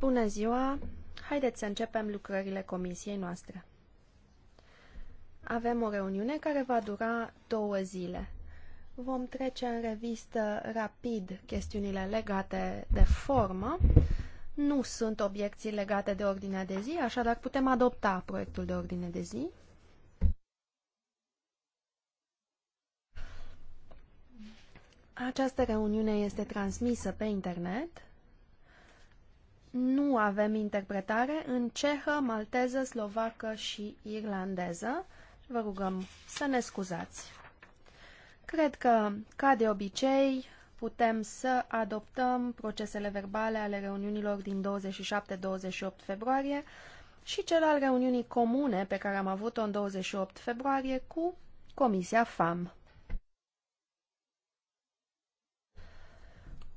Bună ziua! Haideți să începem lucrările comisiei noastre. Avem o reuniune care va dura două zile. Vom trece în revistă rapid chestiunile legate de formă. Nu sunt obiecții legate de ordinea de zi, așadar putem adopta proiectul de ordine de zi. Această reuniune este transmisă pe internet. Nu avem interpretare în cehă, malteză, slovacă și irlandeză. Vă rugăm să ne scuzați. Cred că, ca de obicei, putem să adoptăm procesele verbale ale reuniunilor din 27-28 februarie și cel al reuniunii comune pe care am avut-o în 28 februarie cu Comisia FAM.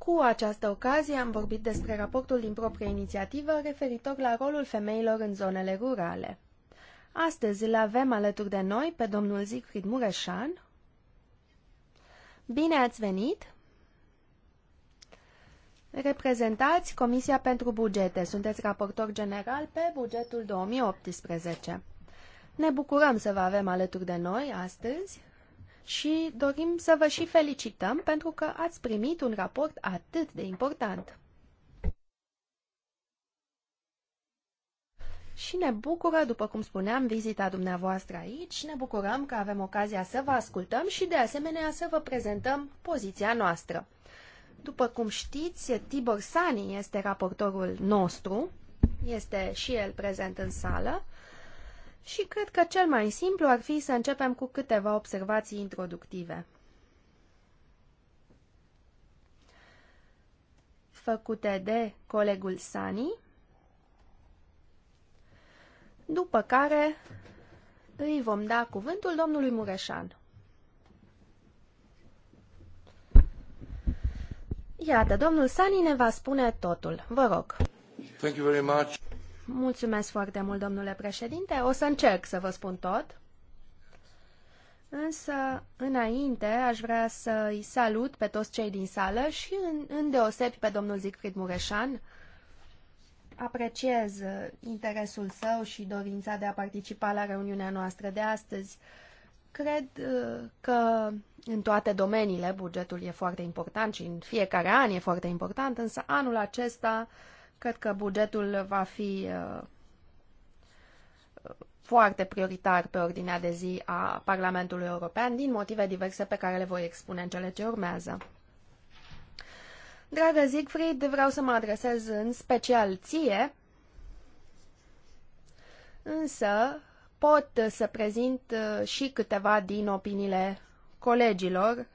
Cu această ocazie am vorbit despre raportul din proprie inițiativă referitor la rolul femeilor în zonele rurale. Astăzi îl avem alături de noi pe domnul Siegfried Mureșan. Bine ați venit! Reprezentați Comisia pentru Bugete. Sunteți raportor general pe bugetul 2018. Ne bucurăm să vă avem alături de noi astăzi și dorim să vă și felicităm pentru că ați primit un raport atât de important. Și ne bucură, după cum spuneam, vizita dumneavoastră aici, și ne bucurăm că avem ocazia să vă ascultăm și de asemenea să vă prezentăm poziția noastră. După cum știți, Tibor Sani este raportorul nostru, este și el prezent în sală și cred că cel mai simplu ar fi să începem cu câteva observații introductive. făcute de colegul Sani, după care îi vom da cuvântul domnului Mureșan. Iată, domnul Sani ne va spune totul. Vă rog. Thank you very much. Mulțumesc foarte mult, domnule președinte. O să încerc să vă spun tot. Însă, înainte, aș vrea să-i salut pe toți cei din sală și în, îndeosebi pe domnul Zicfrid Mureșan. Apreciez interesul său și dorința de a participa la reuniunea noastră de astăzi. Cred uh, că în toate domeniile bugetul e foarte important și în fiecare an e foarte important, însă anul acesta uh, Cred că bugetul va fi uh, foarte prioritar pe ordinea de zi a Parlamentului European din motive diverse pe care le voi expune în cele ce urmează. Dragă Siegfried, vreau să mă adresez în special ție, însă pot să prezint uh, și câteva din opiniile colegilor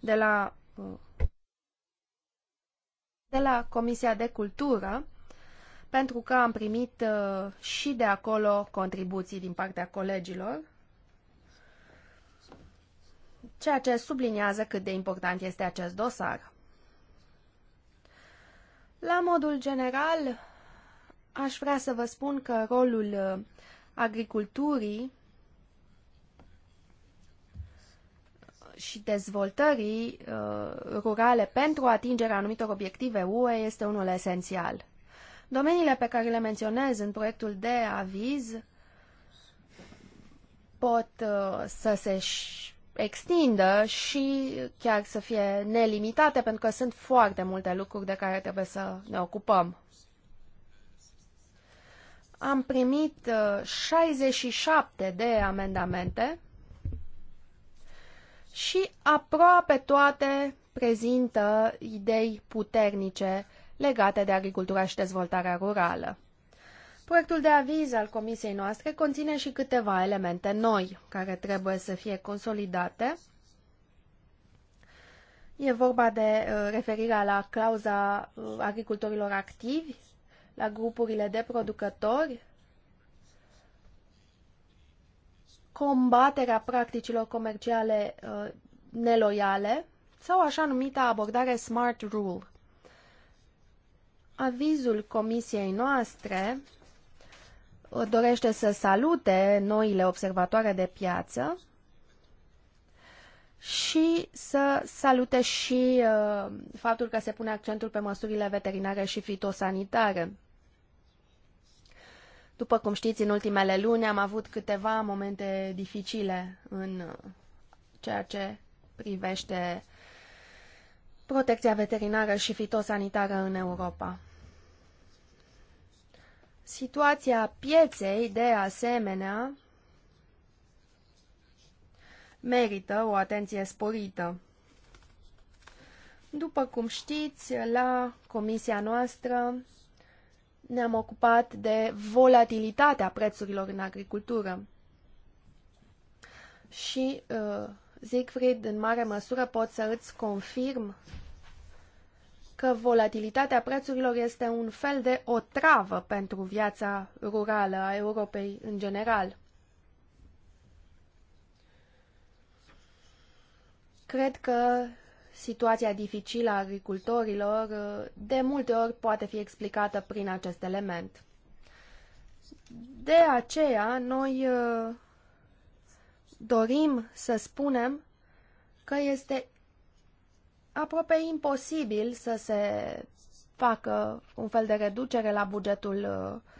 de la uh, de la Comisia de Cultură, pentru că am primit uh, și de acolo contribuții din partea colegilor, ceea ce subliniază cât de important este acest dosar. La modul general, aș vrea să vă spun că rolul uh, agriculturii și dezvoltării uh, rurale pentru atingerea anumitor obiective UE este unul esențial. Domeniile pe care le menționez în proiectul de aviz pot uh, să se extindă și chiar să fie nelimitate, pentru că sunt foarte multe lucruri de care trebuie să ne ocupăm. Am primit 67 uh, de amendamente și aproape toate prezintă idei puternice legate de agricultura și dezvoltarea rurală. Proiectul de aviz al comisiei noastre conține și câteva elemente noi care trebuie să fie consolidate. E vorba de uh, referirea la clauza uh, agricultorilor activi, la grupurile de producători, combaterea practicilor comerciale uh, neloiale sau așa numita abordare Smart Rule. Avizul comisiei noastre uh, dorește să salute noile observatoare de piață și să salute și uh, faptul că se pune accentul pe măsurile veterinare și fitosanitare. După cum știți, în ultimele luni am avut câteva momente dificile în uh, ceea ce privește protecția veterinară și fitosanitară în Europa. Situația pieței, de asemenea, merită o atenție sporită. După cum știți, la comisia noastră ne-am ocupat de volatilitatea prețurilor în agricultură. Și, uh, Siegfried, în mare măsură pot să îți confirm că volatilitatea prețurilor este un fel de otravă pentru viața rurală a Europei în general. Cred că situația dificilă a agricultorilor uh, de multe ori poate fi explicată prin acest element. De aceea, noi uh, dorim să spunem că este aproape imposibil să se facă un fel de reducere la bugetul uh,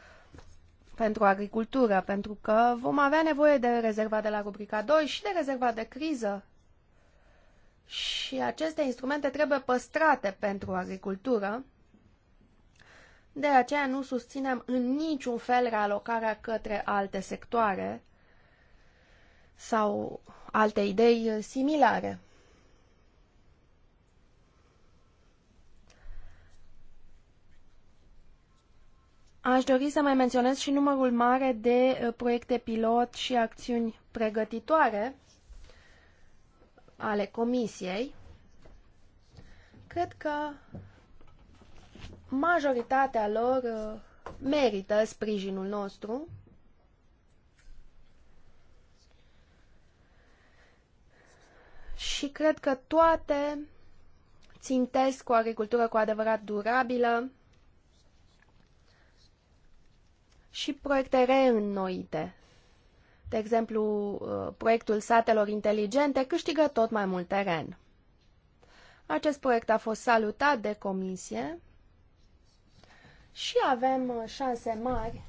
pentru agricultură, pentru că vom avea nevoie de rezerva de la rubrica 2 și de rezerva de criză și aceste instrumente trebuie păstrate pentru agricultură. De aceea nu susținem în niciun fel realocarea către alte sectoare sau alte idei similare. Aș dori să mai menționez și numărul mare de uh, proiecte pilot și acțiuni pregătitoare ale comisiei, cred că majoritatea lor uh, merită sprijinul nostru. Și cred că toate țintesc o agricultură cu adevărat durabilă și proiecte reînnoite de exemplu, uh, proiectul satelor inteligente câștigă tot mai mult teren. Acest proiect a fost salutat de comisie și avem uh, șanse mari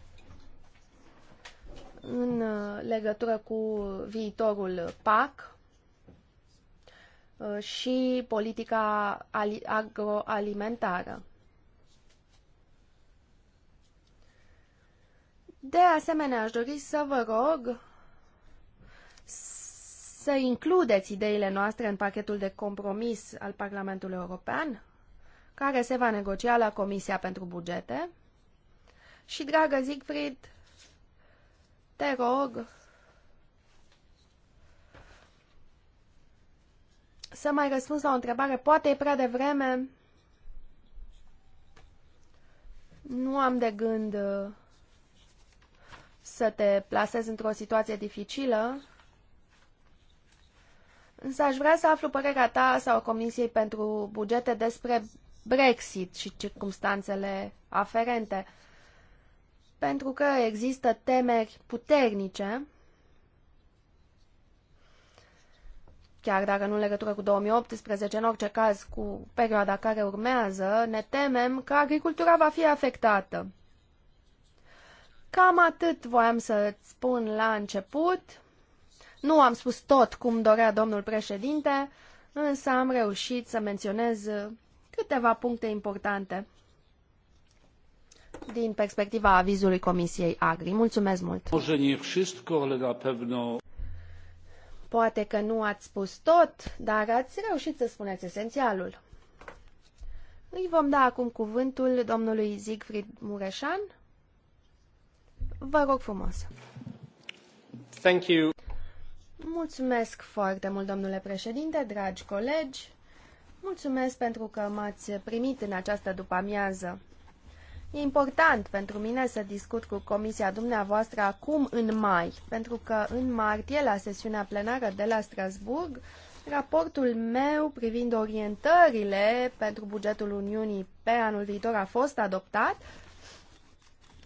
în uh, legătură cu viitorul PAC și politica agroalimentară. De asemenea, aș dori să vă rog să includeți ideile noastre în pachetul de compromis al Parlamentului European, care se va negocia la Comisia pentru Bugete. Și, dragă Siegfried, te rog să mai răspunzi la o întrebare. Poate e prea devreme. Nu am de gând uh, să te plasez într-o situație dificilă, Însă aș vrea să aflu părerea ta sau a Comisiei pentru Bugete despre Brexit și circumstanțele aferente. Pentru că există temeri puternice, chiar dacă nu în legătură cu 2018, în orice caz cu perioada care urmează, ne temem că agricultura va fi afectată. Cam atât voiam să spun la început. Nu am spus tot cum dorea domnul președinte, însă am reușit să menționez câteva puncte importante din perspectiva avizului Comisiei Agri. Mulțumesc mult! Poate că nu ați spus tot, dar ați reușit să spuneți esențialul. Îi vom da acum cuvântul domnului Siegfried Mureșan. Vă rog frumos! Thank you. Mulțumesc foarte mult, domnule președinte, dragi colegi. Mulțumesc pentru că m-ați primit în această după-amiază. E important pentru mine să discut cu comisia dumneavoastră acum în mai, pentru că în martie, la sesiunea plenară de la Strasburg, raportul meu privind orientările pentru bugetul Uniunii pe anul viitor a fost adoptat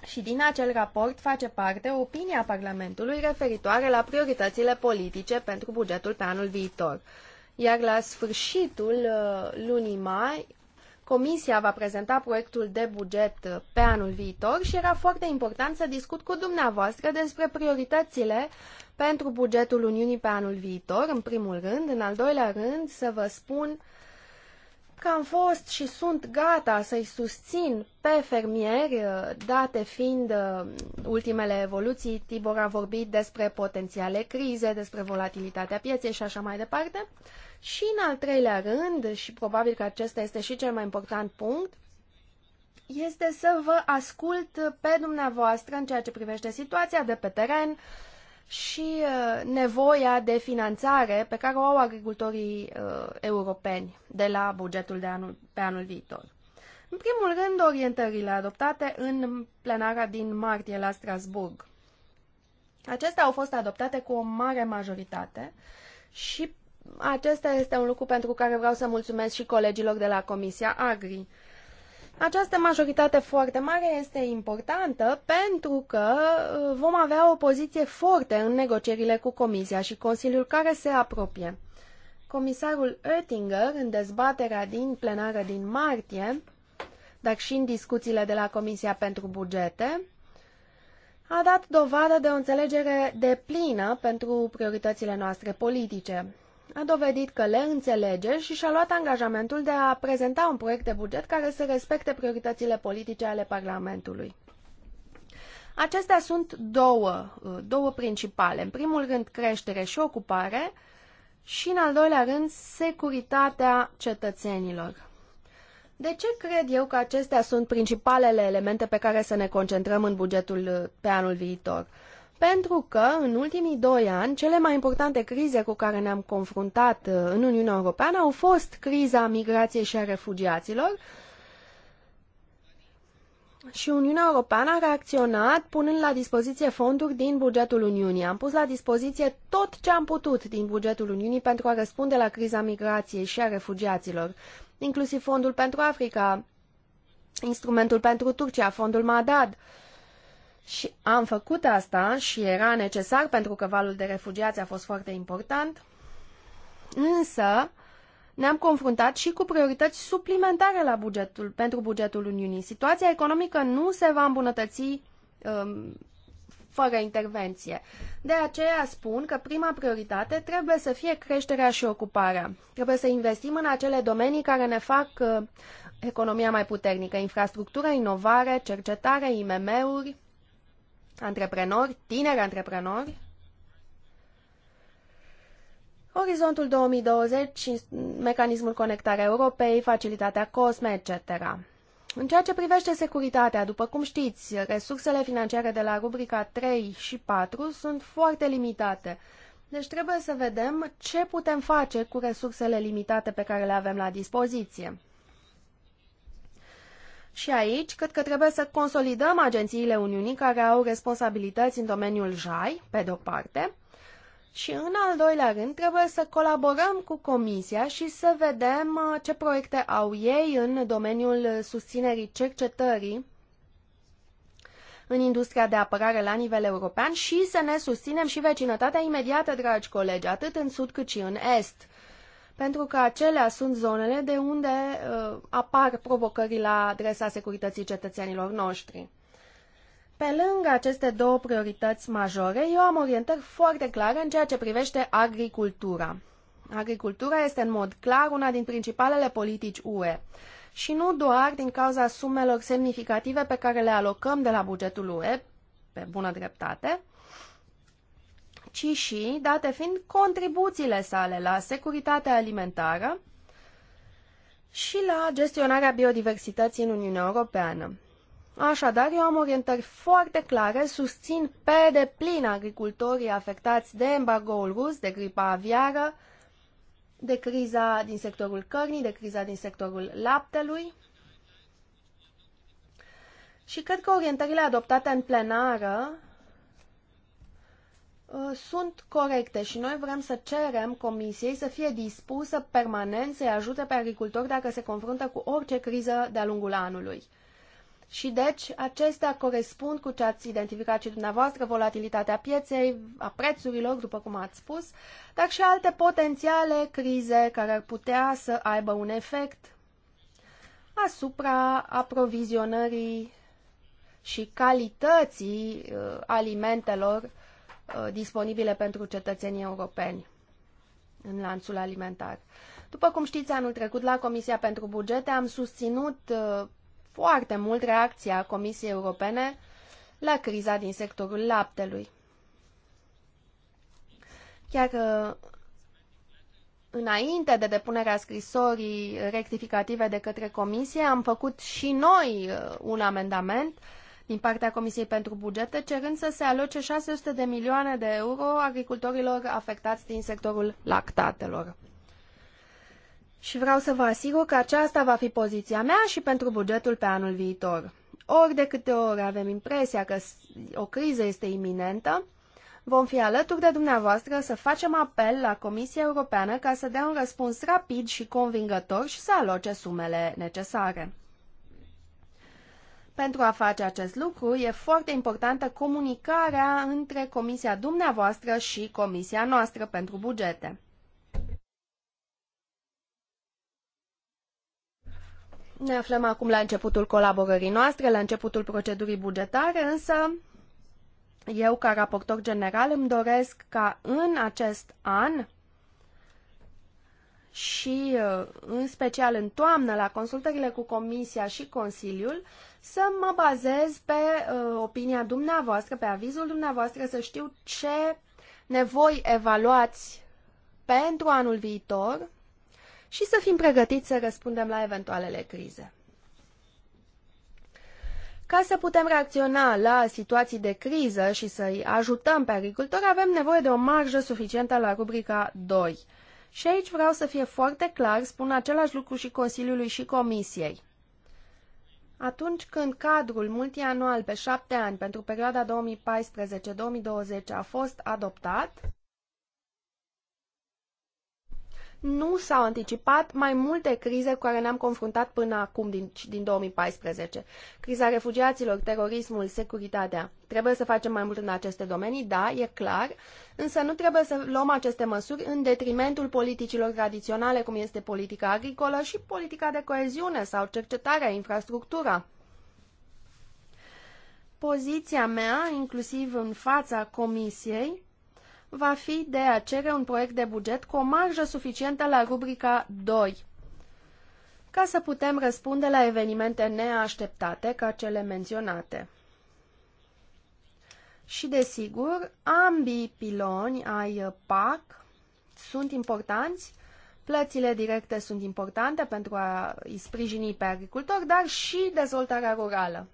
și din acel raport face parte opinia Parlamentului referitoare la prioritățile politice pentru bugetul pe anul viitor. Iar la sfârșitul uh, lunii mai, Comisia va prezenta proiectul de buget pe anul viitor și era foarte important să discut cu dumneavoastră despre prioritățile pentru bugetul Uniunii pe anul viitor, în primul rând, în al doilea rând, să vă spun că am fost și sunt gata să-i susțin pe fermieri, date fiind uh, ultimele evoluții. Tibor a vorbit despre potențiale crize, despre volatilitatea pieței și așa mai departe. Și în al treilea rând, și probabil că acesta este și cel mai important punct, este să vă ascult pe dumneavoastră în ceea ce privește situația de pe teren, și uh, nevoia de finanțare pe care o au agricultorii uh, europeni de la bugetul de anul, pe anul viitor. În primul rând, orientările adoptate în plenara din martie la Strasburg. Acestea au fost adoptate cu o mare majoritate și acesta este un lucru pentru care vreau să mulțumesc și colegilor de la Comisia Agri. Această majoritate foarte mare este importantă pentru că uh, vom avea o poziție forte în negocierile cu Comisia și Consiliul care se apropie. Comisarul Oettinger, în dezbaterea din plenară din martie, dar și în discuțiile de la Comisia pentru Bugete, a dat dovadă de o înțelegere deplină pentru prioritățile noastre politice a dovedit că le înțelege și și-a luat angajamentul de a prezenta un proiect de buget care să respecte prioritățile politice ale Parlamentului. Acestea sunt două, uh, două principale. În primul rând, creștere și ocupare și, în al doilea rând, securitatea cetățenilor. De ce cred eu că acestea sunt principalele elemente pe care să ne concentrăm în bugetul uh, pe anul viitor? Uh, pentru că în ultimii doi ani cele mai importante crize cu care ne-am confruntat uh, în Uniunea Europeană au fost criza migrației și a refugiaților și Uniunea Europeană a reacționat punând la dispoziție fonduri din bugetul Uniunii. Am pus la dispoziție tot ce am putut din bugetul Uniunii pentru a răspunde la criza migrației și a refugiaților, inclusiv fondul pentru Africa, instrumentul pentru Turcia, fondul MADAD, uh, și am făcut asta și era necesar pentru că valul de refugiați a fost foarte important, însă ne-am confruntat și cu priorități suplimentare la bugetul, pentru bugetul Uniunii. Situația economică nu se va îmbunătăți um, fără intervenție. De aceea spun că prima prioritate trebuie să fie creșterea și ocuparea. Trebuie să investim în acele domenii care ne fac uh, economia mai puternică, infrastructură, inovare, cercetare, IMM-uri, antreprenori, tineri antreprenori. Orizontul 2020, mecanismul conectarea Europei, facilitatea COSME, etc. În ceea ce privește securitatea, după cum știți, resursele financiare de la rubrica 3 și 4 sunt foarte limitate. Deci trebuie să vedem ce putem face cu resursele limitate pe care le avem la dispoziție. Și aici, cred că trebuie să consolidăm agențiile Uniunii care au responsabilități în domeniul JAI, pe de-o parte, și în al doilea rând trebuie să colaborăm cu Comisia și să vedem uh, ce proiecte au ei în domeniul susținerii cercetării în industria de apărare la nivel european și să ne susținem și vecinătatea imediată, dragi colegi, atât în sud cât și în est pentru că acelea sunt zonele de unde uh, apar provocări la adresa securității cetățenilor noștri. Pe lângă aceste două priorități majore, eu am orientări foarte clare în ceea ce privește agricultura. Agricultura este în mod clar una din principalele politici UE și nu doar din cauza sumelor semnificative pe care le alocăm de la bugetul UE, pe bună dreptate, ci și date fiind contribuțiile sale la securitatea alimentară și la gestionarea biodiversității în Uniunea Europeană. Așadar, eu am orientări foarte clare, susțin pe deplin agricultorii afectați de embargoul rus, de gripa aviară, de criza din sectorul cărnii, de criza din sectorul laptelui. Și cred că orientările adoptate în plenară Uh, sunt corecte și noi vrem să cerem Comisiei să fie dispusă permanent să-i ajute pe agricultori dacă se confruntă cu orice criză de-a lungul anului. Și deci acestea corespund cu ce ați identificat și dumneavoastră, volatilitatea pieței, a prețurilor, după cum ați spus, dar și alte potențiale crize care ar putea să aibă un efect asupra aprovizionării și calității uh, alimentelor Uh, disponibile pentru cetățenii europeni în lanțul alimentar. După cum știți, anul trecut la Comisia pentru Bugete am susținut uh, foarte mult reacția Comisiei Europene la criza din sectorul laptelui. Chiar uh, înainte de depunerea scrisorii rectificative de către Comisie, am făcut și noi un amendament uh, din partea Comisiei pentru Bugete, cerând să se aloce 600 de milioane de euro agricultorilor afectați din sectorul lactatelor. Și vreau să vă asigur că aceasta va fi poziția mea și pentru bugetul pe anul viitor. Ori de câte ori avem impresia că o criză este iminentă, vom fi alături de dumneavoastră să facem apel la Comisia Europeană ca să dea un răspuns rapid și convingător și să aloce sumele necesare. Pentru a face acest lucru, e foarte importantă comunicarea între comisia dumneavoastră și comisia noastră pentru bugete. Ne aflăm acum la începutul colaborării noastre, la începutul procedurii bugetare, însă eu, ca raportor general, îmi doresc ca în acest an și uh, în special în toamnă la consultările cu Comisia și Consiliul să mă bazez pe uh, opinia dumneavoastră, pe avizul dumneavoastră, să știu ce nevoi evaluați pentru anul viitor și să fim pregătiți să răspundem la eventualele crize. Ca să putem reacționa la situații de criză și să-i ajutăm pe agricultori, avem nevoie de o marjă suficientă la rubrica 2 și aici vreau să fie foarte clar, spun același lucru și Consiliului și Comisiei. Atunci când cadrul multianual pe șapte ani pentru perioada 2014-2020 a fost adoptat, nu s-au anticipat mai multe crize cu care ne-am confruntat până acum din, din 2014. Criza refugiaților, terorismul, securitatea. Trebuie să facem mai mult în aceste domenii, da, e clar, însă nu trebuie să luăm aceste măsuri în detrimentul politicilor tradiționale, cum este politica agricolă și politica de coeziune sau cercetarea, infrastructura poziția mea, inclusiv în fața comisiei, va fi de a cere un proiect de buget cu o marjă suficientă la rubrica 2, ca să putem răspunde la evenimente neașteptate ca cele menționate. Și desigur, ambii piloni ai PAC sunt importanți, plățile directe sunt importante pentru a îi sprijini pe agricultori, dar și dezvoltarea rurală.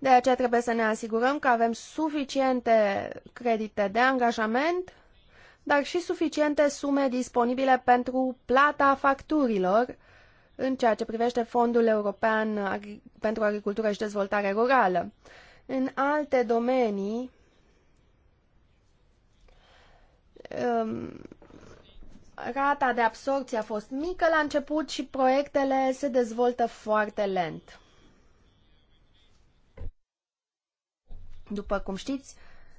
De aceea trebuie să ne asigurăm că avem suficiente credite de angajament, dar și suficiente sume disponibile pentru plata facturilor în ceea ce privește Fondul European pentru Agricultură și Dezvoltare Rurală. În alte domenii, um, rata de absorție a fost mică la început și proiectele se dezvoltă foarte lent. După cum știți,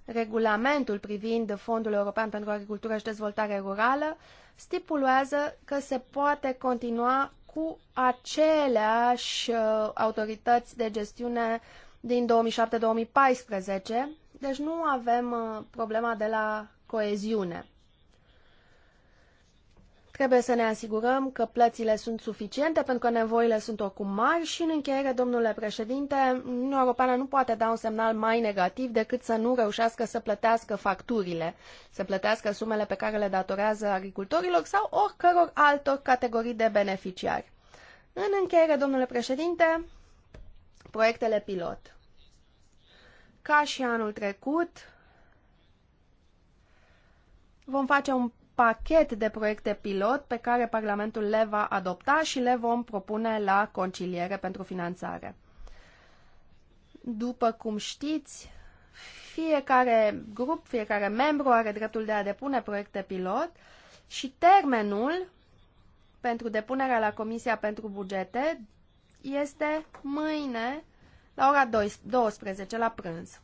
regulamentul privind Fondul European pentru Agricultură și Dezvoltare Rurală stipulează că se poate continua cu aceleași uh, autorități de gestiune din 2007-2014, deci nu avem uh, problema de la coeziune. Trebuie să ne asigurăm că plățile sunt suficiente pentru că nevoile sunt oricum mari și în încheiere, domnule președinte, Uniunea Europeană nu poate da un semnal mai negativ decât să nu reușească să plătească facturile, să plătească sumele pe care le datorează agricultorilor sau oricăror altor categorii de beneficiari. În încheiere, domnule președinte, proiectele pilot. Ca și anul trecut, vom face un pachet de proiecte pilot pe care Parlamentul le va adopta și le vom propune la conciliere pentru finanțare. După cum știți, fiecare grup, fiecare membru are dreptul de a depune proiecte pilot și termenul pentru depunerea la Comisia pentru Bugete este mâine la ora 12 la prânz.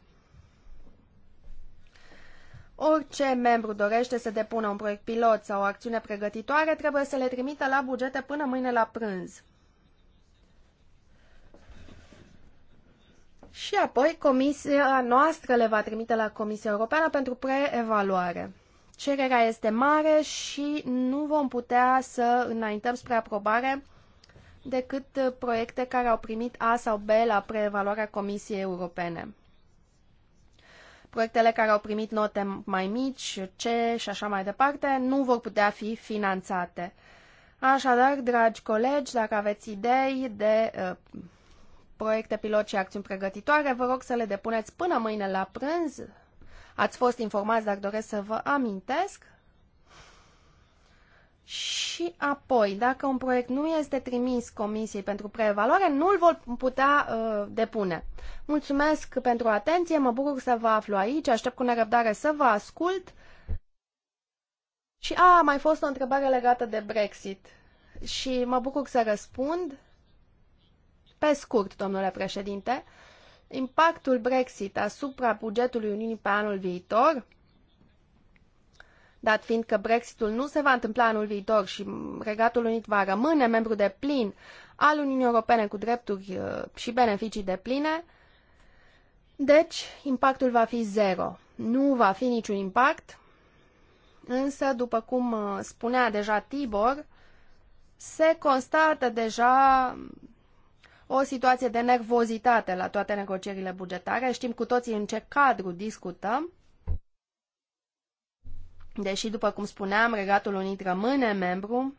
Orice membru dorește să depună un proiect pilot sau o acțiune pregătitoare trebuie să le trimită la bugete până mâine la prânz. Și apoi comisia noastră le va trimite la Comisia Europeană pentru preevaluare. Cererea este mare și nu vom putea să înaintăm spre aprobare decât proiecte care au primit A sau B la preevaluarea Comisiei Europene proiectele care au primit note mai mici, C și așa mai departe, nu vor putea fi finanțate. Așadar, dragi colegi, dacă aveți idei de uh, proiecte pilot și acțiuni pregătitoare, vă rog să le depuneți până mâine la prânz. Ați fost informați, dar doresc să vă amintesc. Și apoi, dacă un proiect nu este trimis Comisiei pentru preevaluare, nu îl vor putea uh, depune. Mulțumesc pentru atenție, mă bucur să vă aflu aici, aștept cu nerăbdare să vă ascult. Și a, mai fost o întrebare legată de Brexit și mă bucur să răspund. Pe scurt, domnule președinte, impactul Brexit asupra bugetului Uniunii pe anul viitor Dat fiind că Brexitul nu se va întâmpla anul viitor și Regatul Unit va rămâne membru de plin al Uniunii Europene cu drepturi uh, și beneficii de pline, deci impactul va fi zero. Nu va fi niciun impact, însă, după cum uh, spunea deja Tibor, se constată deja o situație de nervozitate la toate negocierile bugetare. Știm cu toții în ce cadru discutăm Deși, după cum spuneam, Regatul Unit rămâne membru,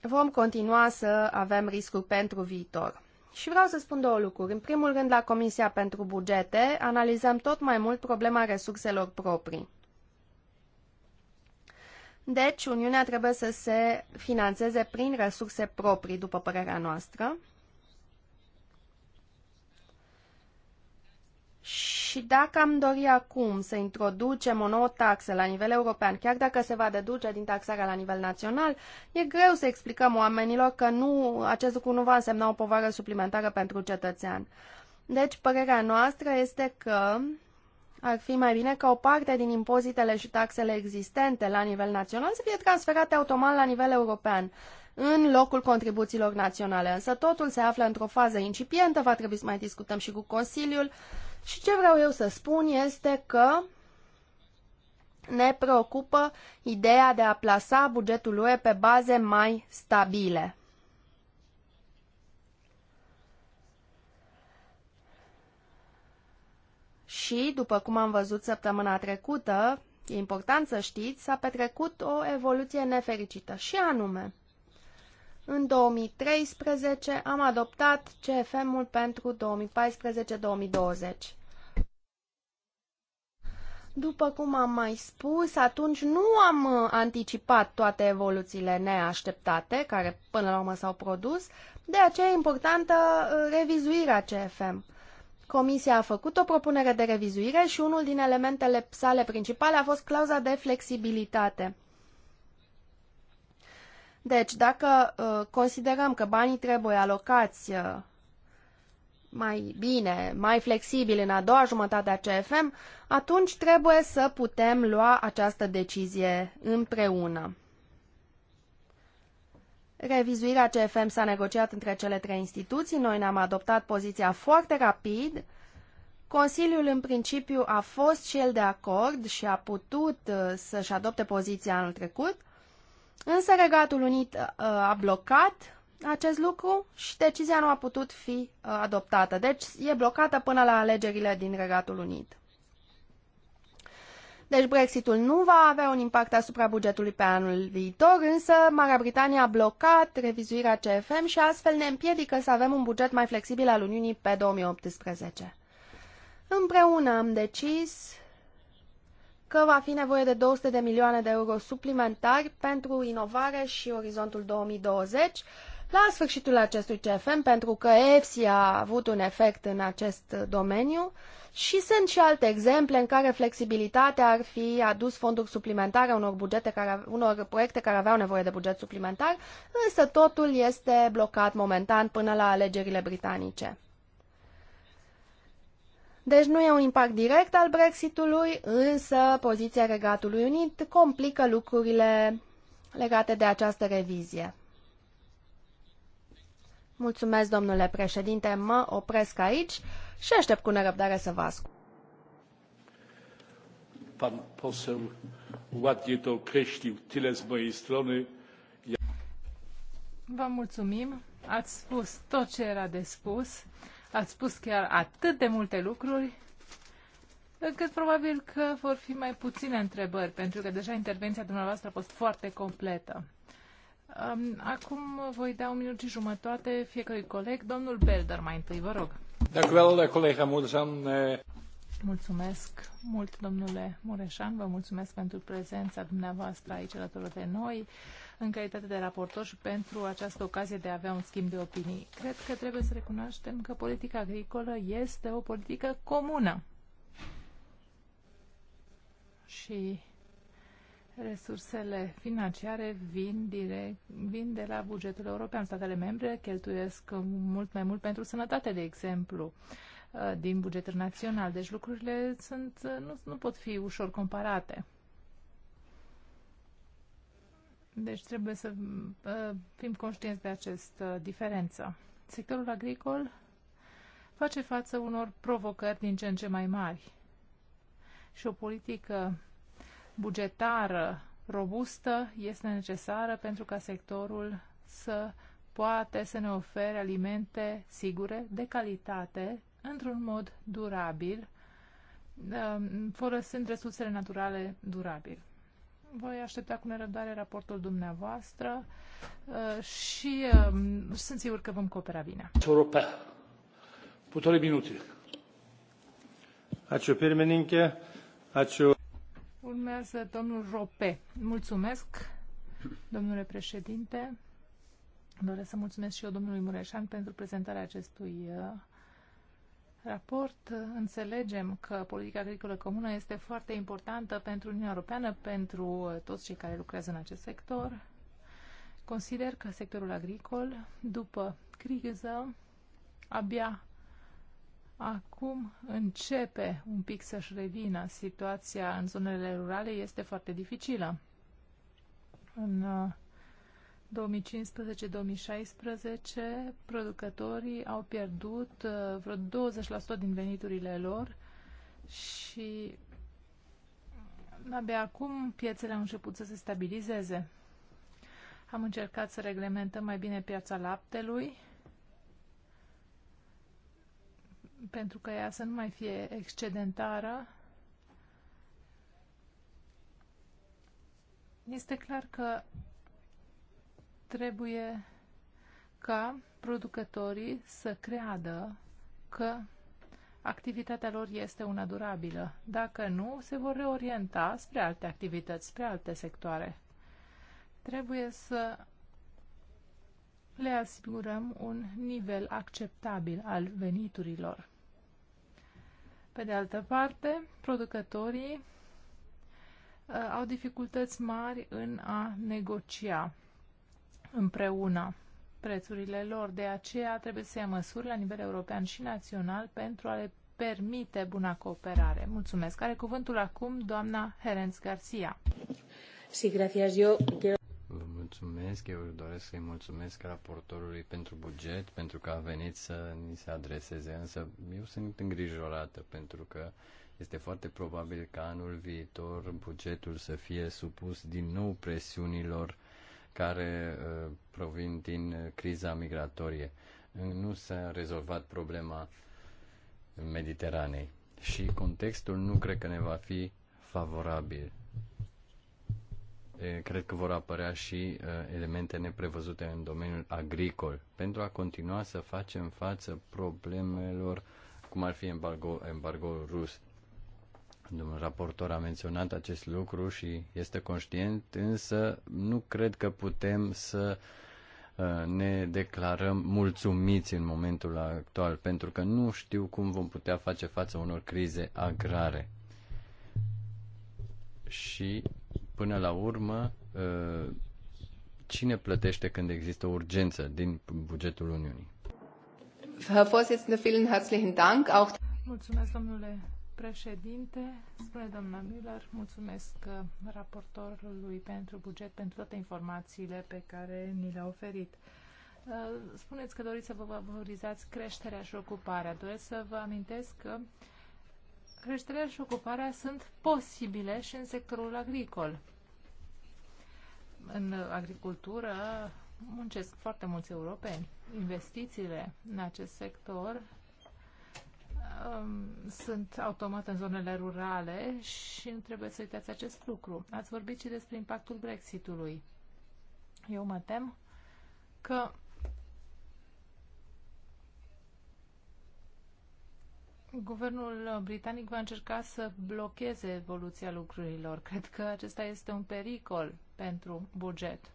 vom continua să avem riscuri pentru viitor. Și vreau să spun două lucruri. În primul rând, la Comisia pentru Bugete analizăm tot mai mult problema resurselor proprii. Deci, Uniunea trebuie să se financeze prin resurse proprii, după părerea noastră. Și dacă am dori acum să introducem o nouă taxă la nivel european, chiar dacă se va deduce din taxarea la nivel național, e greu să explicăm oamenilor că nu, acest lucru nu va însemna o povară suplimentară pentru cetățean. Deci, părerea noastră este că ar fi mai bine ca o parte din impozitele și taxele existente la nivel național să fie transferate automat la nivel european, în locul contribuțiilor naționale. Însă totul se află într-o fază incipientă, va trebui să mai discutăm și cu Consiliul. Și ce vreau eu să spun este că ne preocupă ideea de a plasa bugetul UE pe baze mai stabile. Și, după cum am văzut săptămâna trecută, e important să știți, s-a petrecut o evoluție nefericită. Și anume, în 2013 am adoptat CFM-ul pentru 2014-2020. După cum am mai spus, atunci nu am uh, anticipat toate evoluțiile neașteptate care până la urmă s-au produs, de aceea e importantă uh, revizuirea CFM. Comisia a făcut o propunere de revizuire și unul din elementele sale principale a fost clauza de flexibilitate. Deci, dacă uh, considerăm că banii trebuie alocați mai bine, mai flexibil în a doua jumătate a CFM, atunci trebuie să putem lua această decizie împreună. Revizuirea CFM s-a negociat între cele trei instituții, noi ne-am adoptat poziția foarte rapid. Consiliul în principiu a fost și el de acord și a putut uh, să-și adopte poziția anul trecut, însă Regatul Unit uh, a blocat acest lucru și decizia nu a putut fi uh, adoptată. Deci e blocată până la alegerile din Regatul Unit. Deci Brexitul nu va avea un impact asupra bugetului pe anul viitor, însă Marea Britanie a blocat revizuirea CFM și astfel ne împiedică să avem un buget mai flexibil al Uniunii pe 2018. Împreună am decis că va fi nevoie de 200 de milioane de euro suplimentari pentru inovare și orizontul 2020 la sfârșitul acestui CFM, pentru că EFSI a avut un efect în acest domeniu și sunt și alte exemple în care flexibilitatea ar fi adus fonduri suplimentare unor, bugete care, unor proiecte care aveau nevoie de buget suplimentar, însă totul este blocat momentan până la alegerile britanice. Deci nu e un impact direct al Brexitului, însă poziția Regatului Unit complică lucrurile legate de această revizie. Mulțumesc, domnule președinte, mă opresc aici și aștept cu nerăbdare să vă ascult. Pan poseł ładnie to określił. Tyle z mojej strony. Vă mulțumim. Ați spus tot ce era de spus. Ați spus chiar atât de multe lucruri încât probabil că vor fi mai puține întrebări, pentru că deja intervenția dumneavoastră a fost foarte completă. Acum voi da un minut și jumătate fiecărui coleg. Domnul Belder, mai întâi, vă rog. Eh, eh. Mulțumesc mult, domnule Mureșan, vă mulțumesc pentru prezența dumneavoastră aici alături de noi în calitate de raportor și pentru această ocazie de a avea un schimb de opinii. Cred că trebuie să recunoaștem că politica agricolă este o politică comună. Și Resursele financiare vin, direct, vin de la bugetul european. Statele membre cheltuiesc mult mai mult pentru sănătate, de exemplu, uh, din bugetul național. Deci lucrurile sunt, uh, nu, nu pot fi ușor comparate. Deci trebuie să uh, fim conștienți de această diferență. Sectorul agricol face față unor provocări din ce în ce mai mari și o politică bugetară robustă este necesară pentru ca sectorul să poate să ne ofere alimente sigure, de calitate, într-un mod durabil, um, folosind resursele naturale durabil. Voi aștepta cu nerăbdare raportul dumneavoastră uh, și um, sunt sigur că vom coopera bine. Europa. Putere minute. Ačiū pirmininkė, o... Urmează domnul Rope. Mulțumesc, domnule președinte. Doresc să mulțumesc și eu domnului Mureșan pentru prezentarea acestui uh, raport. Înțelegem că politica agricolă comună este foarte importantă pentru Uniunea Europeană, pentru uh, toți cei care lucrează în acest sector. Consider că sectorul agricol, după criză, abia Acum începe un pic să-și revină. Situația în zonele rurale este foarte dificilă. În 2015-2016, producătorii au pierdut uh, vreo 20% din veniturile lor și abia acum piețele au început să se stabilizeze. Am încercat să reglementăm mai bine piața laptelui pentru că ea să nu mai fie excedentară. Este clar că trebuie ca producătorii să creadă că activitatea lor este una durabilă. Dacă nu, se vor reorienta spre alte activități, spre alte sectoare. Trebuie să le asigurăm un nivel acceptabil al veniturilor. Pe de altă parte, producătorii uh, au dificultăți mari în a negocia împreună prețurile lor. De aceea trebuie să ia măsuri la nivel european și național pentru a le permite buna cooperare. Mulțumesc. Are cuvântul acum doamna Herenț Garcia. Sí, gracias. Yo quiero mulțumesc, eu doresc să-i mulțumesc raportorului pentru buget, pentru că a venit să ni se adreseze, însă eu sunt îngrijorată pentru că este foarte probabil că anul viitor bugetul să fie supus din nou presiunilor care uh, provin din uh, criza migratorie. Nu s-a rezolvat problema Mediteranei și contextul nu cred că ne va fi favorabil cred că vor apărea și elemente neprevăzute în domeniul agricol pentru a continua să facem față problemelor cum ar fi embargo, embargo rus. Domnul raportor a menționat acest lucru și este conștient, însă nu cred că putem să ne declarăm mulțumiți în momentul actual, pentru că nu știu cum vom putea face față unor crize agrare. Și Până la urmă, ă, cine plătește când există urgență din bugetul Uniunii? Herr Vorsitzende, vielen herzlichen Dank. Auch Mulțumesc, domnule președinte, spune doamna Miller, mulțumesc ă, raportorului pentru buget, pentru toate informațiile pe care ni le-a oferit. Ă, spuneți că doriți să vă valorizați creșterea și ocuparea. Doresc să vă amintesc că creșterea și ocuparea sunt posibile și în sectorul agricol. În agricultură muncesc foarte mulți europeni. Investițiile în acest sector um, sunt automat în zonele rurale și nu trebuie să uitați acest lucru. Ați vorbit și despre impactul Brexitului. Eu mă tem că Guvernul britanic va încerca să blocheze evoluția lucrurilor. Cred că acesta este un pericol pentru buget.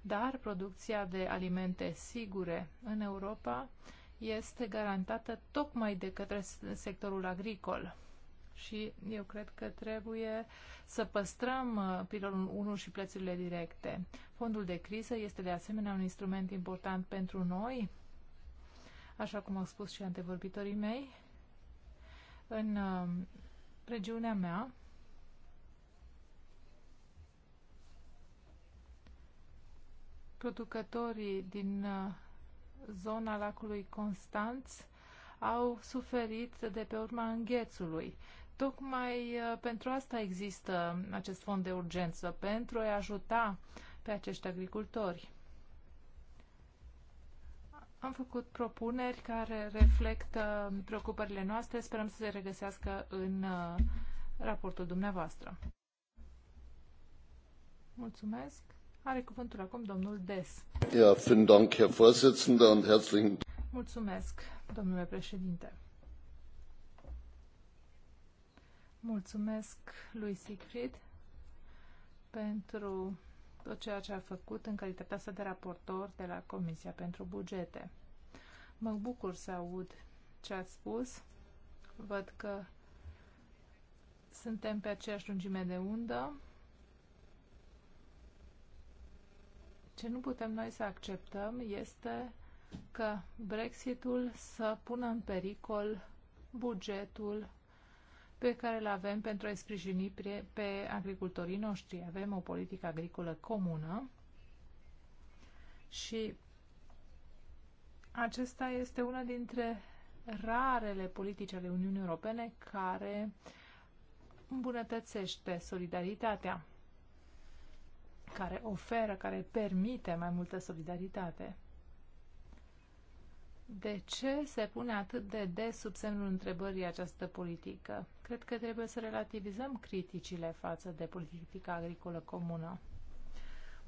Dar producția de alimente sigure în Europa este garantată tocmai de către sectorul agricol. Și eu cred că trebuie să păstrăm uh, pilonul 1 și plățurile directe. Fondul de criză este de asemenea un instrument important pentru noi, așa cum au spus și antevorbitorii mei, în um, regiunea mea, producătorii din uh, zona lacului Constanț au suferit de pe urma înghețului. Tocmai uh, pentru asta există acest fond de urgență, pentru a ajuta pe acești agricultori. Am făcut propuneri care reflectă preocupările noastre. Sperăm să se regăsească în uh, raportul dumneavoastră. Mulțumesc. Are cuvântul acum domnul Des. Ja, vielen Dank, Herr Vorsitzender, und herzlichen Mulțumesc, domnule președinte. Mulțumesc lui Siegfried pentru tot ceea ce a făcut în calitatea sa de raportor de la Comisia pentru Bugete. Mă bucur să aud ce a spus. Văd că suntem pe aceeași lungime de undă. Ce nu putem noi să acceptăm este că Brexitul să pună în pericol bugetul pe care îl avem pentru a-i sprijini pe agricultorii noștri. Avem o politică agricolă comună și acesta este una dintre rarele politici ale Uniunii Europene care îmbunătățește solidaritatea, care oferă, care permite mai multă solidaritate de ce se pune atât de des sub semnul întrebării această politică? Cred că trebuie să relativizăm criticile față de politica agricolă comună.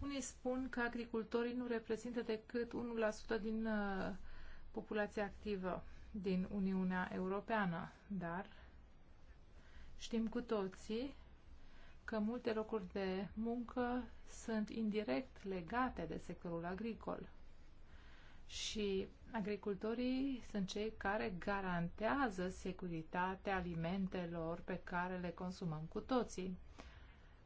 Unii spun că agricultorii nu reprezintă decât 1% din uh, populația activă din Uniunea Europeană, dar știm cu toții că multe locuri de muncă sunt indirect legate de sectorul agricol și agricultorii sunt cei care garantează securitatea alimentelor pe care le consumăm cu toții.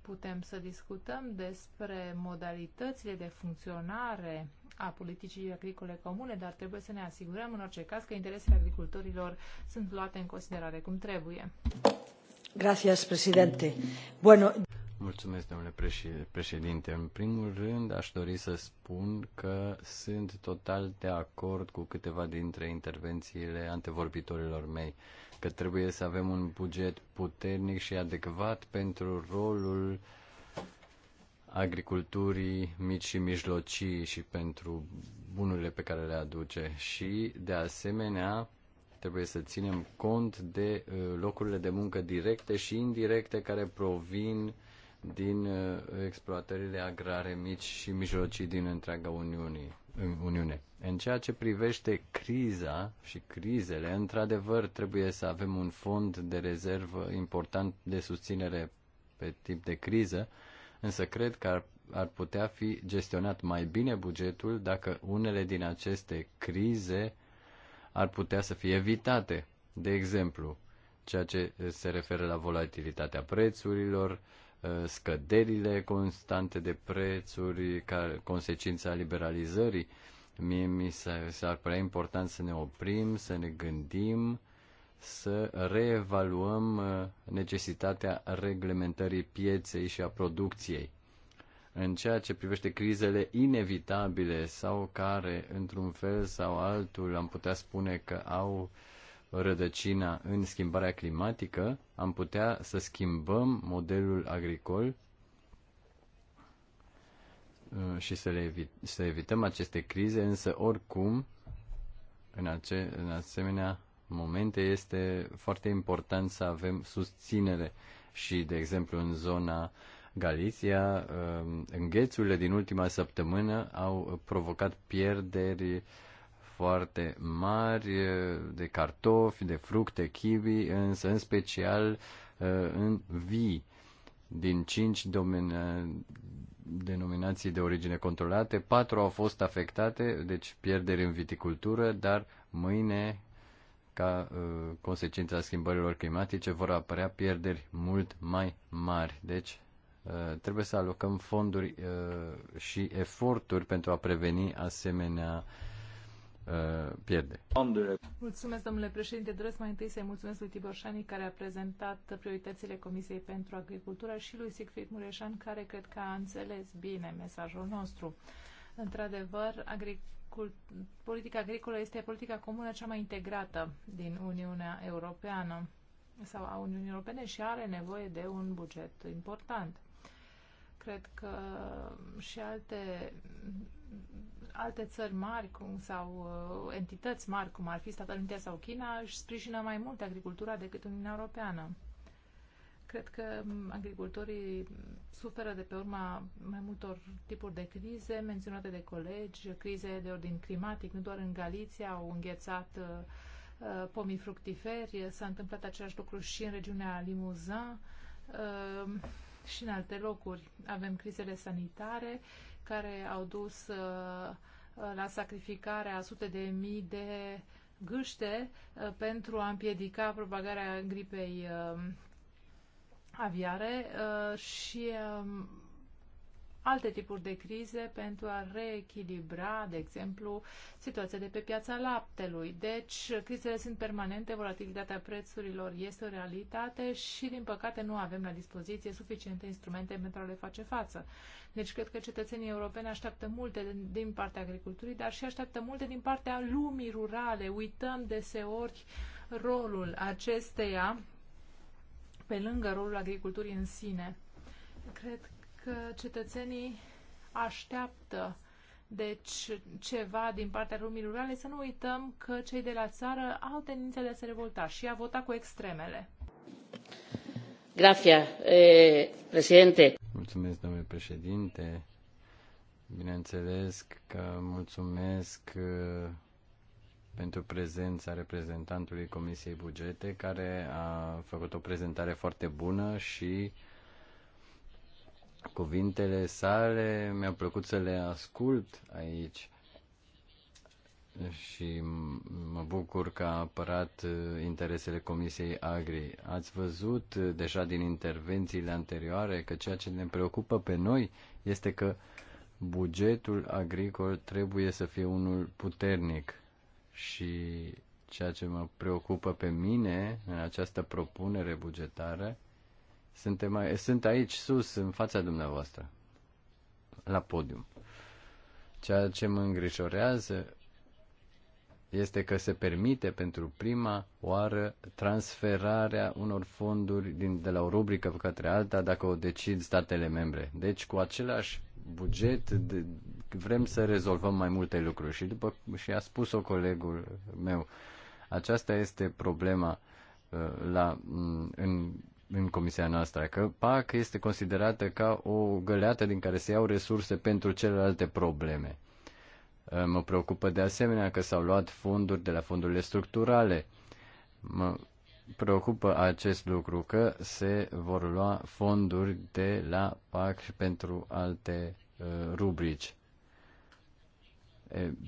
Putem să discutăm despre modalitățile de funcționare a politicii agricole comune, dar trebuie să ne asigurăm în orice caz că interesele agricultorilor sunt luate în considerare cum trebuie. Gracias, presidente. Bueno, Mulțumesc, domnule președinte. În primul rând, aș dori să spun că sunt total de acord cu câteva dintre intervențiile antevorbitorilor mei, că trebuie să avem un buget puternic și adecvat pentru rolul agriculturii mici și mijlocii și pentru bunurile pe care le aduce și, de asemenea, trebuie să ținem cont de uh, locurile de muncă directe și indirecte care provin din uh, exploatările agrare mici și mijlocii din întreaga Uniune. În ceea ce privește criza și crizele, într-adevăr trebuie să avem un fond de rezervă important de susținere pe tip de criză, însă cred că ar, ar putea fi gestionat mai bine bugetul dacă unele din aceste crize ar putea să fie evitate. De exemplu, ceea ce se referă la volatilitatea prețurilor, uh, Uh, scăderile constante de prețuri, ca consecința liberalizării. Mie mi s-ar părea important să ne oprim, să ne gândim, să reevaluăm uh, necesitatea reglementării pieței și a producției. În ceea ce privește crizele inevitabile sau care, într-un fel sau altul, am putea spune că au uh, rădăcina în schimbarea climatică, am putea să schimbăm modelul agricol uh, și să, le evit, să evităm aceste crize, însă oricum, în, ace, în asemenea momente, este foarte important să avem susținere și, de exemplu, în zona Galicia, uh, înghețurile din ultima săptămână au provocat pierderi foarte mari de cartofi, de fructe, kiwi, însă în special în vii. Din cinci domeni- denominații de origine controlate, patru au fost afectate, deci pierderi în viticultură, dar mâine, ca uh, consecința schimbărilor climatice, vor apărea pierderi mult mai mari. Deci trebuie să alocăm fonduri și eforturi pentru a preveni asemenea Uh, pierde. Mulțumesc, domnule președinte. Doresc mai întâi să-i mulțumesc lui Tibor Șani, care a prezentat prioritățile Comisiei pentru Agricultură și lui Siegfried Mureșan, care cred că a înțeles bine mesajul nostru. Într-adevăr, agricul... politica agricolă este politica comună cea mai integrată din Uniunea Europeană sau a Uniunii Europene și are nevoie de un buget important. Cred că și alte alte țări mari cum, sau uh, entități mari, cum ar fi Statele Unite sau China, își sprijină mai mult agricultura decât Uniunea Europeană. Cred că agricultorii suferă de pe urma mai multor tipuri de crize menționate de colegi, crize de ordin climatic, nu doar în Galiția au înghețat uh, uh pomii fructiferi, s-a întâmplat același lucru și în regiunea Limuzan Uh, și în alte locuri. Avem crizele sanitare care au dus uh, uh, la sacrificarea a sute de mii de gâște uh, pentru a împiedica propagarea gripei aviare și um, alte tipuri de crize pentru a reechilibra, de exemplu, situația de pe piața laptelui. Deci, crizele sunt permanente, volatilitatea prețurilor este o realitate și, din păcate, nu avem la dispoziție suficiente instrumente pentru a le face față. Deci, cred că cetățenii europeni așteaptă multe din, partea agriculturii, dar și așteaptă multe din partea lumii rurale. Uităm deseori rolul acesteia pe lângă rolul agriculturii în sine. Cred cetățenii așteaptă deci ceva din partea lumii rurale, să nu uităm că cei de la țară au tendința de a se revolta și a vota cu extremele. Grazie, eh, președinte. Mulțumesc, domnule președinte. Bineînțeles că mulțumesc eh, pentru prezența reprezentantului Comisiei Bugete, care a făcut o prezentare foarte bună și Cuvintele sale mi-a plăcut să le ascult aici și mă bucur că a apărat uh, interesele Comisiei Agri. Ați văzut uh, deja din intervențiile anterioare că ceea ce ne preocupă pe noi este că bugetul agricol trebuie să fie unul puternic și ceea ce mă preocupă pe mine în această propunere bugetară suntem, sunt aici sus, în fața dumneavoastră, la podium. Ceea ce mă îngrijorează este că se permite pentru prima oară transferarea unor fonduri din, de la o rubrică către alta dacă o decid statele membre. Deci cu același buget de, vrem să rezolvăm mai multe lucruri și după și a spus-o colegul meu, aceasta este problema uh, la, mm, în în comisia noastră, că PAC este considerată ca o găleată din care se iau resurse pentru celelalte probleme. Eh, mă preocupă de asemenea că s-au luat fonduri de la fondurile structurale. Mă preocupă acest lucru că se vor lua fonduri de la PAC pentru alte eh, rubrici.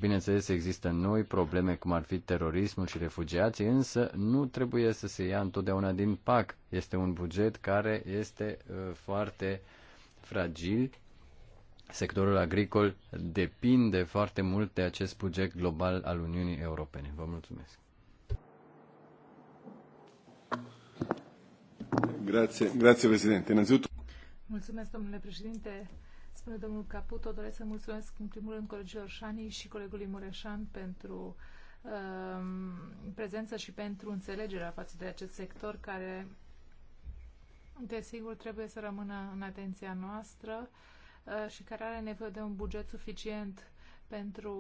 Bineînțeles, există noi probleme, cum ar fi terorismul și refugiații, însă nu trebuie să se ia întotdeauna din PAC. Este un buget care este foarte fragil. Sectorul agricol depinde foarte mult de acest buget global al Uniunii Europene. Vă mulțumesc. Grazie, grazie Presidente. Mulțumesc, domnule președinte. Spune domnul Caputo, doresc să mulțumesc în primul rând colegilor Șani și colegului Mureșan pentru um, prezență și pentru înțelegerea față de acest sector care, desigur, trebuie să rămână în atenția noastră uh, și care are nevoie de un buget suficient pentru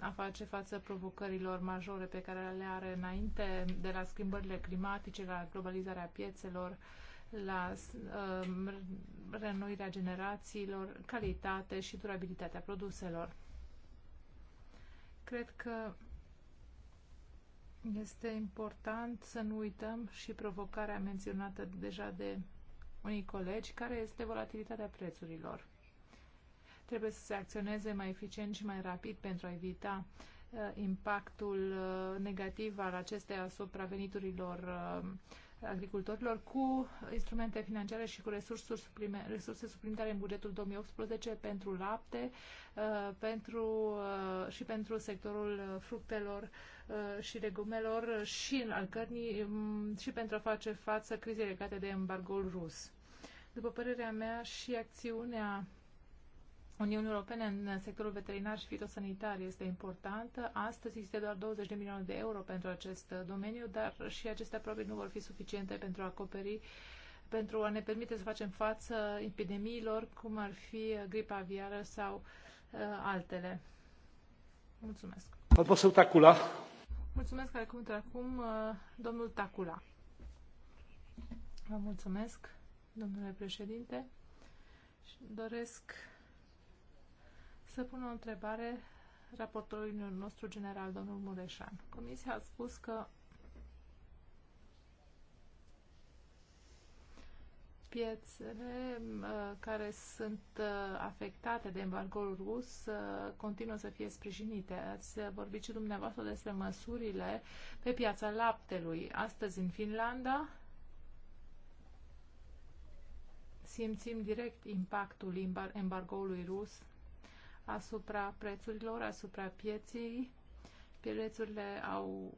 a face față provocărilor majore pe care le are înainte, de la schimbările climatice, la globalizarea piețelor, uh, la uh, um, renoirea generațiilor, calitate și durabilitatea produselor. Cred că este important să nu uităm și provocarea menționată deja de unii colegi, care este volatilitatea prețurilor. Trebuie să se acționeze mai eficient și mai rapid pentru a evita uh, impactul uh, negativ al acestei asupra veniturilor uh, agricultorilor cu instrumente financiare și cu resurse, suplime, resurse suplimentare în bugetul 2018 pentru lapte uh, pentru, uh, și pentru sectorul uh, fructelor și legumelor și în al cărnii um, și pentru a face față crizei legate de embargoul rus. După părerea mea și acțiunea Uniunea Europeană în sectorul veterinar și fitosanitar este importantă. Astăzi există doar 20 de milioane de euro pentru acest domeniu, dar și acestea probabil nu vor fi suficiente pentru a acoperi pentru a ne permite să facem față epidemiilor, cum ar fi gripa aviară sau uh, altele. Mulțumesc. Al Tacula. Mulțumesc, care cuvântul acum, uh, domnul Tacula. Vă mulțumesc, domnule președinte. Și doresc să pun o întrebare raportorului nostru general, domnul Mureșan. Comisia a spus că piețele uh, care sunt uh, afectate de embargoul rus uh, continuă să fie sprijinite. Ați vorbit și dumneavoastră despre măsurile pe piața laptelui. Astăzi în Finlanda simțim direct impactul embargoului rus asupra prețurilor, asupra pieței, Prețurile au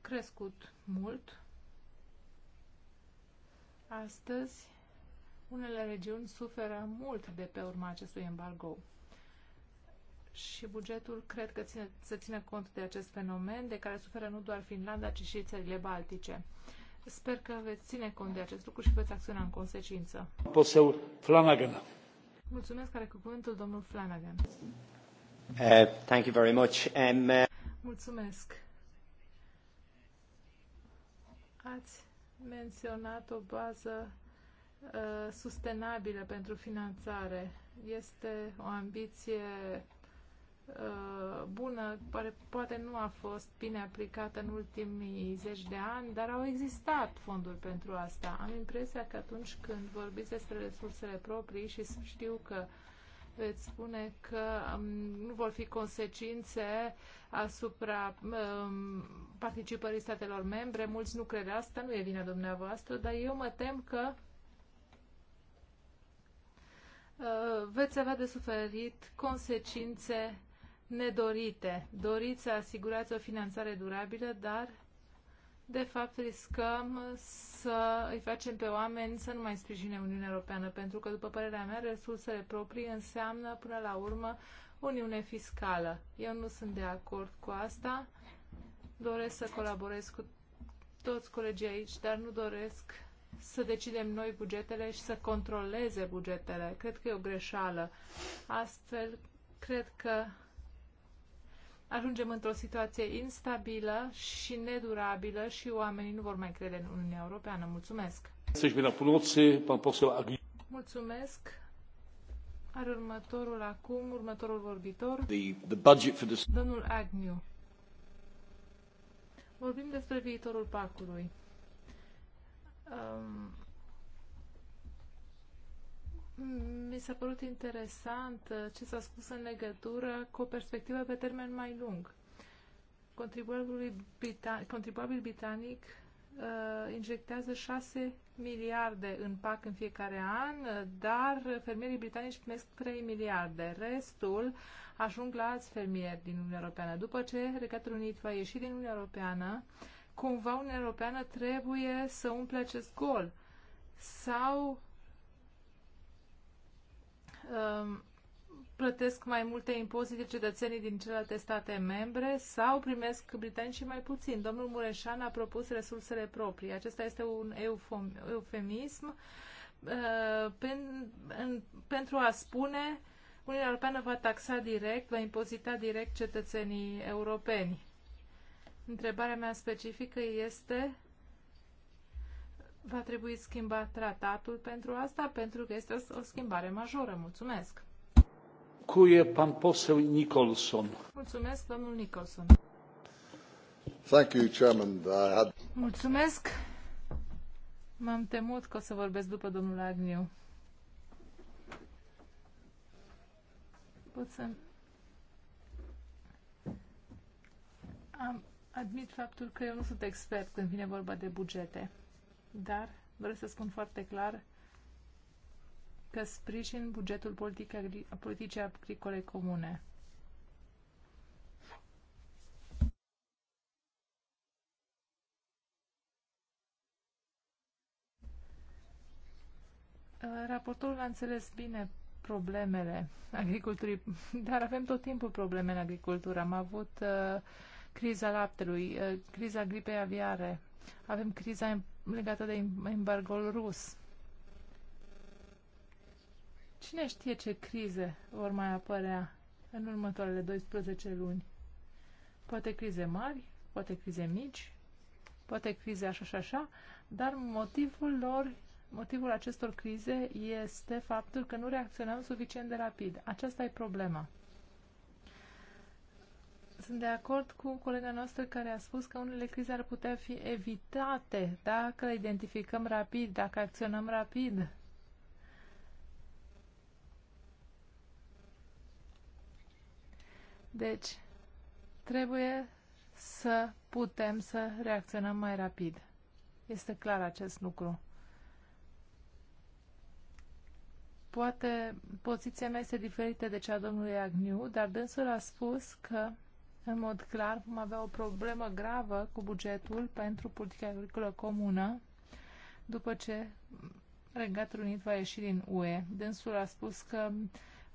crescut mult. Astăzi, unele regiuni suferă mult de pe urma acestui embargo și bugetul cred că ține, să ține cont de acest fenomen de care suferă nu doar Finlanda, ci și țările baltice. Sper că veți ține cont de acest lucru și veți acționa în consecință. Pot Flanagan. Mulțumesc, are cuvântul domnul Flanagan. Uh, thank you very much. Um, uh... Mulțumesc. Ați menționat o bază uh, sustenabilă pentru finanțare. Este o ambiție Uh, bună, poate nu a fost bine aplicată în ultimii zeci de ani, dar au existat fonduri pentru asta. Am impresia că atunci când vorbiți despre resursele proprii și știu că veți spune că um, nu vor fi consecințe asupra um, participării statelor membre. Mulți nu cred asta, nu e vina dumneavoastră, dar eu mă tem că uh, veți avea de suferit consecințe nedorite. Doriți să asigurați o finanțare durabilă, dar de fapt riscăm să îi facem pe oameni să nu mai sprijine Uniunea Europeană, pentru că, după părerea mea, resursele proprii înseamnă, până la urmă, Uniune fiscală. Eu nu sunt de acord cu asta. Doresc să colaborez cu toți colegii aici, dar nu doresc să decidem noi bugetele și să controleze bugetele. Cred că e o greșeală. Astfel, cred că ajungem într-o situație instabilă și nedurabilă și oamenii nu vor mai crede în Uniunea Europeană. Mulțumesc! Mulțumesc! Are următorul acum, următorul vorbitor, the, the budget for this... domnul Agnew. Vorbim despre viitorul pacului. Um, mi s-a părut interesant uh, ce s-a spus în legătură cu o perspectivă pe termen mai lung. contribuabil britanic uh, injectează 6 miliarde în PAC în fiecare an, uh, dar fermierii britanici primesc 3 miliarde. Restul ajung la alți fermieri din Uniunea Europeană. După ce Regatul Unit va ieși din Uniunea Europeană, cumva Uniunea Europeană trebuie să umple acest gol sau Um, plătesc mai multe impozite cetățenii din celelalte state membre sau primesc britanii și mai puțin. Domnul Mureșan a propus resursele proprii. Acesta este un eufemism uh, pen, în, pentru a spune Uniunea Europeană va taxa direct, va impozita direct cetățenii europeni. Întrebarea mea specifică este Va trebui schimbat tratatul pentru asta, pentru că este o, schimbare majoră. Mulțumesc. Cuie pan poseu Nicholson. Mulțumesc, domnul Nicholson. Thank you, Chairman. I had... Mulțumesc. M-am temut că o să vorbesc după domnul Agniu. Pot să... Am, admit faptul că eu nu sunt expert când vine vorba de bugete dar doresc să spun foarte clar că sprijin bugetul politic agri politicii agricole comune. Raportorul a înțeles bine problemele agriculturii, dar avem tot timpul probleme în agricultură. Am avut uh, criza laptelui, uh, criza gripei aviare, avem criza legată de embargoul rus. Cine știe ce crize vor mai apărea în următoarele 12 luni? Poate crize mari, poate crize mici, poate crize așa și așa, dar motivul lor, motivul acestor crize este faptul că nu reacționăm suficient de rapid. Aceasta e problema. Sunt de acord cu colega noastră care a spus că unele crize ar putea fi evitate dacă le identificăm rapid, dacă acționăm rapid. Deci, trebuie să putem să reacționăm mai rapid. Este clar acest lucru. Poate poziția mea este diferită de cea a domnului Agniu, dar dânsul a spus că în mod clar, vom avea o problemă gravă cu bugetul pentru politica agricolă comună după ce Regatul Unit va ieși din UE. Dânsul a spus că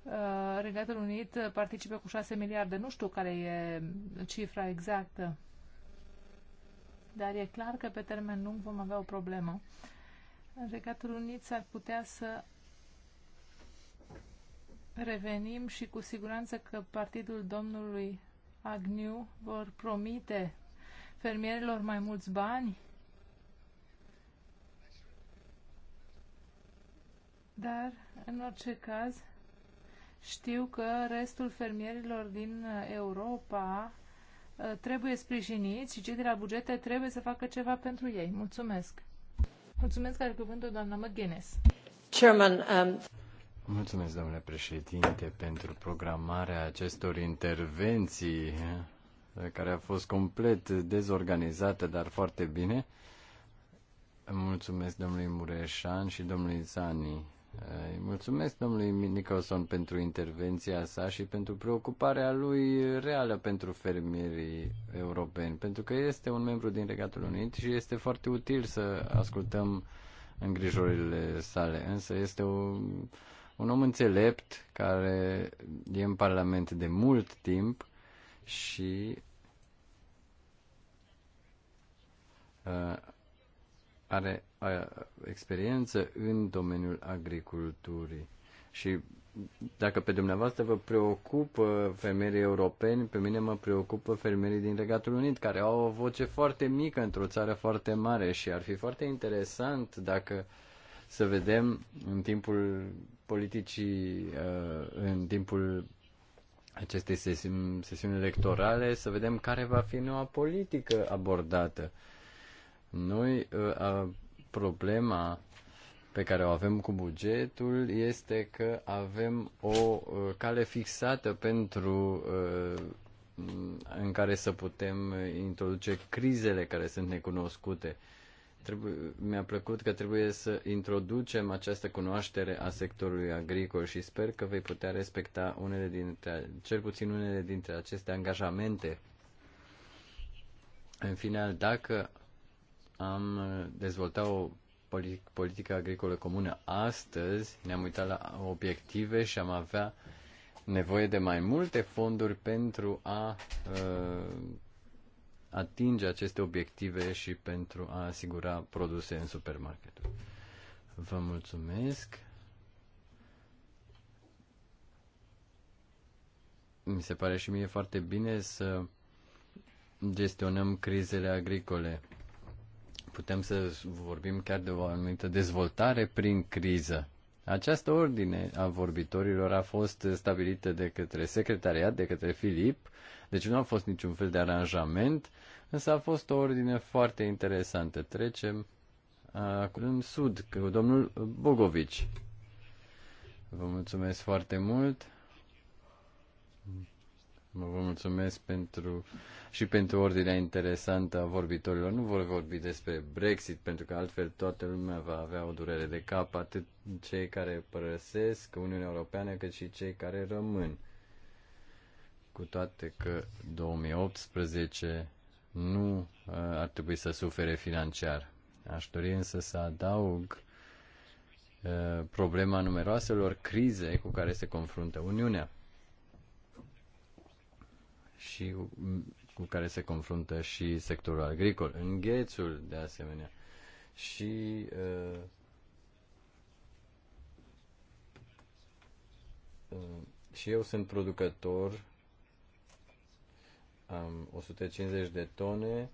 uh, Regatul Unit participă cu 6 miliarde. Nu știu care e cifra exactă, dar e clar că pe termen lung vom avea o problemă. Regatul Unit s-ar putea să revenim și cu siguranță că partidul domnului Agnew vor promite fermierilor mai mulți bani? Dar, în orice caz, știu că restul fermierilor din uh, Europa uh, trebuie sprijiniți și cei de la bugete trebuie să facă ceva pentru ei. Mulțumesc! Mulțumesc, are cuvântul doamna McGuinness. Chairman, um... Mulțumesc, domnule președinte, pentru programarea acestor intervenții, eh, care a fost complet dezorganizată, dar foarte bine. Mulțumesc domnului Mureșan și domnului Zani. Eh, mulțumesc domnului Nicholson pentru intervenția sa și pentru preocuparea lui reală pentru fermierii europeni, pentru că este un membru din Regatul Unit și este foarte util să ascultăm îngrijorările sale, însă este o un om înțelept care e în Parlament de mult timp și uh, are uh, experiență în domeniul agriculturii. Și dacă pe dumneavoastră vă preocupă fermerii europeni, pe mine mă preocupă fermerii din Regatul Unit, care au o voce foarte mică într-o țară foarte mare și ar fi foarte interesant dacă să vedem în timpul politicii uh, în timpul acestei sesiuni, sesiuni electorale, să vedem care va fi noua politică abordată. Noi, uh, problema pe care o avem cu bugetul este că avem o uh, cale fixată pentru în care să putem introduce crizele care sunt necunoscute. Uh, Trebuie, mi-a plăcut că trebuie să introducem această cunoaștere a sectorului agricol și sper că vei putea respecta unele dintre, cel puțin unele dintre aceste angajamente. În final, dacă am dezvoltat o politică agricolă comună astăzi, ne-am uitat la obiective și am avea nevoie de mai multe fonduri pentru a uh, atinge aceste obiective și pentru a asigura produse în supermarketuri. Vă mulțumesc. Mi se pare și mie foarte bine să gestionăm crizele agricole. Putem să vorbim chiar de o anumită dezvoltare prin criză. Această ordine a vorbitorilor a fost stabilită de către secretariat, de către Filip, deci nu a fost niciun fel de aranjament, însă a fost o ordine foarte interesantă. Trecem uh, în sud, cu domnul Bogovici. Vă mulțumesc foarte mult. Vă mulțumesc pentru, și pentru ordinea interesantă a vorbitorilor. Nu vor vorbi despre Brexit, pentru că altfel toată lumea va avea o durere de cap, atât cei care părăsesc Uniunea Europeană, cât și cei care rămân cu toate că 2018 nu uh, ar trebui să sufere financiar. Aș dori însă să adaug uh, problema numeroaselor crize cu care se confruntă Uniunea și cu care se confruntă și sectorul agricol, înghețul de asemenea și uh, uh, și eu sunt producător am 150 de tone,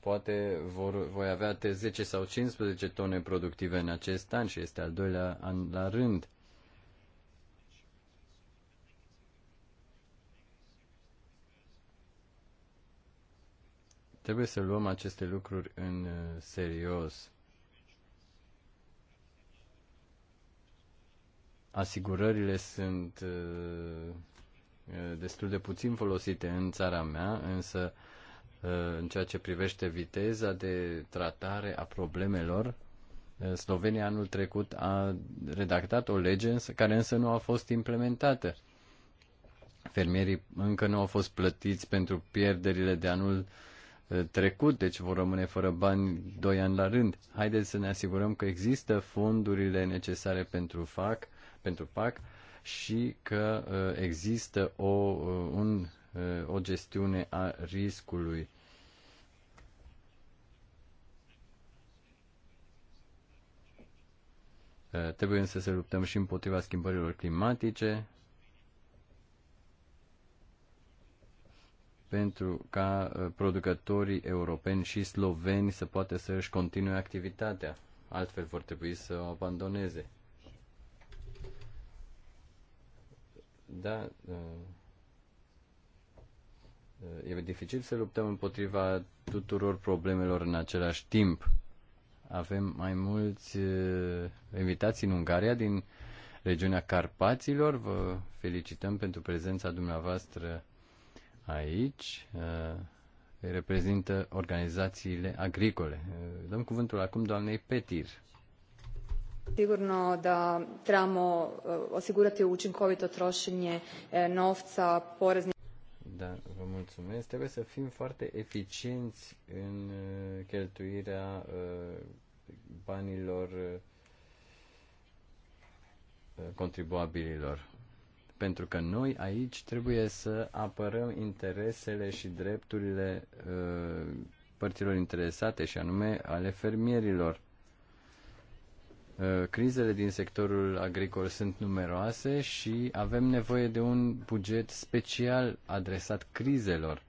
poate vor, voi avea 10 sau 15 tone productive în acest an și este al doilea an la rând. Trebuie să luăm aceste lucruri în uh, serios. Asigurările sunt uh, Eh, destul de puțin folosite în țara mea, însă eh, în ceea ce privește viteza de tratare a problemelor, eh, Slovenia anul trecut a redactat o lege care însă nu a fost implementată. Fermierii încă nu au fost plătiți pentru pierderile de anul trecut, deci vor rămâne fără bani doi ani la rând. Haideți să ne asigurăm că există fondurile necesare pentru FAC, pentru PAC și că uh, există o, uh, un, uh, o gestiune a riscului. Trebuie însă să luptăm și împotriva schimbărilor climatice pentru ca producătorii europeni și sloveni să poată să își continue activitatea. Altfel vor trebui să o abandoneze. Da, uh, e dificil să luptăm împotriva tuturor problemelor în același timp. Avem mai mulți uh, invitați în Ungaria din regiunea Carpaților. Vă felicităm pentru prezența dumneavoastră aici. Uh, reprezintă organizațiile agricole. Dăm cuvântul acum doamnei Petir sigurno da trebamo eh, osigurati učinkovito trošenje eh, novca poreznih da, vă mulțumesc. Trebuie să fim foarte eficienți în eh, cheltuirea banilor contribuabililor. Pentru că noi aici trebuie să apărăm interesele și drepturile părților interesate, și anume ale fermierilor Uh, crizele din sectorul agricol sunt numeroase și avem nevoie de un buget special adresat crizelor.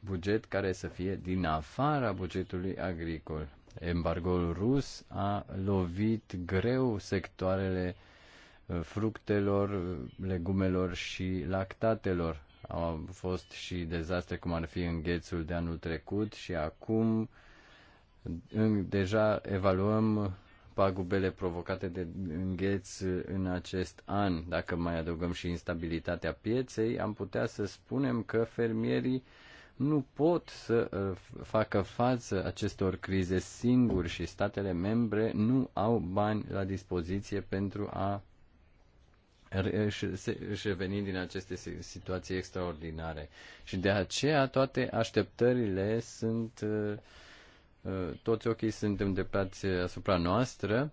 Buget care să fie din afara bugetului agricol. Embargoul rus a lovit greu sectoarele uh, fructelor, uh, legumelor și lactatelor. Au fost și dezastre cum ar fi înghețul de anul trecut și acum deja evaluăm pagubele provocate de îngheți în acest an, dacă mai adăugăm și instabilitatea pieței, am putea să spunem că fermierii nu pot să uh, facă față acestor crize singuri și statele membre nu au bani la dispoziție pentru a își reveni din aceste situații extraordinare. Și de aceea toate așteptările sunt uh, toți ochii sunt îndreptați asupra noastră.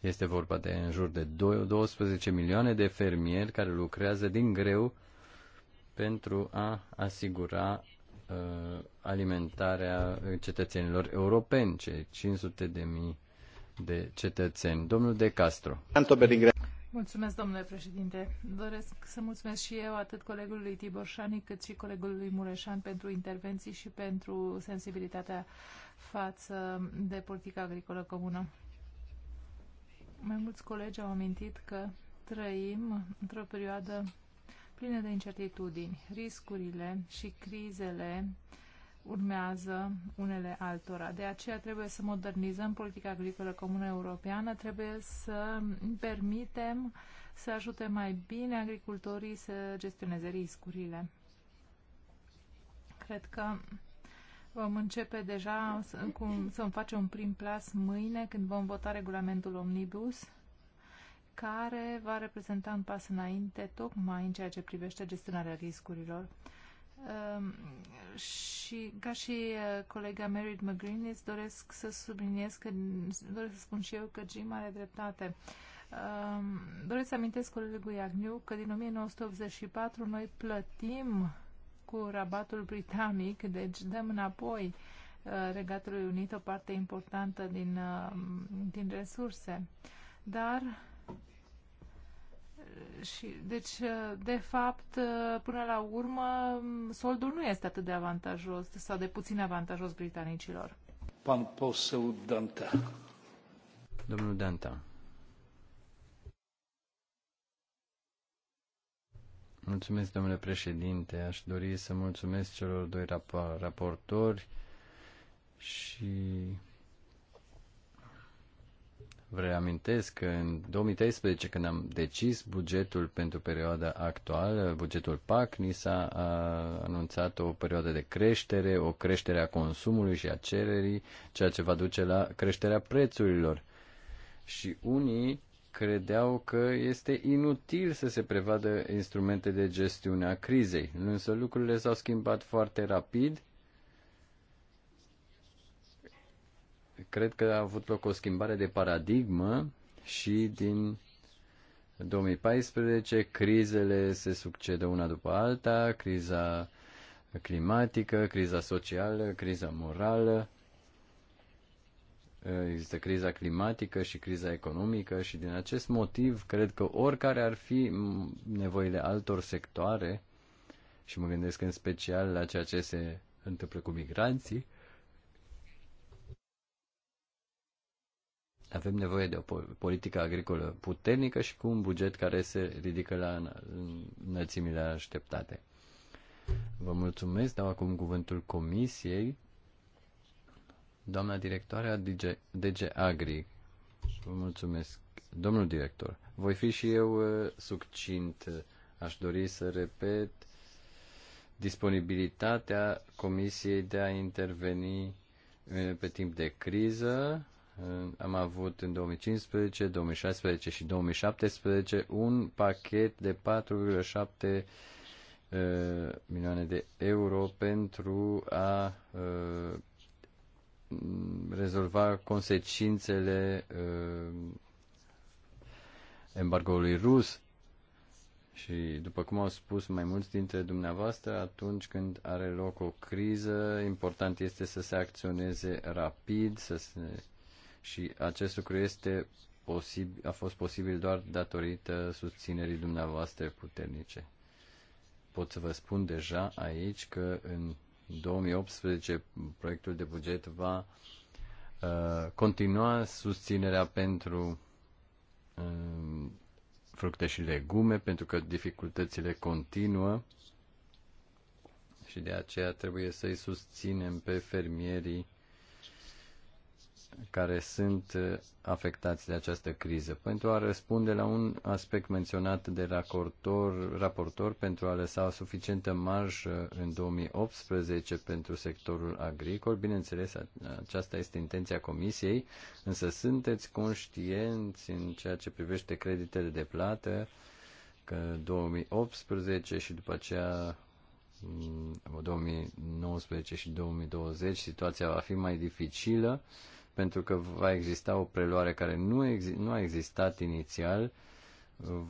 Este vorba de în jur de 12 milioane de fermieri care lucrează din greu pentru a asigura uh, alimentarea cetățenilor europeni, cei 500 de mii de cetățeni. Domnul De Castro. Mulțumesc, domnule președinte. Doresc să mulțumesc și eu atât colegului Tibor Șani cât și colegului Mureșan pentru intervenții și pentru sensibilitatea față de politica agricolă comună. Mai mulți colegi au amintit că trăim într-o perioadă plină de incertitudini. Riscurile și crizele uh, urmează unele altora. De aceea trebuie să modernizăm politica agricolă comună europeană, trebuie să permitem să ajute mai bine agricultorii să gestioneze riscurile. Cred că vom începe deja să, cum, facem un prim plas mâine când vom vota regulamentul Omnibus care va reprezenta un pas înainte tocmai în ceea ce privește gestionarea riscurilor ehm, și ca și uh, colega Merit McGrinis doresc să subliniez că doresc să spun și eu că Jim are dreptate. Um, doresc să amintesc colegului Agniu că din 1984 noi plătim cu rabatul britanic, deci dăm înapoi uh, Regatului Unit o parte importantă din, uh, din resurse. Dar și, deci, uh, de fapt, uh, până la urmă, soldul nu este atât de avantajos sau de puțin avantajos britanicilor. Pan poseu Danta. Domnul Danta. Mulțumesc, domnule președinte. Aș dori să mulțumesc celor doi rapor raportori și Vă reamintesc că în 2013, când am decis bugetul pentru perioada actuală, bugetul PAC, ni s-a anunțat o perioadă de creștere, o creștere a consumului și a cererii, ceea ce va duce la creșterea prețurilor. Și unii credeau că este inutil să se prevadă instrumente de gestiune a crizei, însă lucrurile s-au schimbat foarte rapid cred că a avut loc o schimbare de paradigmă și din 2014 crizele se succedă una după alta, criza climatică, criza socială, criza morală, există criza climatică și criza economică și din acest motiv cred că oricare ar fi nevoile altor sectoare, și mă gândesc în special la ceea ce se întâmplă cu migranții, Avem nevoie de o politică agricolă puternică și cu un buget care se ridică la înălțimile așteptate. Vă mulțumesc, dau acum cuvântul Comisiei. Doamna directoare a DG, DG Agri. Vă mulțumesc, domnul director. Voi fi și eu uh, succint. Aș dori să repet disponibilitatea Comisiei de a interveni uh, pe timp de criză am avut în 2015, 2016 și 2017 un pachet de 4,7 uh, milioane de euro pentru a uh, rezolva consecințele uh, embargoului rus. Și după cum au spus mai mulți dintre dumneavoastră, atunci când are loc o criză, important este să se acționeze rapid, să se și acest lucru este posibil, a fost posibil doar datorită susținerii dumneavoastră puternice. Pot să vă spun deja aici că în 2018 proiectul de buget va uh, continua susținerea pentru uh, fructe și legume, pentru că dificultățile continuă și de aceea trebuie să-i susținem pe fermierii care sunt uh, afectați de această criză. Pentru a răspunde la un aspect menționat de raportor, raportor pentru a lăsa o suficientă marjă în 2018 pentru sectorul agricol, bineînțeles, aceasta este intenția Comisiei, însă sunteți conștienți în ceea ce privește creditele de plată că 2018 și după aceea 2019 mm, și 2020 situația va fi mai dificilă pentru că va exista o preluare care nu, exi- nu a existat inițial,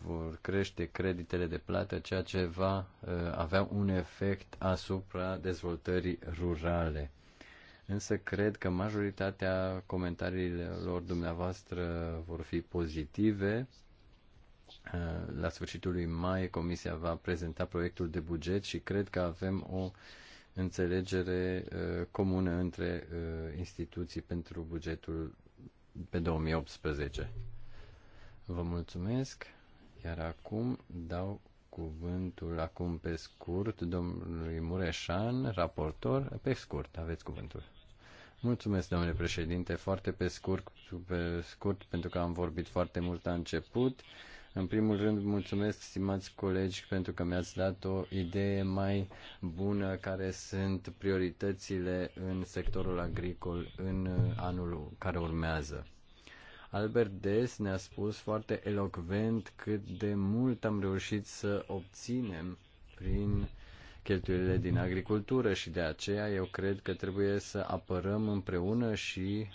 vor crește creditele de plată, ceea ce va uh, avea un efect asupra dezvoltării rurale. Însă cred că majoritatea comentariilor dumneavoastră vor fi pozitive. Uh, la sfârșitul lui mai Comisia va prezenta proiectul de buget și cred că avem o înțelegere uh, comună între uh, instituții pentru bugetul pe 2018. Vă mulțumesc, iar acum dau cuvântul acum pe scurt domnului Mureșan, raportor, pe scurt, aveți cuvântul. Mulțumesc, domnule președinte, foarte pe scurt, pe scurt pentru că am vorbit foarte mult la început. În primul rând, mulțumesc, stimați colegi, pentru că mi-ați dat o idee mai bună care sunt prioritățile în sectorul agricol în uh, anul care urmează. Albert Des ne-a spus foarte elocvent cât de mult am reușit să obținem prin cheltuielile din agricultură și de aceea eu cred că trebuie să apărăm împreună și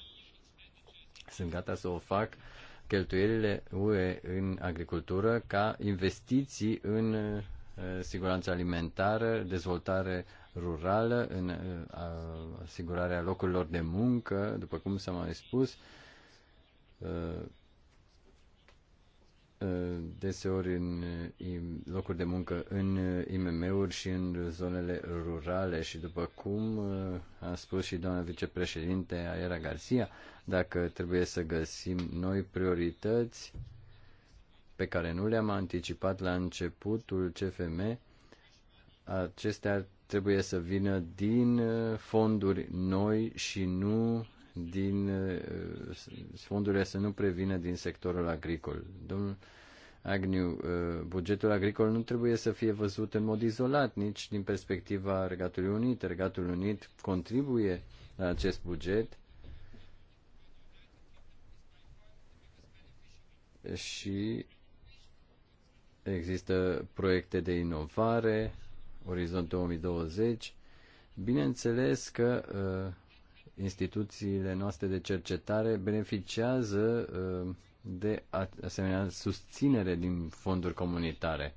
sunt gata să o fac cheltuielile UE în agricultură ca investiții în uh, siguranță alimentară, dezvoltare rurală, în uh, asigurarea locurilor de muncă, după cum s-a mai spus, uh, Uh, deseori în uh, locuri de muncă în uh, IMM-uri și în zonele rurale și după cum a spus și doamna vicepreședinte Aera Garcia, dacă trebuie să găsim noi priorități pe care nu le-am anticipat la începutul CFM, acestea trebuie să vină din fonduri noi și nu din uh, fondurile să nu prevină din sectorul agricol. Domnul Agniu, uh, bugetul agricol nu trebuie să fie văzut în mod izolat, nici din perspectiva Regatului Unit. Regatul Unit contribuie la acest buget și există proiecte de inovare, Orizont 2020. Bineînțeles că uh, instituțiile noastre de cercetare beneficiază uh, de asemenea susținere din fonduri comunitare.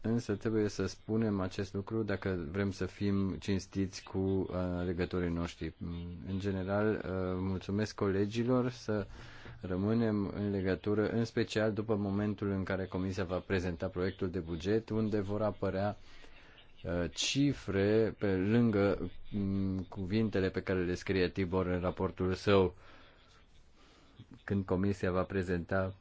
Însă trebuie să spunem acest lucru dacă vrem să fim cinstiți cu uh, legătorii noștri. În general, uh, mulțumesc colegilor să rămânem în legătură, în special după momentul în care Comisia va prezenta proiectul de buget, unde vor apărea uh, Uh, cifre pe lângă mm, cuvintele pe care le scrie Tibor în raportul său când comisia va prezenta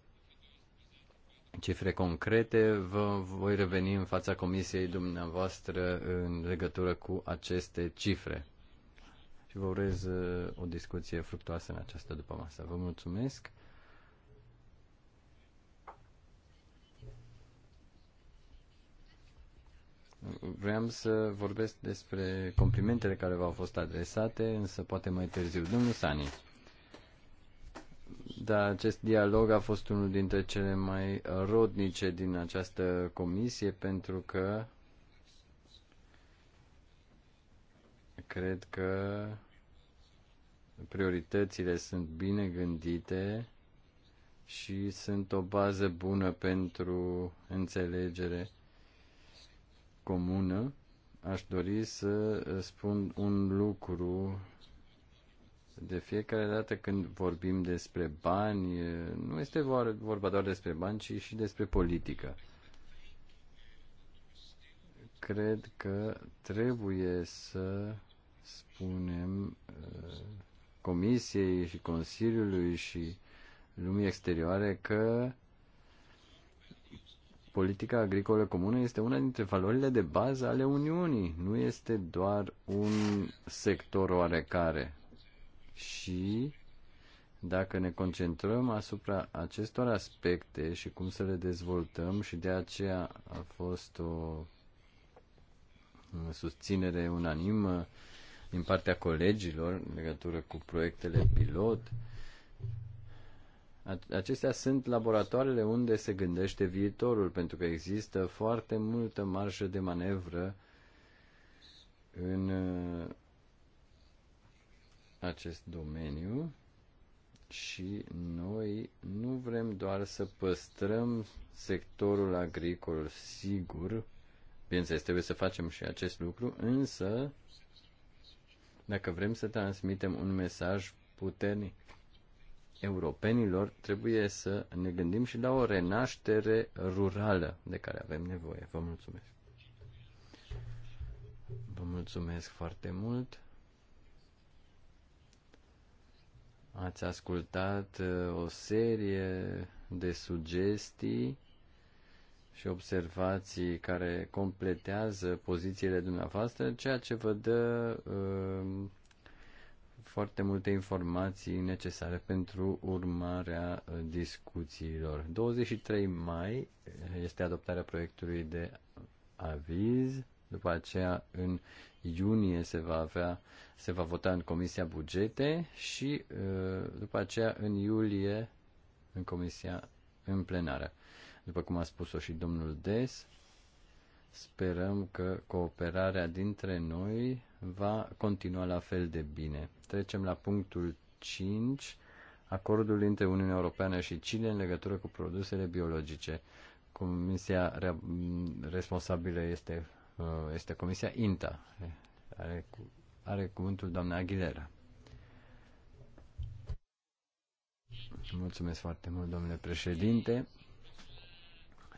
cifre concrete, vă voi reveni în fața comisiei dumneavoastră în legătură cu aceste cifre. Și vă urez uh, o discuție fructoasă în această după masă. Vă mulțumesc. Vreau să vorbesc despre complimentele care v-au fost adresate, însă poate mai târziu. Domnul Sani, da, acest dialog a fost unul dintre cele mai rodnice din această comisie, pentru că cred că prioritățile sunt bine gândite și sunt o bază bună pentru înțelegere comună, aș dori să uh, spun un lucru. De fiecare dată când vorbim despre bani, uh, nu este vorba doar despre bani, ci și despre politică. Cred că trebuie să spunem uh, Comisiei și Consiliului și lumii exterioare că Politica agricolă comună este una dintre valorile de bază ale Uniunii, nu este doar un sector oarecare. Și dacă ne concentrăm asupra acestor aspecte și cum să le dezvoltăm și de aceea a fost o susținere unanimă din partea colegilor în legătură cu proiectele pilot Acestea sunt laboratoarele unde se gândește viitorul, pentru că există foarte multă marjă de manevră în uh, acest domeniu și noi nu vrem doar să păstrăm sectorul agricol sigur, bineînțeles trebuie să facem și acest lucru, însă dacă vrem să transmitem un mesaj puternic europenilor, trebuie să ne gândim și la o renaștere rurală de care avem nevoie. Vă mulțumesc! Vă mulțumesc foarte mult! Ați ascultat uh, o serie de sugestii și observații care completează pozițiile dumneavoastră, ceea ce vă dă uh, foarte multe informații necesare pentru urmarea uh, discuțiilor. 23 mai este adoptarea proiectului de aviz, după aceea în iunie se va avea se va vota în Comisia Bugete și uh, după aceea în iulie în Comisia în plenară. După cum a spus-o și domnul Des, Sperăm că cooperarea dintre noi va continua la fel de bine. Trecem la punctul 5, acordul dintre Uniunea Europeană și Chile în legătură cu produsele biologice. Comisia responsabilă este, uh, este Comisia INTA. Are, are cuvântul doamna Aguilera. Mulțumesc foarte mult, domnule președinte.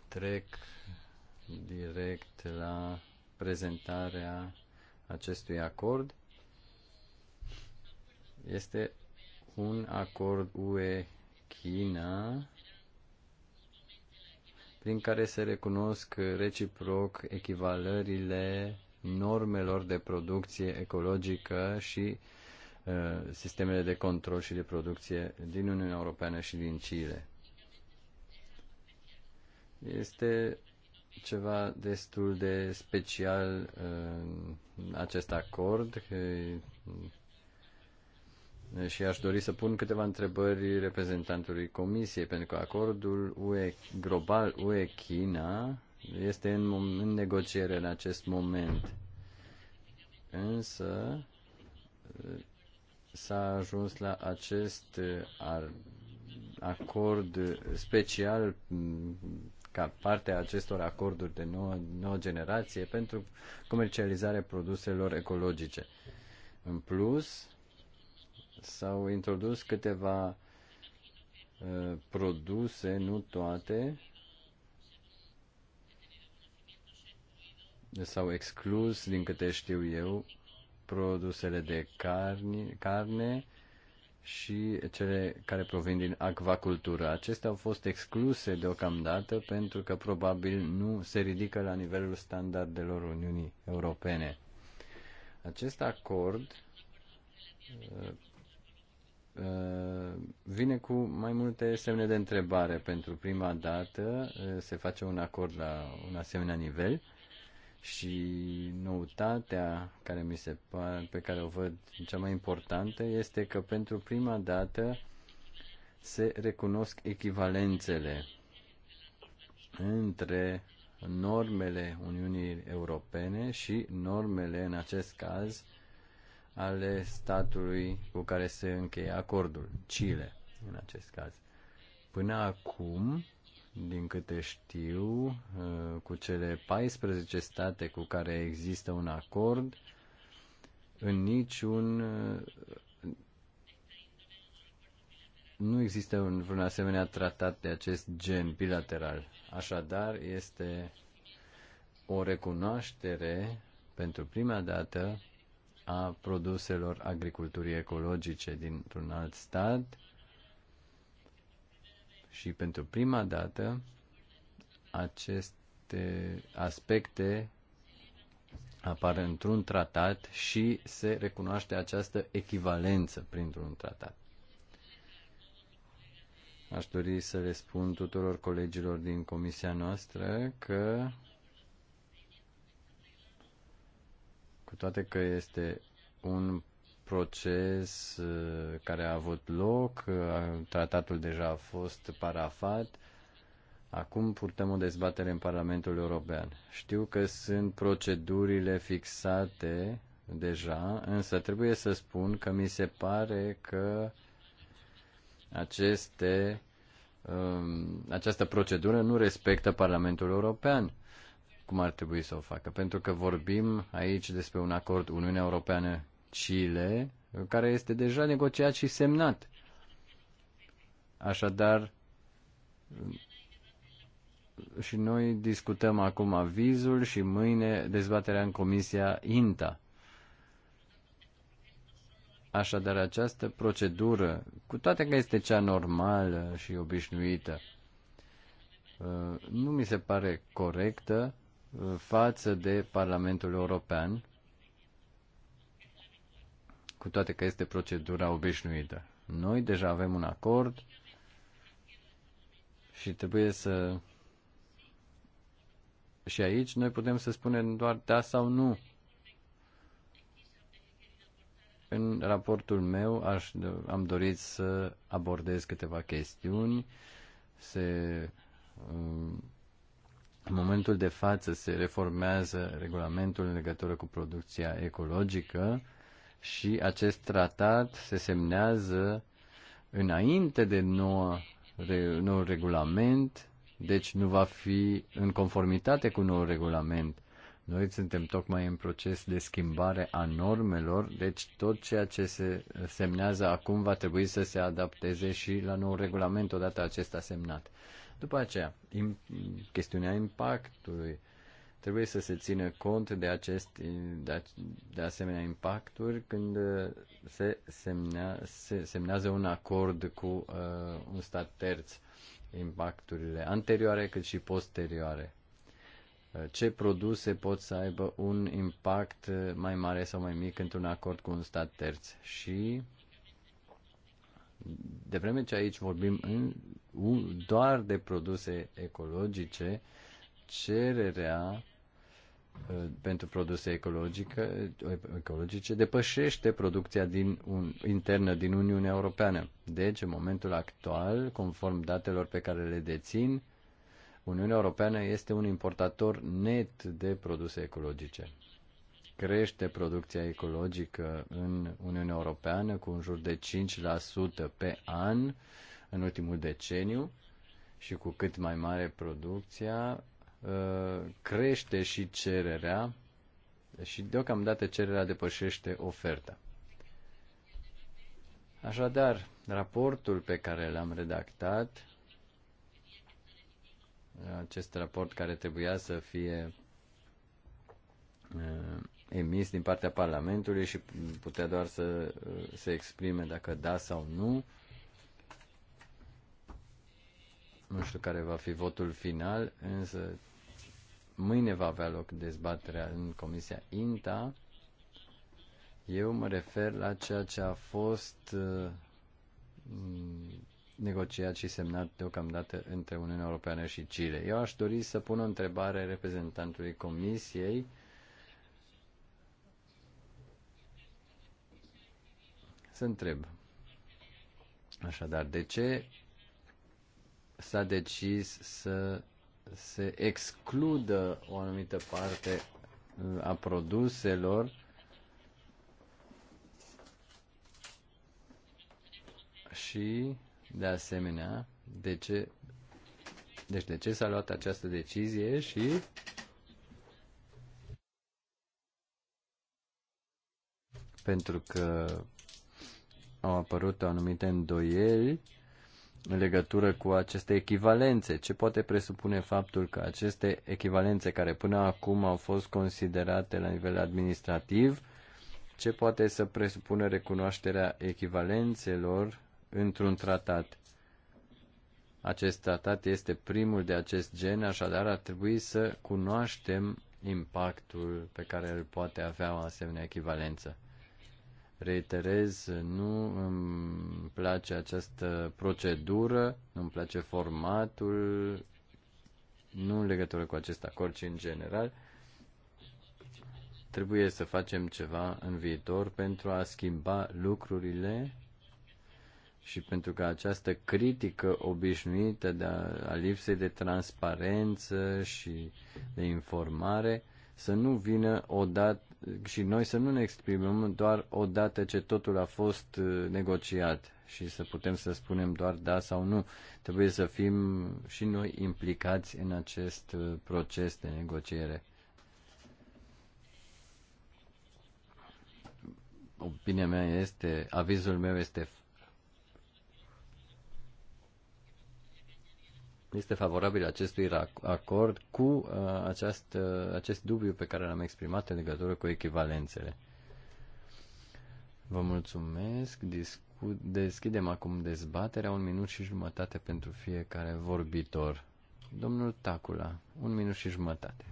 Trec direct la prezentarea acestui acord. Este un acord UE-China prin care se recunosc reciproc echivalările normelor de producție ecologică și uh, sistemele de control și de producție din Uniunea Europeană și din Chile. Este ceva destul de special în uh, acest acord și aș dori să pun câteva întrebări reprezentantului Comisiei, pentru că acordul UE, global UE-China este în, în negociere în acest moment. Însă s-a ajuns la acest uh, acord special ca parte a acestor acorduri de nouă, nouă generație pentru comercializarea produselor ecologice. În plus, s-au introdus câteva uh, produse, nu toate, s-au exclus, din câte știu eu, produsele de carne, carne și cele care provin din acvacultură. Acestea au fost excluse deocamdată pentru că probabil nu se ridică la nivelul standardelor Uniunii Europene. Acest acord uh, uh, vine cu mai multe semne de întrebare. Pentru prima dată uh, se face un acord la un asemenea nivel și noutatea care mi se pare, pe care o văd cea mai importantă este că pentru prima dată se recunosc echivalențele între normele Uniunii Europene și normele, în acest caz, ale statului cu care se încheie acordul, Chile, în acest caz. Până acum, din câte știu, uh, cu cele 14 state cu care există un acord, în niciun uh, nu există un, un asemenea tratat de acest gen bilateral. Așadar, este o recunoaștere pentru prima dată a produselor agriculturii ecologice dintr-un alt stat și pentru prima dată aceste aspecte apar într-un tratat și se recunoaște această echivalență printr-un tratat. Aș dori să le spun tuturor colegilor din comisia noastră că, cu toate că este un proces uh, care a avut loc, uh, tratatul deja a fost parafat, acum purtăm o dezbatere în Parlamentul European. Știu că sunt procedurile fixate deja, însă trebuie să spun că mi se pare că aceste, um, această procedură nu respectă Parlamentul European cum ar trebui să o facă, pentru că vorbim aici despre un acord Uniunea Europeană Chile, care este deja negociat și semnat. Așadar, și noi discutăm acum avizul și mâine dezbaterea în Comisia INTA. Așadar, această procedură, cu toate că este cea normală și obișnuită, uh, nu mi se pare corectă uh, față de Parlamentul European, cu toate că este procedura obișnuită. Noi deja avem un acord și trebuie să. Și aici noi putem să spunem doar da sau nu. În raportul meu aș, am dorit să abordez câteva chestiuni. Se, um, în momentul de față se reformează regulamentul în legătură cu producția ecologică și acest tratat se semnează înainte de noua, nou regulament, deci nu va fi în conformitate cu nou regulament. Noi suntem tocmai în proces de schimbare a normelor, deci tot ceea ce se semnează acum va trebui să se adapteze și la nou regulament odată acesta semnat. După aceea, chestiunea impactului Trebuie să se țină cont de, acest, de, de asemenea impacturi când uh, se, semnea, se semnează un acord cu uh, un stat terț, impacturile anterioare cât și posterioare. Uh, ce produse pot să aibă un impact uh, mai mare sau mai mic într-un acord cu un stat terț și de vreme ce aici vorbim în, doar de produse ecologice, cererea Uh, pentru produse ecologice, ecologice depășește producția din un, internă din Uniunea Europeană. Deci, în momentul actual, conform datelor pe care le dețin, Uniunea Europeană este un importator net de produse ecologice. Crește producția ecologică în Uniunea Europeană cu în jur de 5% pe an în ultimul deceniu și cu cât mai mare producția, Uh, crește și cererea și deocamdată cererea depășește oferta. Așadar, raportul pe care l-am redactat, acest raport care trebuia să fie uh, emis din partea Parlamentului și putea doar să uh, se exprime dacă da sau nu. Nu știu care va fi votul final, însă Mâine va avea loc dezbaterea în Comisia INTA. Eu mă refer la ceea ce a fost uh, negociat și semnat deocamdată între Uniunea Europeană și Chile. Eu aș dori să pun o întrebare reprezentantului Comisiei să întreb. Așadar, de ce s-a decis să se excludă o anumită parte uh, a produselor și, de asemenea, de ce, deci de ce s-a luat această decizie și pentru că au apărut anumite îndoieli în legătură cu aceste echivalențe. Ce poate presupune faptul că aceste echivalențe care până acum au fost considerate la nivel administrativ, ce poate să presupună recunoașterea echivalențelor într-un tratat? Acest tratat este primul de acest gen, așadar ar trebui să cunoaștem impactul pe care îl poate avea o asemenea echivalență reiterez, nu îmi place această procedură, nu îmi place formatul, nu în legătură cu acest acord, ci în general. Trebuie să facem ceva în viitor pentru a schimba lucrurile și pentru că această critică obișnuită de a, a lipsei de transparență și de informare să nu vină odată și noi să nu ne exprimăm doar odată ce totul a fost uh, negociat și să putem să spunem doar da sau nu. Trebuie să fim și noi implicați în acest uh, proces de negociere. Opinia mea este, avizul meu este este favorabil acestui acord cu uh, aceast, uh, acest dubiu pe care l-am exprimat în legătură cu echivalențele. Vă mulțumesc. Discu- deschidem acum dezbaterea. Un minut și jumătate pentru fiecare vorbitor. Domnul Tacula, un minut și jumătate.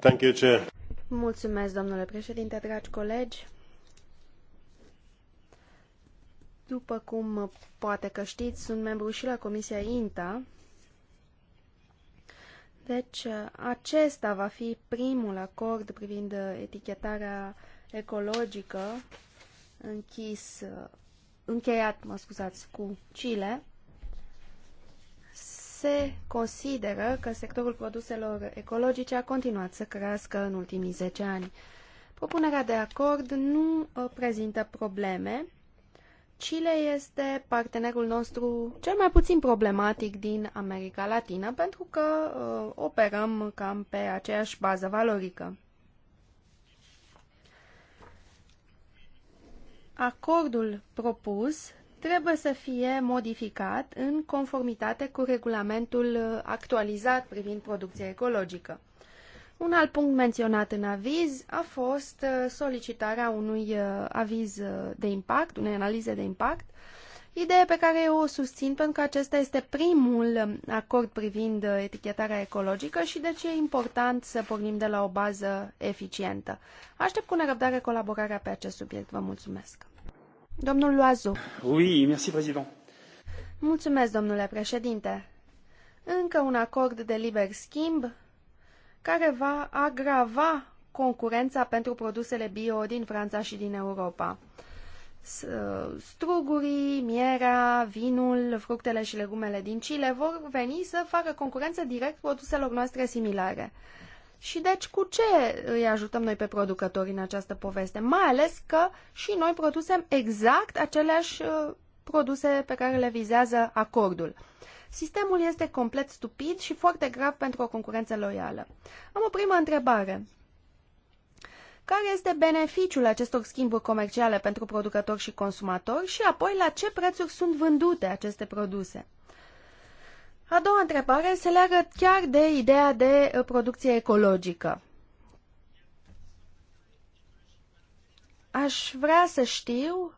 Thank you, Chair. Mulțumesc, domnule președinte, dragi colegi. După cum poate că știți, sunt membru și la Comisia INTA. Deci, acesta va fi primul acord privind etichetarea ecologică închis, încheiat, mă scuzați, cu Chile. Se consideră că sectorul produselor ecologice a continuat să crească în ultimii 10 ani. Propunerea de acord nu uh, prezintă probleme Chile este partenerul nostru cel mai puțin problematic din America Latină pentru că uh, operăm cam pe aceeași bază valorică. Acordul propus trebuie să fie modificat în conformitate cu regulamentul actualizat privind producția ecologică. Un alt punct menționat în aviz a fost uh, solicitarea unui uh, aviz uh, de impact, unei analize de impact, idee pe care eu o susțin pentru că acesta este primul um, acord privind etichetarea ecologică și de ce e important să pornim de la o bază eficientă. Aștept cu nerăbdare colaborarea pe acest subiect. Vă mulțumesc. Domnul Loazu. Oui, merci, président. Mulțumesc, domnule președinte. Încă un acord de liber schimb care va agrava concurența pentru produsele bio din Franța și din Europa. Uh, strugurii, mierea, vinul, fructele și legumele din Chile vor veni să facă concurență direct produselor noastre similare. Și deci cu ce îi ajutăm noi pe producători în această poveste? Mai ales că și noi producem exact aceleași uh, produse pe care le vizează acordul. Sistemul este complet stupid și foarte grav pentru o concurență loială. Am o primă întrebare. Care este beneficiul acestor schimburi comerciale pentru producători și consumatori și apoi la ce prețuri sunt vândute aceste produse? A doua întrebare se leagă chiar de ideea de uh, producție ecologică. Aș vrea să știu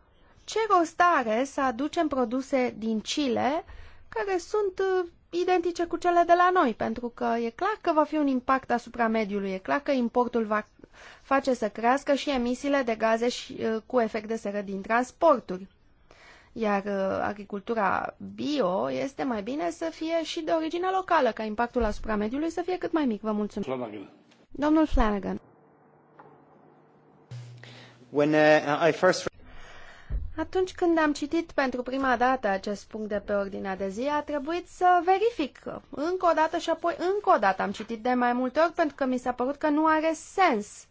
ce rost are să aducem produse din Chile uh, care sunt uh, identice cu cele de la noi, pentru că e clar că va fi un impact asupra mediului, e clar că importul va face să crească și emisiile de gaze și, uh, cu efect de seră din transporturi. Iar uh, agricultura bio este mai bine să fie și de origine locală, ca impactul asupra mediului să fie cât mai mic. Vă mulțumesc. Flanagan. Domnul Flanagan. When, uh, I first atunci când am citit pentru prima dată acest punct de pe ordinea de zi, a trebuit să verific încă o dată și apoi încă o dată. Am citit de mai multe ori pentru că mi s-a părut că nu are sens.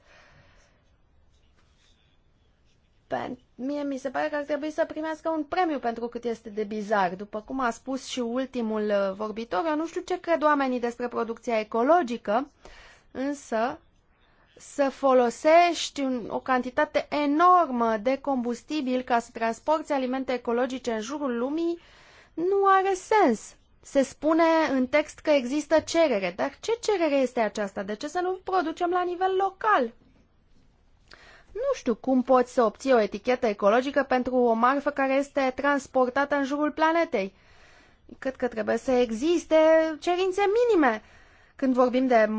Pe, mie mi se pare că ar trebui să primească un premiu pentru cât este de bizar. După cum a spus și ultimul vorbitor, eu nu știu ce cred oamenii despre producția ecologică, însă să folosești o cantitate enormă de combustibil ca să transporti alimente ecologice în jurul lumii, nu are sens. Se spune în text că există cerere, dar ce cerere este aceasta? De ce să nu producem la nivel local? Nu știu cum poți să obții o etichetă ecologică pentru o marfă care este transportată în jurul planetei. Cred că trebuie să existe cerințe minime. Când vorbim de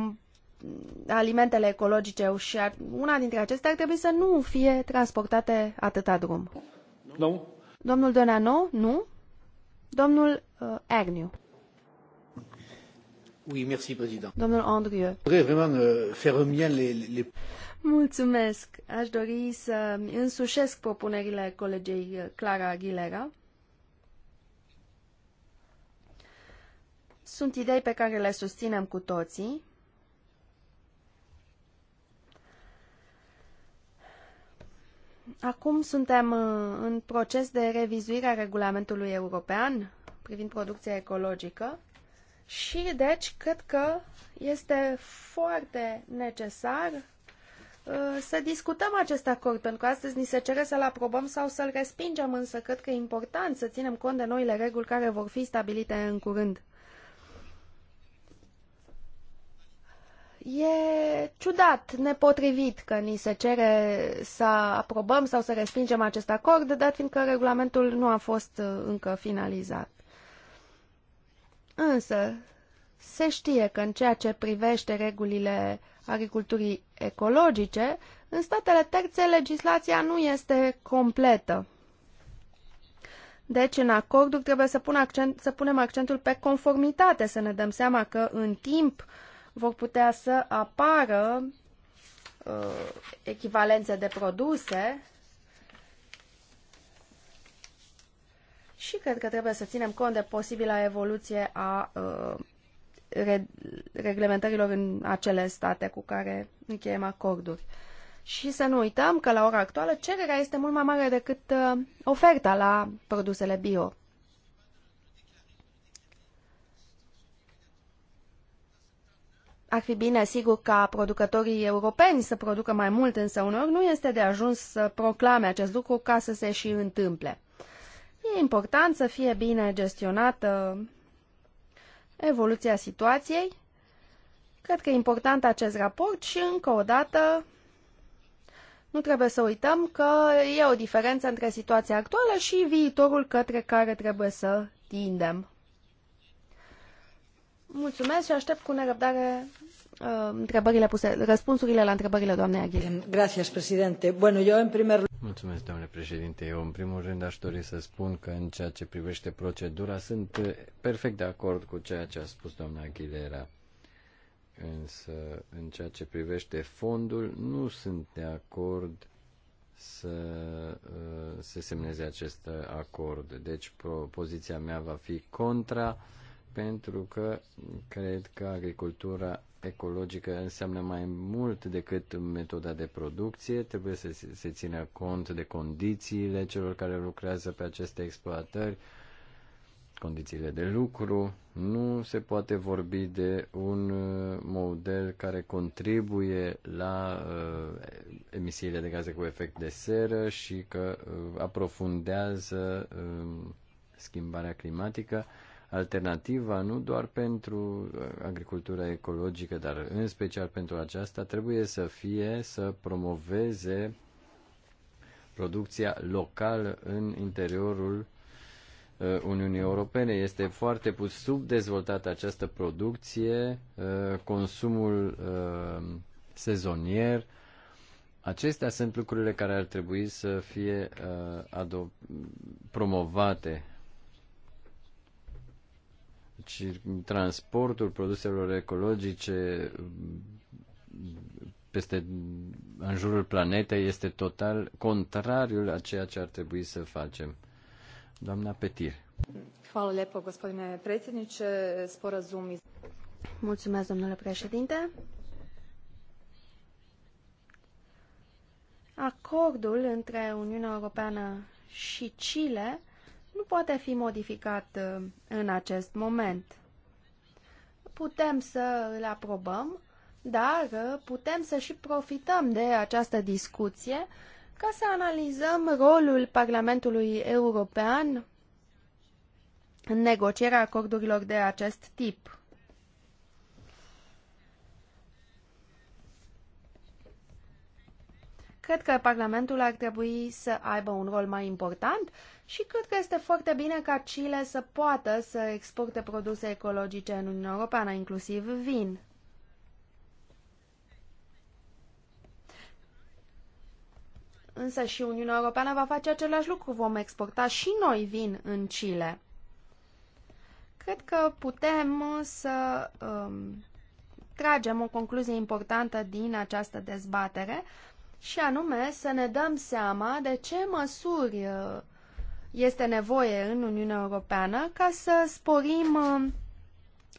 alimentele ecologice și una dintre acestea ar trebui să nu fie transportate atâta drum. Nu. Domnul Donano, nu. Domnul uh, Agnew. Oui, merci, président. Domnul Andrieu. Vraiment, uh, faire mien les, les... Mulțumesc. Aș dori să însușesc propunerile colegei uh, Clara Aguilera. Sunt idei pe care le susținem cu toții Acum suntem uh, în proces de revizuire a regulamentului european privind producția ecologică și deci cred că este foarte necesar uh, să discutăm acest acord, pentru că astăzi ni se cere să-l aprobăm sau să-l respingem, însă cred că e important să ținem cont de noile reguli care vor fi stabilite în curând. E ciudat, nepotrivit că ni se cere să aprobăm sau să respingem acest acord, dat fiindcă regulamentul nu a fost uh, încă finalizat. Însă, se știe că în ceea ce privește regulile agriculturii ecologice, în statele terțe legislația nu este completă. Deci, în acorduri trebuie să, pun accent, să punem accentul pe conformitate, să ne dăm seama că în timp uh, vor putea să apară uh, echivalențe de produse și cred că trebuie să ținem cont de posibila evoluție a uh, re reglementărilor în acele state cu care încheiem acorduri. Și să nu uităm că la ora actuală cererea este mult mai mare decât uh, oferta la produsele bio. Ar fi bine, sigur, ca producătorii europeni să producă mai mult, însă uneori nu este de ajuns să proclame acest lucru ca să se și întâmple. E important să fie bine gestionată evoluția situației. Cred că e important acest raport și, încă o dată, nu trebuie să uităm că e o diferență între situația actuală și viitorul către care trebuie să tindem. Mulțumesc și aștept cu nerăbdare uh, întrebările puse, răspunsurile la întrebările doamnei Aghile. Gracias, președinte. Bueno, eu în primer Mulțumesc, domnule președinte. Eu, în primul rând, aș dori să spun că, în ceea ce privește procedura, sunt uh, perfect de acord cu ceea ce a spus doamna Aguilera. Însă, în ceea ce privește fondul, nu sunt de acord să uh, se semneze acest acord. Deci, poziția mea va fi contra pentru că cred că agricultura ecologică înseamnă mai mult decât metoda de producție, trebuie să se țină cont de condițiile celor care lucrează pe aceste exploatări, condițiile de lucru. Nu se poate vorbi de un uh, model care contribuie la uh, emisiile de gaze cu efect de seră și că uh, aprofundează uh, schimbarea climatică. Uh, Alternativa, nu doar pentru uh, agricultura ecologică, dar în special pentru aceasta, trebuie să fie să promoveze producția locală în interiorul uh, Uniunii Europene. Este foarte subdezvoltată această producție, uh, consumul sezonier. Acestea sunt lucrurile care ar trebui să fie promovate deci transportul produselor ecologice peste în jurul planetei este total contrariul a ceea ce ar trebui să facem. Doamna Petir. Hvala lepo, gospodine predsjedniče. Sporazum Mulțumesc, domnule președinte. Acordul între Uniunea Europeană și Chile nu poate fi modificat uh, în acest moment. Putem să îl aprobăm, dar uh, putem să și profităm de această discuție ca să analizăm rolul Parlamentului European în negocierea acordurilor de acest tip. Cred că Parlamentul ar trebui să aibă un rol mai important și cred că este foarte bine ca Chile să poată să exporte produse ecologice în Uniunea Europeană, inclusiv vin. Însă și Uniunea Europeană va face același lucru, vom exporta și noi vin în Chile. Cred că putem să um, tragem o concluzie importantă din această dezbatere, și anume să ne dăm seama de ce măsuri uh, este nevoie în Uniunea Europeană ca să sporim uh,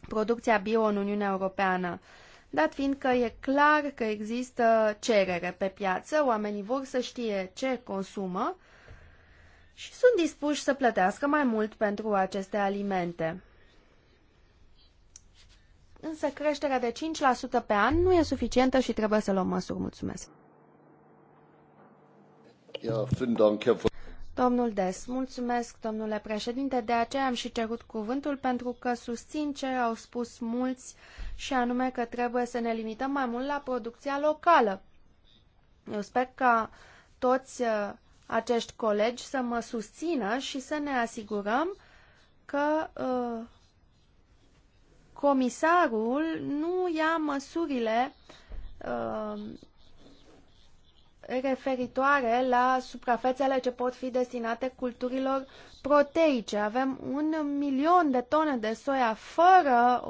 producția bio în Uniunea Europeană. Dat fiind că e clar că există cerere pe piață, oamenii vor să știe ce consumă și sunt dispuși să plătească mai mult pentru aceste alimente. Însă creșterea de 5% pe an nu e suficientă și trebuie să luăm măsuri. Mulțumesc! Domnul Des, mulțumesc, domnule președinte, de aceea am și cerut cuvântul pentru că susțin ce au spus mulți și anume că trebuie să ne limităm mai mult la producția locală. Eu sper ca toți uh, acești colegi să mă susțină și să ne asigurăm că uh, comisarul nu ia măsurile uh, referitoare la suprafețele ce pot fi destinate culturilor proteice. Avem un milion de tone de soia fără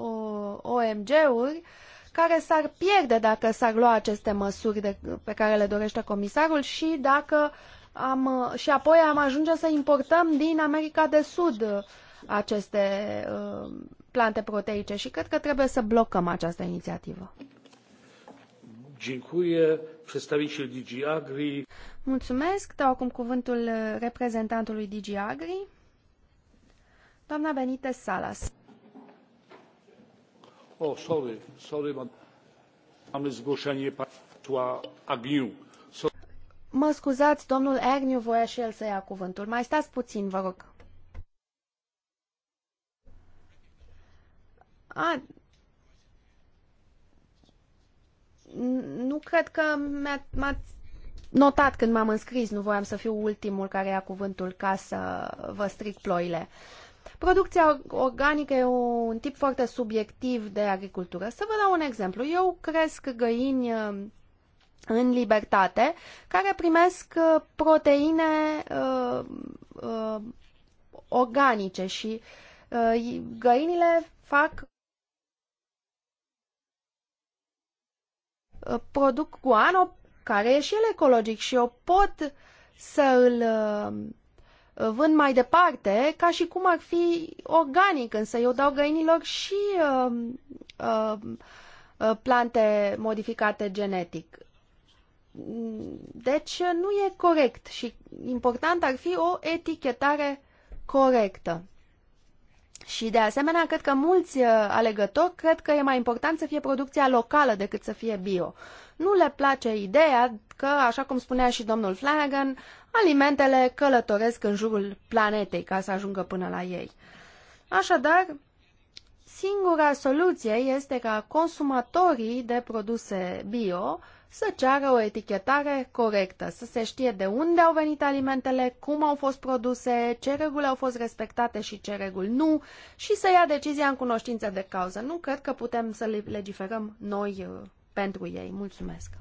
OMG-uri care s-ar pierde dacă s-ar lua aceste măsuri de, pe care le dorește comisarul și dacă am, și apoi am ajunge să importăm din America de Sud aceste uh, plante proteice și cred că trebuie să blocăm această inițiativă. Dziękuję. Przedstawiciel DG Agri. Mulțumesc. Dau acum cuvântul reprezentantului DG Agri. Doamna Benitez Salas. Oh, sorry, sorry, am zgłoszenie posła Agniu. mă scuzați, domnul Agniu voia și el să ia cuvântul. Mai stați puțin, vă rog. A, nu cred că m-ați notat când m-am înscris, nu voiam să fiu ultimul care ia cuvântul ca să vă stric ploile. Producția organică e un tip foarte subiectiv de agricultură. Să vă dau un exemplu. Eu cresc găini uh, în libertate care primesc uh, proteine uh, uh, organice și uh, găinile fac Uh, produc guano, care e și el ecologic și eu pot să îl uh, vând mai departe, ca și cum ar fi organic, însă eu dau găinilor și uh, uh, uh plante modificate genetic. Deci nu e corect și important ar fi o etichetare corectă. Și de asemenea, cred că mulți uh, alegători cred că e mai important să fie producția locală decât să fie bio. Nu le place ideea că, așa cum spunea și domnul Flanagan, alimentele călătoresc în jurul planetei ca să ajungă până la ei. Așadar, singura soluție este ca consumatorii de produse bio să ceară o etichetare corectă, să se știe de unde au venit alimentele, cum au fost produse, ce reguli au fost respectate și ce reguli nu și să ia decizia în cunoștință de cauză. Nu cred că putem să le legiferăm noi uh, pentru ei. Mulțumesc!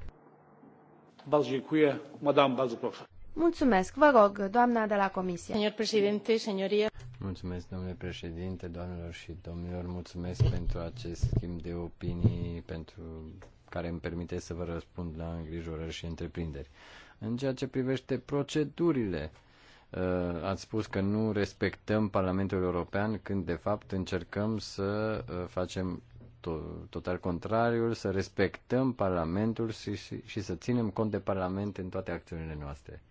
Mulțumesc, vă rog, doamna de la Comisie. Señor președinte, señoría. Mulțumesc, domnule președinte, doamnelor și domnilor, mulțumesc pentru acest schimb de opinii, pentru care îmi permite să vă răspund la îngrijorări și întreprinderi. În ceea ce privește procedurile, uh, ați spus că nu respectăm Parlamentul European când de fapt încercăm să uh, facem total contrariul, să respectăm Parlamentul și, și, și să ținem cont de Parlament în toate acțiunile noastre.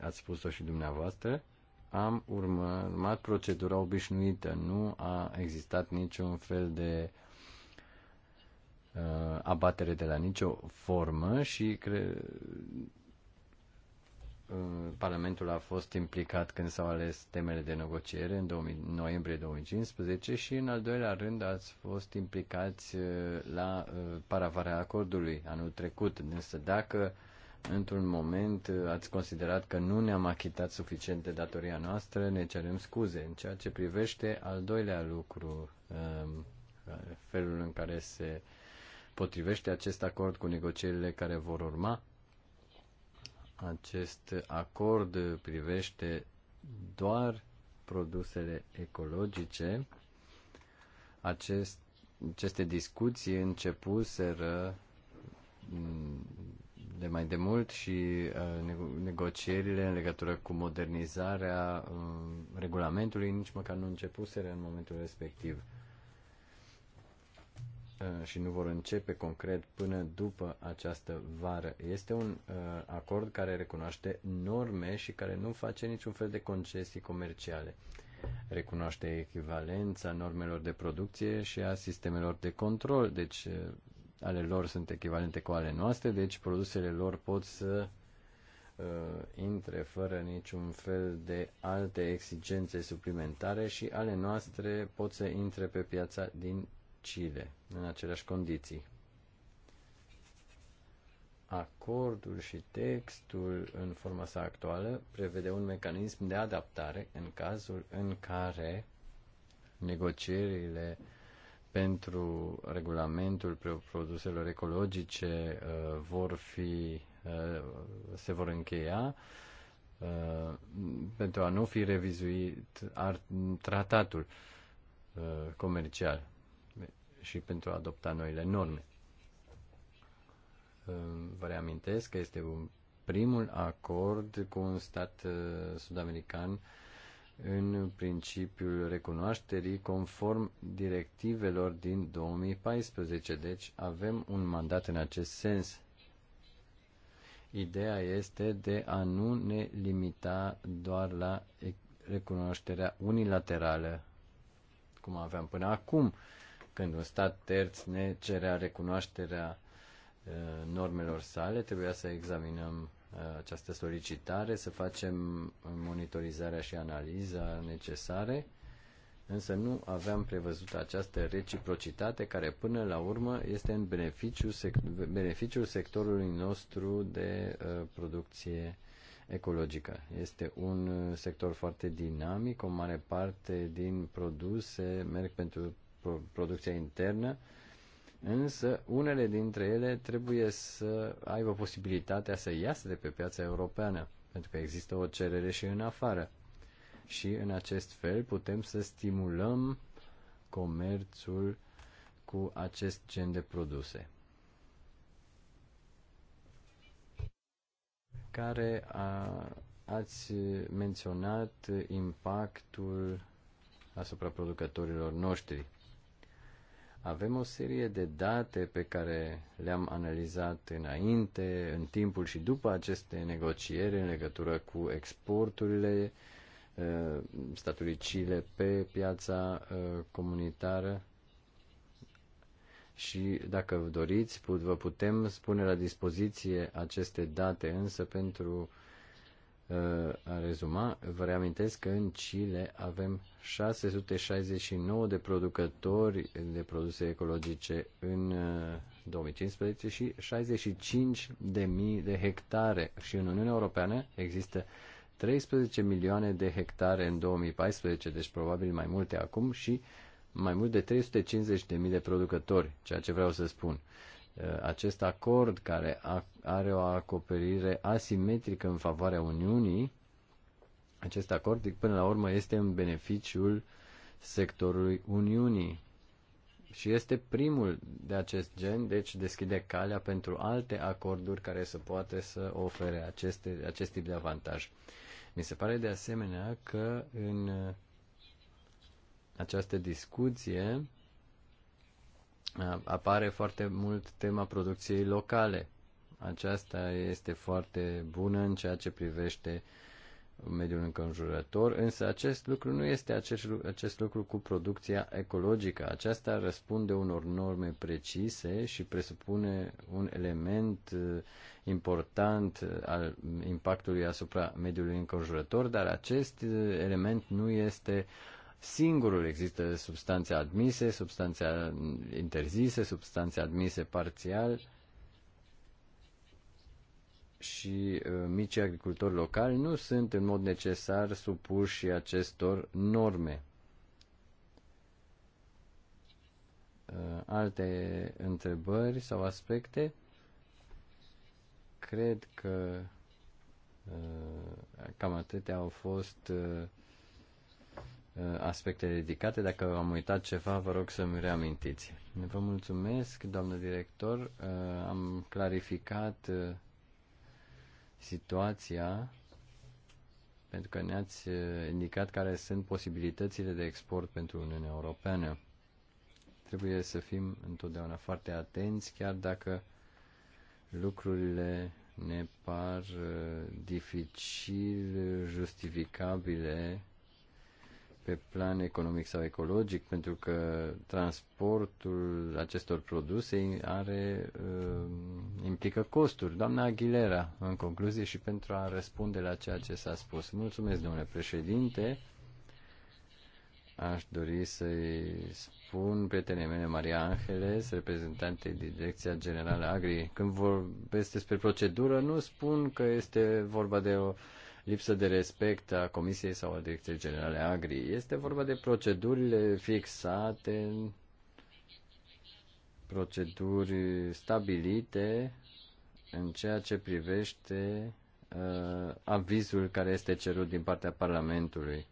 Ați spus-o și dumneavoastră. Am urmat procedura obișnuită. Nu a existat niciun fel de Uh, abatere de la nicio formă și cre... Uh, Parlamentul a fost implicat când s-au ales temele de negociere în 2000, noiembrie 2015 și în al doilea rând ați fost implicați uh, la paravarea acordului anul trecut. Însă dacă într-un moment ați considerat că nu ne-am achitat suficient de datoria noastră, ne cerem scuze. În ceea ce privește al doilea lucru, um, felul în care se Potrivește acest acord cu negocierile care vor urma? Acest acord privește doar produsele ecologice. Acest, aceste discuții începuseră mm, de mai de mult și uh, negocierile în legătură cu modernizarea mm, regulamentului nici măcar nu începuseră în momentul respectiv. Uh, și nu vor începe concret până după această vară. Este un uh, acord care recunoaște norme și care nu face niciun fel de concesii comerciale. Recunoaște echivalența normelor de producție și a sistemelor de control, deci uh, ale lor sunt echivalente cu ale noastre, deci produsele lor pot să uh, intre fără niciun fel de alte exigențe suplimentare și ale noastre pot să intre pe piața din Chile în aceleași condiții. Acordul și textul în forma sa actuală prevede un mecanism de adaptare în cazul în care negocierile pentru regulamentul produselor ecologice uh, vor fi uh, se vor încheia uh, pentru a nu fi revizuit tratatul comercial și pentru a adopta noile norme. Vă reamintesc că este un primul acord cu un stat uh, sud-american în principiul recunoașterii conform directivelor din 2014. Deci avem un mandat în acest sens. Ideea este de a nu ne limita doar la recunoașterea unilaterală, cum aveam până acum, când un stat terț ne cerea recunoașterea uh, normelor sale, trebuia să examinăm uh, această solicitare, să facem monitorizarea și analiza necesare, însă nu aveam prevăzut această reciprocitate care până la urmă este în beneficiul, sec- beneficiul sectorului nostru de uh, producție ecologică. Este un uh, sector foarte dinamic, o mare parte din produse merg pentru producția internă, însă unele dintre ele trebuie să aibă posibilitatea să iasă de pe piața europeană, pentru că există o cerere și în afară. Și în acest fel putem să stimulăm comerțul cu acest gen de produse. Care a, ați menționat impactul asupra producătorilor noștri. Avem o serie de date pe care le-am analizat înainte, în timpul și după aceste negocieri în legătură cu exporturile uh, statului Chile pe piața uh, comunitară și dacă doriți, vă putem spune la dispoziție aceste date, însă pentru a rezuma, vă reamintesc că în Chile avem 669 de producători de produse ecologice în 2015 uh, și 65 de mii de hectare și în Uniunea Europeană există 13 milioane de hectare în 2014, deci probabil mai multe acum și mai mult de 350 de mii de producători, ceea ce vreau să spun. Uh, Uh, acest acord care are o acoperire asimetrică în favoarea Uniunii, acest acord până la urmă este în beneficiul sectorului Uniunii și este primul de acest gen, deci deschide calea pentru alte acorduri care să poate să ofere aceste, acest tip de avantaj. Mi se pare de asemenea că în această discuție apare foarte mult tema producției locale. Aceasta este foarte bună în ceea ce privește mediul înconjurător, însă acest lucru nu este acest, acest lucru cu producția ecologică. Aceasta răspunde unor norme precise și presupune un element uh, important uh, al impactului asupra mediului înconjurător, dar acest uh, element nu este uh, singurul. Există substanțe admise, substanțe interzise, substanțe admise parțial și uh, micii agricultori locali nu sunt în mod necesar supuși acestor norme. Uh, alte întrebări sau aspecte? Cred că uh, cam atâtea au fost uh, Uh, aspecte ridicate. Dacă am uitat ceva, vă rog să-mi reamintiți. Vă mulțumesc, doamnă director. Uh, am clarificat uh, situația pentru că ne-ați indicat care sunt posibilitățile de export pentru Uniunea Europeană. Trebuie să fim întotdeauna foarte atenți, chiar dacă lucrurile ne par dificil justificabile pe plan economic sau ecologic, pentru că transportul acestor produse are, uh, implică costuri. Doamna Aguilera, în concluzie și pentru a răspunde la ceea ce s-a spus. Mulțumesc, domnule președinte. Aș dori să-i spun prietenei mele, Maria Angeles, din Direcția Generală Agri. Când vorbesc despre procedură, nu spun că este vorba de o uh, lipsă de respect a Comisiei sau a Direcției Generale Agri. Este vorba de procedurile fixate, proceduri stabilite în ceea ce privește uh, avizul care este cerut din partea Parlamentului.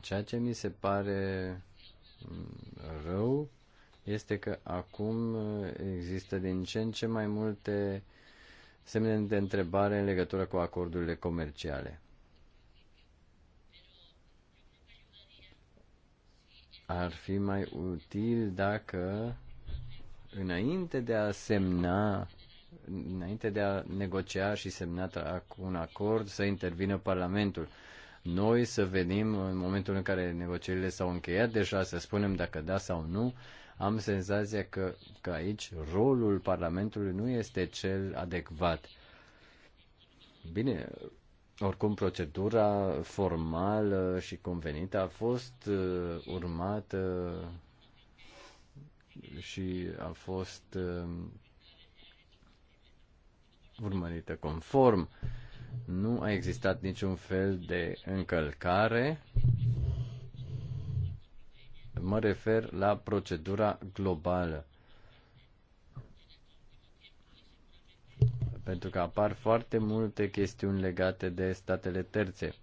Ceea ce mi se pare mm, rău este că acum uh, există din ce în ce mai multe semne de întrebare în legătură cu acordurile comerciale. Ar fi mai util dacă înainte de a semna înainte de a negocia și semna un acord, să intervină Parlamentul. Noi să venim în momentul în care negocierile s-au încheiat deja, să spunem dacă da sau nu, am senzația că, că aici rolul Parlamentului nu este cel adecvat. Bine, oricum procedura formală și convenită a fost uh, urmată și a fost uh, urmărită conform. Nu a existat niciun fel de încălcare Mă refer la procedura globală. Pentru că apar foarte multe chestiuni legate de statele terțe.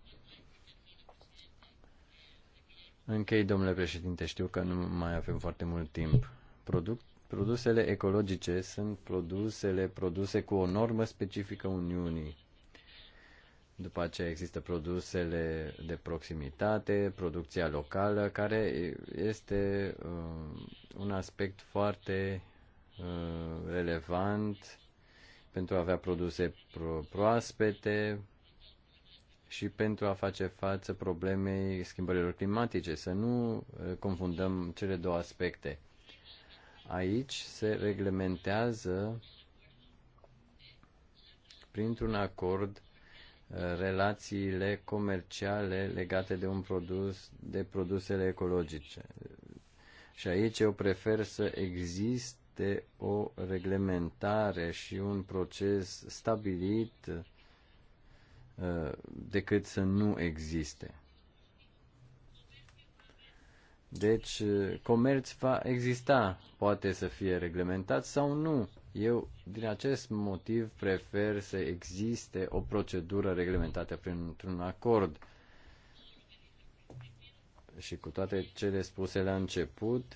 Închei, domnule președinte, știu că nu mai avem foarte mult timp. Produc- produsele ecologice sunt produsele produse cu o normă specifică Uniunii după aceea există produsele de proximitate, producția locală, care este uh, un aspect foarte uh, relevant pentru a avea produse pro- proaspete și pentru a face față problemei schimbărilor climatice, să nu uh, confundăm cele două aspecte. Aici se reglementează printr-un acord relațiile comerciale legate de un produs, de produsele ecologice. Și aici eu prefer să existe o reglementare și un proces stabilit uh, decât să nu existe. Deci, uh, comerț va exista, poate să fie reglementat sau nu, eu, din acest motiv, prefer să existe o procedură reglementată printr-un acord. Și cu toate cele spuse la început,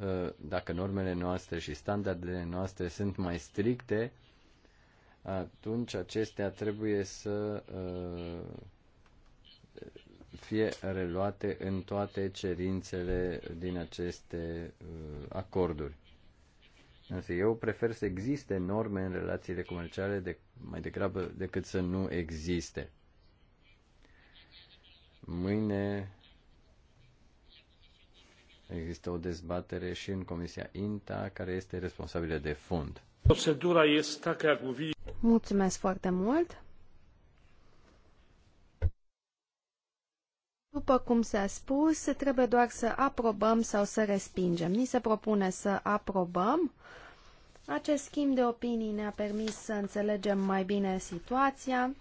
ă, dacă normele noastre și standardele noastre sunt mai stricte, atunci acestea trebuie să uh, fie reluate în toate cerințele din aceste uh, acorduri. Însă eu prefer să existe norme în relațiile comerciale de, mai degrabă decât să nu existe. Mâine există o dezbatere și în Comisia INTA, care este responsabilă de fond. Procedura este ca Mulțumesc foarte mult. După cum s-a spus, trebuie doar să aprobăm sau să respingem. Ni se propune să aprobăm. Acest schimb de opinii ne-a permis să înțelegem mai bine situația,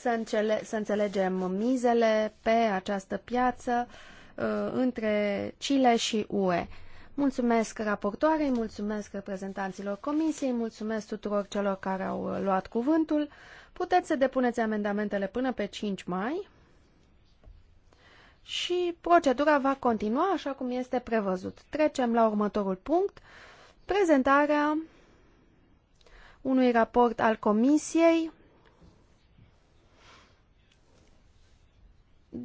să, înțele- să înțelegem mizele pe această piață uh, între Chile și UE. Mulțumesc raportoarei, mulțumesc reprezentanților comisiei, mulțumesc tuturor celor care au luat cuvântul. Puteți să depuneți amendamentele până pe 5 mai și procedura va continua așa cum este prevăzut. Trecem la următorul punct, prezentarea unui raport al Comisiei.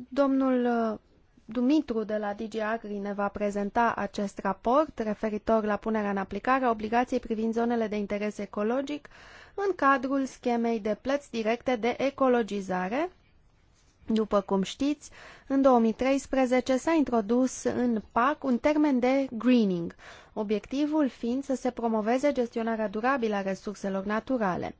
Domnul uh, Dumitru de la DG Agri ne va prezenta acest raport referitor la punerea în aplicare a obligației privind zonele de interes ecologic în cadrul schemei de plăți directe de ecologizare după cum știți, în 2013 s-a introdus în PAC un termen de greening, obiectivul fiind să se promoveze gestionarea durabilă a resurselor naturale.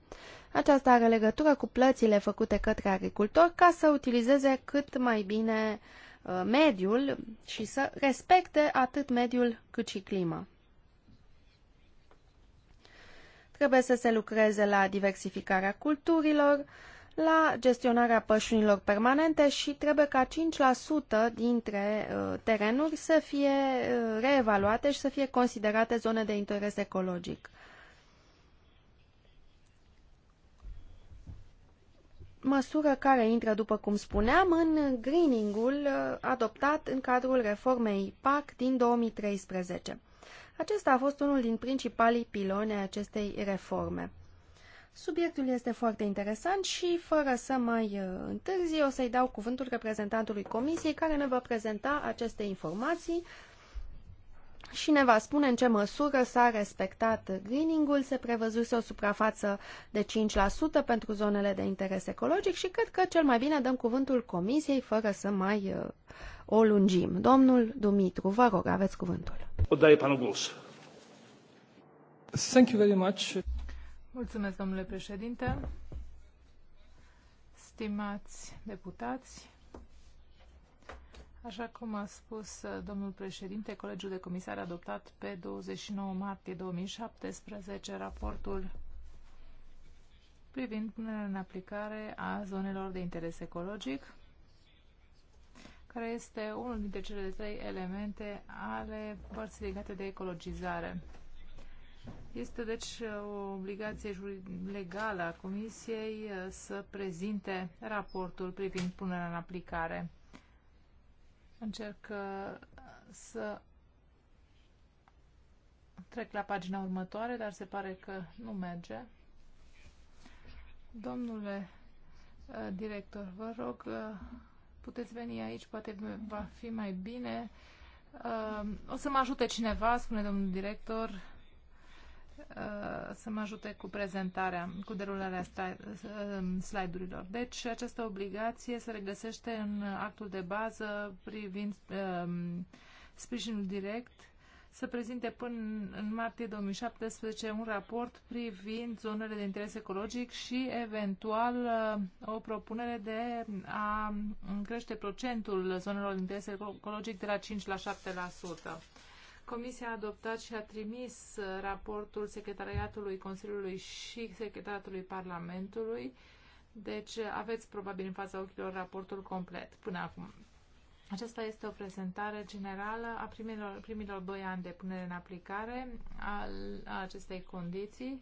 Aceasta are legătură cu plățile făcute către agricultori ca să utilizeze cât mai bine uh, mediul și să respecte atât mediul cât și clima. Trebuie să se lucreze la diversificarea culturilor, la gestionarea pășunilor permanente și trebuie ca 5% dintre uh, terenuri să fie uh, reevaluate și să fie considerate zone de interes ecologic. măsură care intră, după cum spuneam, în greening-ul uh, adoptat în cadrul reformei PAC din 2013. Acesta a fost unul din principalii piloni ai acestei reforme. Subiectul este foarte interesant și, fără să mai uh, întârzi, o să-i dau cuvântul reprezentantului Comisiei care ne va prezenta aceste informații și ne va spune în ce măsură s-a respectat greening-ul, se prevăzuse o suprafață de 5% pentru zonele de interes ecologic și cred că cel mai bine dăm cuvântul Comisiei fără să mai uh, o lungim. Domnul Dumitru, vă rog, aveți cuvântul. O dai panul Thank you very much. Mulțumesc, domnule președinte. Stimați deputați, așa cum a spus domnul președinte, Colegiul de Comisari a adoptat pe 29 martie 2017 raportul privind punerea în aplicare a zonelor de interes ecologic, care este unul dintre cele trei elemente ale părții legate de ecologizare este deci o obligație legală a Comisiei uh, să prezinte raportul privind punerea în aplicare. Încerc uh, să trec la pagina următoare, dar se pare că nu merge. Domnule uh, director, vă rog, puteți veni aici, poate va fi mai bine. O să mă ajute cineva, spune domnul director. Uh, să mă ajute cu prezentarea, cu derularea uh, slide-urilor. Deci, această obligație se regăsește în actul de bază privind uh, sprijinul direct să prezinte până în martie 2017 un raport privind zonele de interes ecologic și eventual o propunere de a crește procentul zonelor de interes ecologic de la 5 la 7%. Comisia a adoptat și a trimis uh, raportul Secretariatului Consiliului și Secretariatului Parlamentului, deci uh, aveți probabil în fața ochilor raportul complet până acum. Aceasta este o prezentare generală a primilor, primilor doi ani de punere în aplicare al, a acestei condiții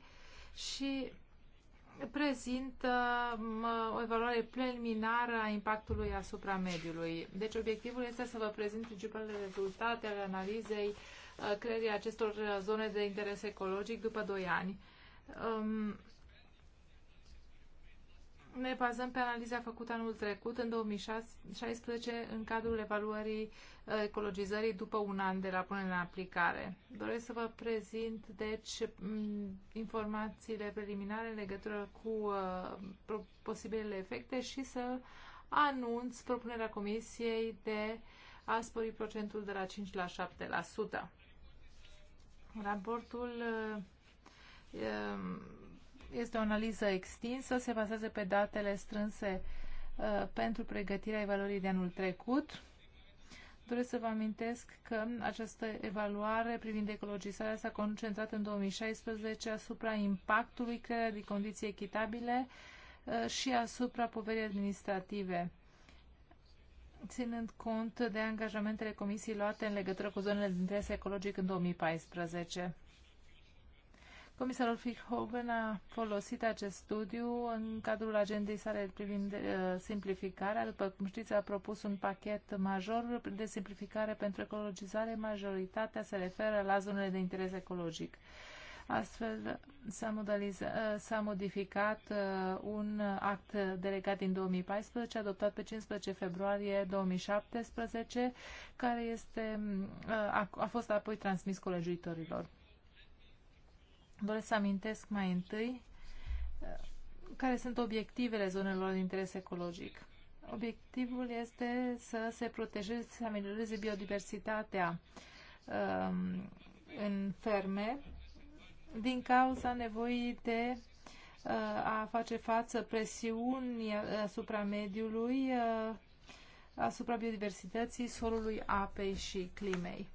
și prezintă um, o evaluare preliminară a impactului asupra mediului. Deci obiectivul este să vă prezint principalele rezultate ale analizei Uh, creierii acestor uh, zone de interes ecologic după 2 ani. Um, ne bazăm pe analiza făcută anul trecut, în 2016, în cadrul evaluării uh, ecologizării după un an de la punerea în aplicare. Doresc să vă prezint, deci, informațiile preliminare în legătură cu uh, posibilele efecte și să anunț propunerea Comisiei de a spori procentul de la 5 la 7%. Raportul eh, este o analiză extinsă, se bazează pe datele strânse eh, pentru pregătirea evaluării de anul trecut. Doresc să vă amintesc că această evaluare privind ecologizarea s-a concentrat în 2016 asupra impactului crearea de condiții echitabile eh, și asupra poverii administrative ținând cont de angajamentele Comisiei luate în legătură cu zonele de interes ecologic în 2014. Comisarul Fichhoven a folosit acest studiu în cadrul agendei sale privind uh, simplificarea. După cum știți, a propus un pachet major de simplificare pentru ecologizare. Majoritatea se referă la zonele de interes ecologic. Uh, Astfel s-a, modificat uh, un act delegat din 2014, adoptat pe 15 februarie 2017, care este, uh, a, a fost apoi transmis colegiuitorilor. Doresc să amintesc mai întâi uh, care sunt obiectivele zonelor de interes ecologic. Obiectivul este să se protejeze, să amelioreze biodiversitatea um, în ferme, din cauza nevoii de uh, a face față presiuni uh, asupra mediului, uh, asupra biodiversității, solului, apei și climei.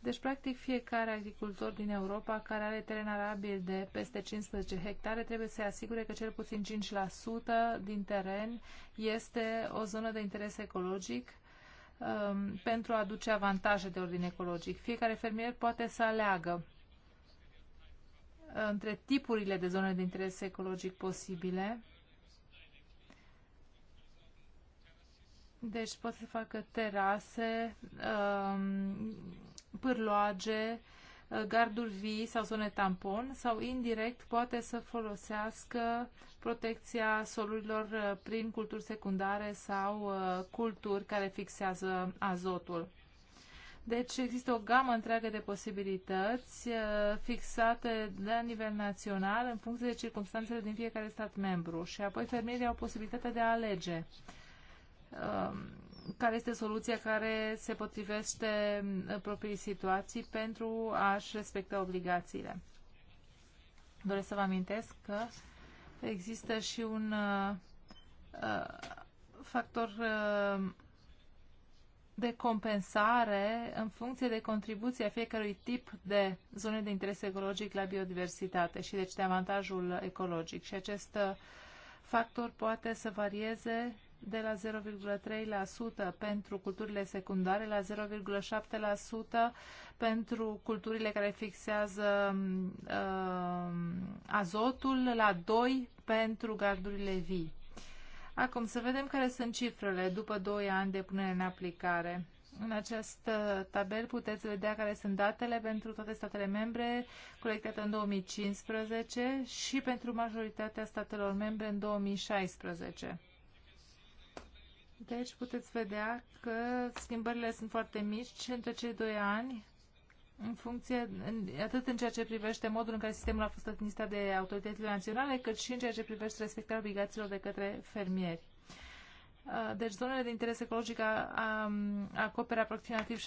Deci, practic, fiecare agricultor din Europa care are teren arabil de peste 15 hectare trebuie să asigure că cel puțin 5% din teren este o zonă de interes ecologic Um, pentru a aduce avantaje de ordin ecologic. Fiecare fermier poate să aleagă între tipurile de zone de interes ecologic posibile. Deci pot să facă terase, um, pârloage, Uh, garduri vii sau zone tampon sau indirect poate să folosească protecția solurilor uh, prin culturi secundare sau uh, culturi care fixează azotul. Deci există o gamă întreagă de posibilități fixate la nivel național în funcție de circunstanțele din fiecare stat membru și apoi fermierii au posibilitatea de a alege um, care este soluția care se potrivește proprii situații pentru a-și respecta obligațiile. Doresc să vă amintesc că există și un uh, uh, factor uh, de compensare în funcție de contribuția fiecărui tip de zone de interes ecologic la biodiversitate și deci de avantajul ecologic. Și acest uh, factor poate să varieze de la 0,3% pentru culturile secundare la 0,7% pentru culturile care fixează uh, azotul, la 2 pentru gardurile vii. Acum să vedem care sunt cifrele după 2 ani de punere în aplicare. În acest uh, tabel puteți vedea care sunt datele pentru toate statele membre colectate în 2015 și pentru majoritatea statelor membre în 2016. Deci puteți vedea că schimbările sunt foarte mici între cei doi ani, în funcție, atât în ceea ce privește modul în care sistemul a fost administrat de autoritățile naționale, cât și în ceea ce privește respectarea obligațiilor de către fermieri. Uh, deci zonele de interes ecologic acoperă aproximativ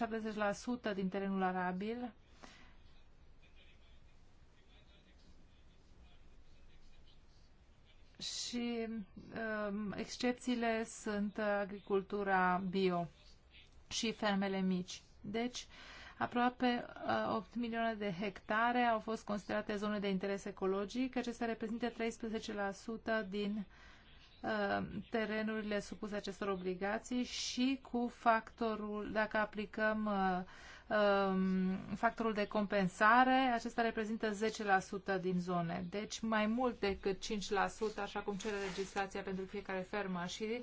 70% din terenul arabil, și um, excepțiile sunt agricultura bio și fermele mici. Deci, aproape 8 uh, milioane de hectare au fost considerate zone de interes ecologic. Acestea reprezintă 13% din uh, terenurile supuse acestor obligații și cu factorul, dacă aplicăm uh, Um, factorul de compensare, acesta reprezintă 10% din zone, deci mai mult decât 5%, așa cum cere legislația pentru fiecare fermă și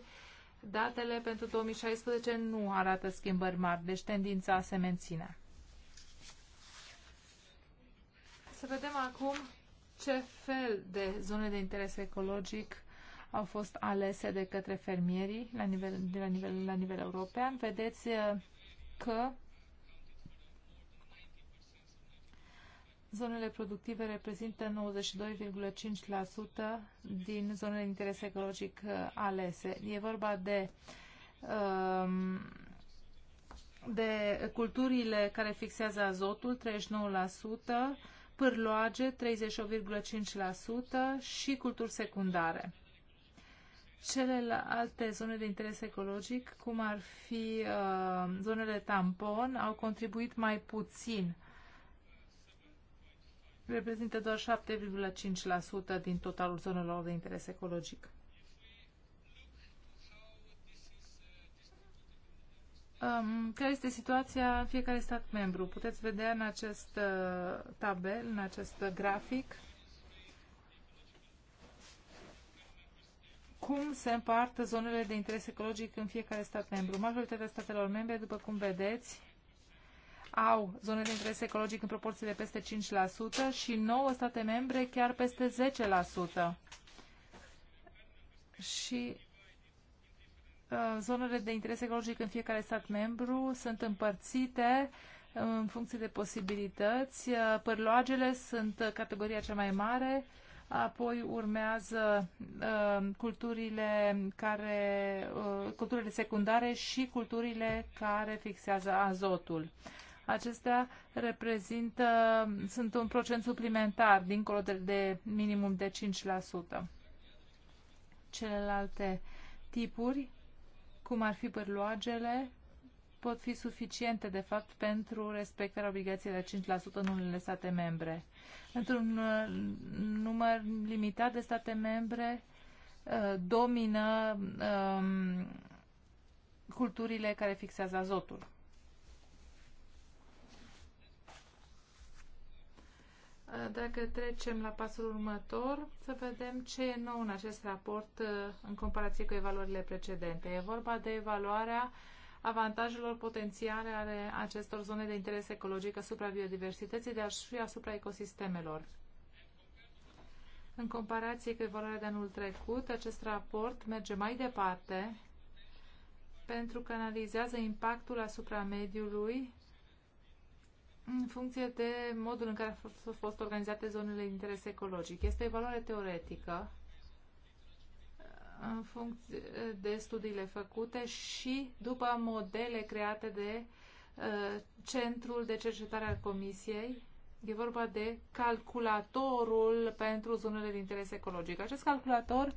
datele pentru 2016 nu arată schimbări mari, deci tendința se menține. Să vedem acum ce fel de zone de interes ecologic au fost alese de către fermierii la nivel, de la nivel, la nivel european. Vedeți uh, că Zonele productive reprezintă 92,5% din zonele de interes ecologic uh, alese. E vorba de um, de culturile care fixează azotul, 39%, pârloage, 38,5% și culturi secundare. Celelalte zone de interes ecologic, cum ar fi uh, zonele tampon, au contribuit mai puțin uh, reprezintă doar 7,5% din totalul zonelor de interes ecologic. Um, care este situația în fiecare stat membru? Puteți vedea în acest uh, tabel, în acest grafic, cum se împart zonele de interes ecologic în fiecare stat membru. Majoritatea statelor membre, după cum vedeți, au zone de interes ecologic în proporție de peste 5% și 9 state membre chiar peste 10%. Și uh, zonele de interes ecologic în fiecare stat membru sunt împărțite uh, în funcție de posibilități. Uh, Părloagele sunt categoria cea mai mare, apoi urmează culturile, care, culturile secundare și culturile care fixează azotul. Acestea reprezintă, sunt un procent suplimentar, dincolo de, de minimum de 5%. Celelalte tipuri, cum ar fi bărloagele, pot fi suficiente, de fapt, pentru respectarea obligației de 5% în unele state membre. Într-un uh, număr limitat de state membre, uh, domină um, culturile care fixează azotul. Dacă trecem la pasul următor, să vedem ce e nou în acest raport uh, în comparație cu evaluările precedente. E vorba de evaluarea avantajelor potențiale ale acestor zone de interes ecologic asupra biodiversității, dar și asupra ecosistemelor. În comparație cu evaluarea de anul trecut, acest raport merge mai departe pentru că analizează impactul asupra mediului în funcție de modul în care au fost organizate zonele de interes ecologic. Este o evaluare teoretică uh, în funcție de studiile făcute și după modele create de uh, Centrul de Cercetare al Comisiei. E vorba de calculatorul pentru zonele de interes ecologic. Acest calculator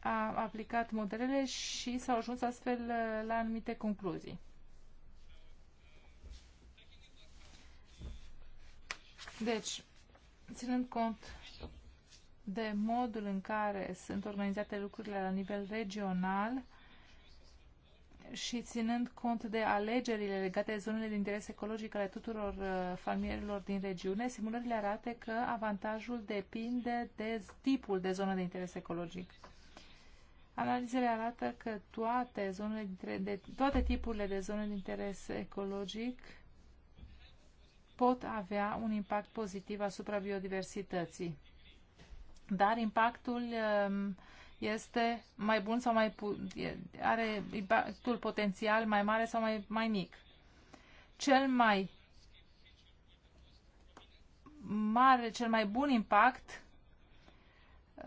a aplicat modelele și s-au ajuns astfel uh, la anumite concluzii. Deci, ținând cont de modul în care sunt organizate lucrurile la nivel regional și ținând cont de alegerile legate de zonele de interes ecologic ale tuturor uh, familierilor din regiune, simulările arată că avantajul depinde de tipul de zonă de interes ecologic. Analizele arată că toate, zonele de, toate tipurile de zone de interes ecologic pot avea un impact pozitiv asupra biodiversității. Dar impactul um, este mai bun sau mai are impactul potențial mai mare sau mai, mai mic. Cel mai mare, cel mai bun impact uh,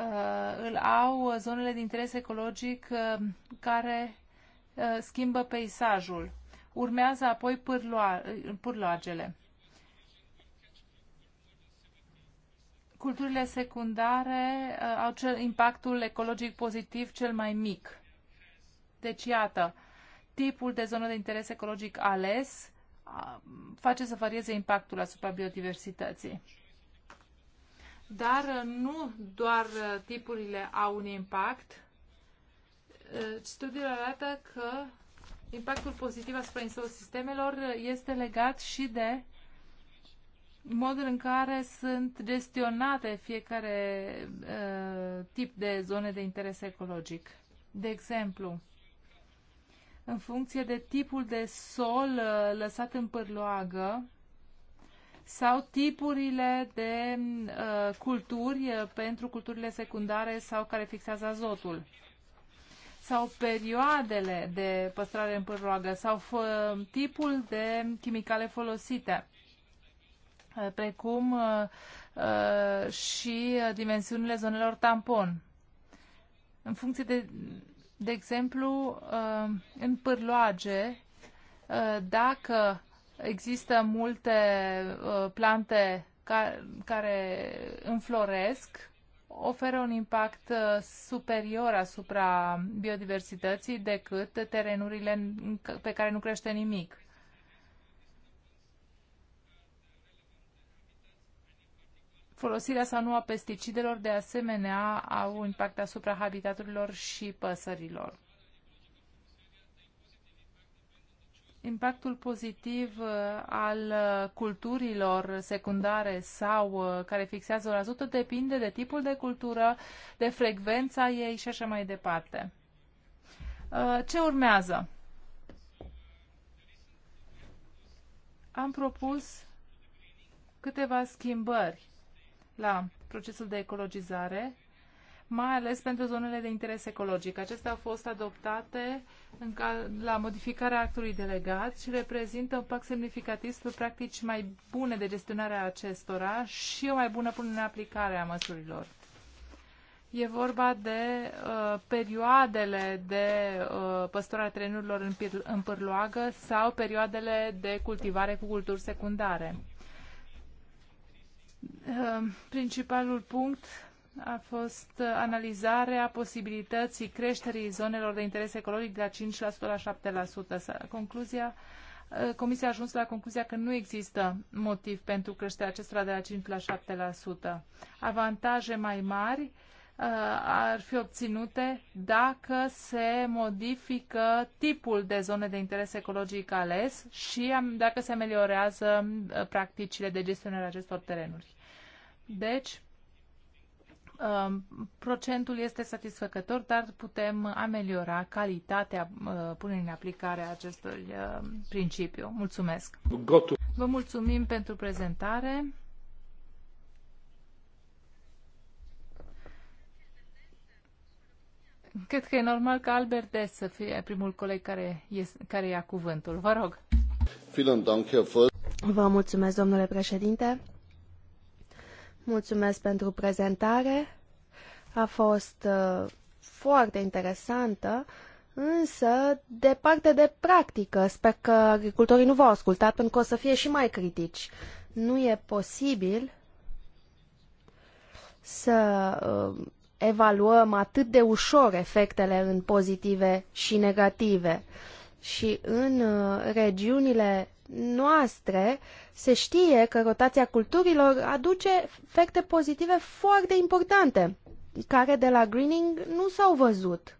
îl au zonele de interes ecologic uh, care uh, schimbă peisajul. Urmează apoi pârloagele. Culturile secundare uh, au cel, impactul ecologic pozitiv cel mai mic. Deci, iată, tipul de zonă de interes ecologic ales uh, face să varieze impactul asupra biodiversității. Dar uh, nu doar uh, tipurile au un impact. Uh, studiul arată că impactul pozitiv asupra sistemelor uh, este legat și de modul în care sunt gestionate fiecare uh, tip de zone de interes ecologic. De exemplu, în funcție de tipul de sol uh, lăsat în pârloagă sau tipurile de uh, culturi uh, pentru culturile secundare sau care fixează azotul sau perioadele de păstrare în pârloagă sau tipul de chimicale folosite Eh, precum eh, eh, și dimensiunile zonelor tampon. În funcție de, de exemplu, în pârloage, dacă există multe plante care înfloresc, oferă un impact superior asupra biodiversității decât terenurile pe care nu crește nimic. Folosirea sau nu a pesticidelor, de asemenea, au impact asupra habitaturilor și păsărilor. Impactul pozitiv uh, al uh, culturilor secundare sau uh, care fixează o razută depinde de tipul de cultură, de frecvența ei și așa mai departe. Ce urmează? Am propus câteva schimbări la procesul de ecologizare, mai ales pentru zonele de interes ecologic. Acestea au fost adoptate în ca, la modificarea actului delegat și reprezintă un pact semnificativ spre practici mai bune de gestionare a acestora și o mai bună punere în aplicare a măsurilor. E vorba de uh, perioadele de uh, păstorare terenurilor în, în pârloagă sau perioadele de cultivare cu culturi secundare. Ehm, principalul punct a fost uh, analizarea posibilității creșterii zonelor de interes ecologic de la 5% la 7%. Concluzia, uh, Comisia a ajuns la concluzia că nu există motiv pentru creșterea acestora de la 5 la 7%. Avantaje mai mari Uh, ar fi obținute dacă se modifică tipul de zone de interes ecologic ales și dacă se ameliorează uh, practicile de gestionare a acestor terenuri. Deci, um, procentul este satisfăcător, dar putem ameliora calitatea uh, punerii în aplicare a acestui principiu. Mulțumesc! Vă mulțumim pentru prezentare. Cred că e normal ca Albert Des să fie primul coleg care, e, care ia cuvântul. Vă rog. Vă mulțumesc, domnule președinte. Mulțumesc pentru prezentare. A fost uh, foarte interesantă, însă departe de practică. Sper că agricultorii nu v-au ascultat pentru că o să fie și mai critici. Nu e posibil să uh, evaluăm atât de ușor efectele în pozitive și negative. Și în uh, regiunile noastre se știe că rotația culturilor aduce efecte pozitive foarte importante, care de la greening nu s-au văzut.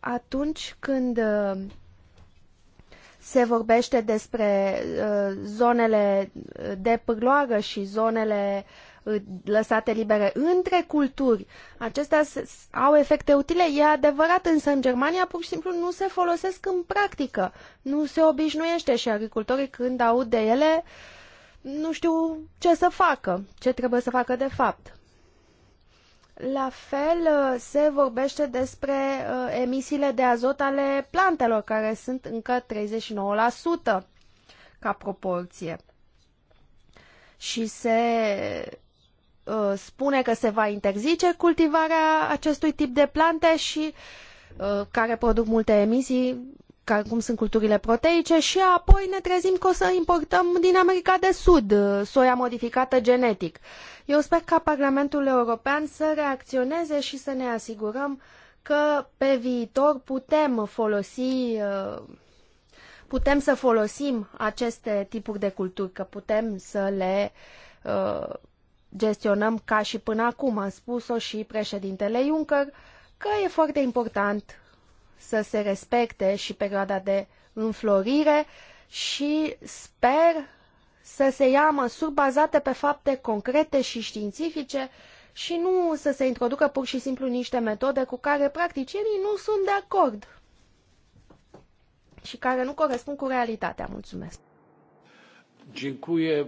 Atunci când uh, se vorbește despre uh, zonele de pârloagă și zonele uh, Uh, lăsate libere între culturi, acestea au efecte utile. E adevărat, însă în Germania pur și simplu nu se folosesc în practică. Nu se obișnuiește și agricultorii când aud de ele nu știu ce să facă, ce trebuie să facă de fapt. La fel uh, se vorbește despre uh, emisiile de azot ale plantelor, care sunt încă 39% ca proporție. Și se Uh, spune că se va interzice cultivarea acestui tip de plante și uh, care produc multe emisii, cum sunt culturile proteice și apoi ne trezim că o să importăm din America de Sud uh, soia modificată genetic. Eu sper ca Parlamentul European să reacționeze și să ne asigurăm că pe viitor putem folosi putem să folosim aceste tipuri de culturi, că putem să le gestionăm ca și până acum, a spus-o și președintele Juncker, că e foarte important să se respecte și perioada de înflorire și sper să se ia măsuri bazate pe fapte concrete și științifice și nu să se introducă pur și simplu niște metode cu care practicienii nu sunt de acord și care nu corespund cu realitatea. Mulțumesc! Dziękuję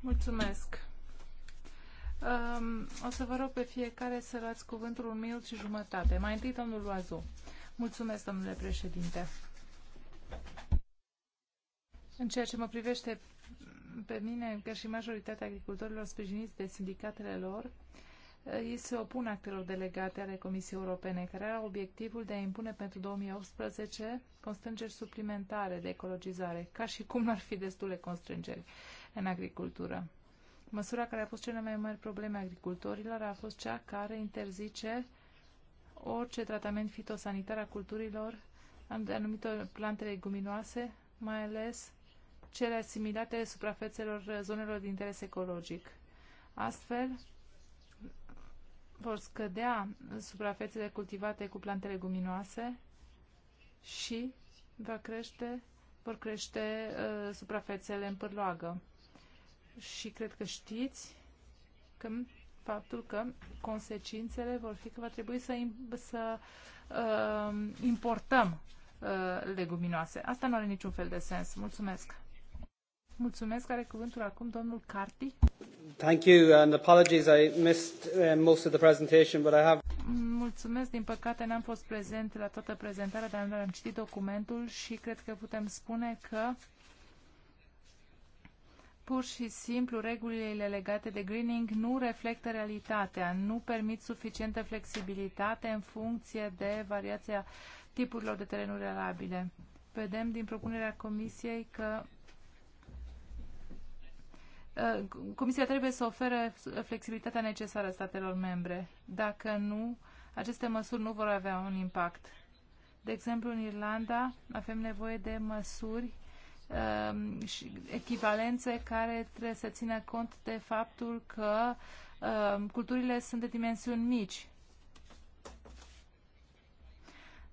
Mulțumesc. Um, o să vă rog pe fiecare să luați cuvântul un minut și jumătate. Mai întâi, domnul Loazu. Mulțumesc, domnule președinte. În ceea ce mă privește pe mine, ca și majoritatea agricultorilor sprijiniți de sindicatele lor, uh, ei se opun actelor delegate ale Comisiei Europene, care era obiectivul de a impune pentru 2018 constrângeri suplimentare de ecologizare, ca și cum ar fi destule constrângeri în agricultură. Măsura care a pus cele mai mari probleme agricultorilor a fost cea care interzice orice tratament fitosanitar a culturilor anumitor plante leguminoase, mai ales cele asimilate suprafețelor zonelor de interes ecologic. Astfel, vor scădea suprafețele cultivate cu plante leguminoase și va crește, vor crește uh, suprafețele în pârloagă. Și cred că știți că faptul că consecințele vor fi că va trebui să, să uh, importăm uh, leguminoase. Asta nu are niciun fel de sens. Mulțumesc! Mulțumesc. Are cuvântul acum domnul Carti. Thank you and apologies I missed uh, most of the presentation but I have Mulțumesc, din păcate n-am fost prezent la toată prezentarea, dar am citit documentul și cred că putem spune că pur și simplu regulile legate de greening nu reflectă realitatea, nu permit suficientă flexibilitate în funcție de variația tipurilor de terenuri arabile. Vedem din propunerea Comisiei că Uh, Comisia trebuie să ofere flexibilitatea necesară statelor membre. Dacă nu, aceste măsuri nu vor avea un impact. De exemplu, în Irlanda avem nevoie de măsuri uh, și echivalențe care trebuie să țină cont de faptul că uh, culturile sunt de dimensiuni mici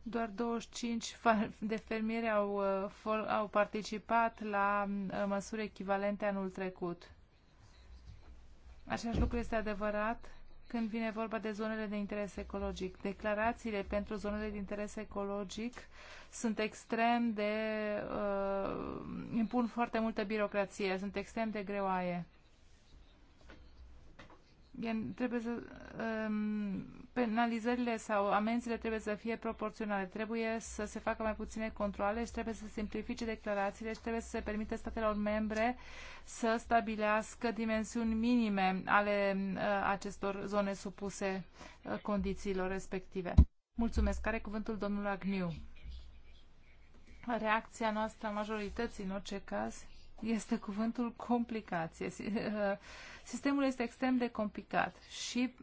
doar 25 de fermieri au, uh, au participat la uh, măsuri echivalente anul trecut. Același lucru este adevărat când vine vorba de zonele de interes ecologic. Declarațiile pentru zonele de interes ecologic sunt extrem de... Uh, impun foarte multă birocrație, sunt extrem de greoaie. trebuie să... Um, penalizările sau amenzile trebuie să fie proporționale, trebuie să se facă mai puține controle și trebuie să se simplifice declarațiile și trebuie să se permite statelor membre să stabilească dimensiuni minime ale uh, acestor zone supuse uh, condițiilor respective. Mulțumesc. Care cuvântul domnul Agniu? Reacția noastră a majorității, în orice caz, este cuvântul complicație. Uh, sistemul este extrem de complicat și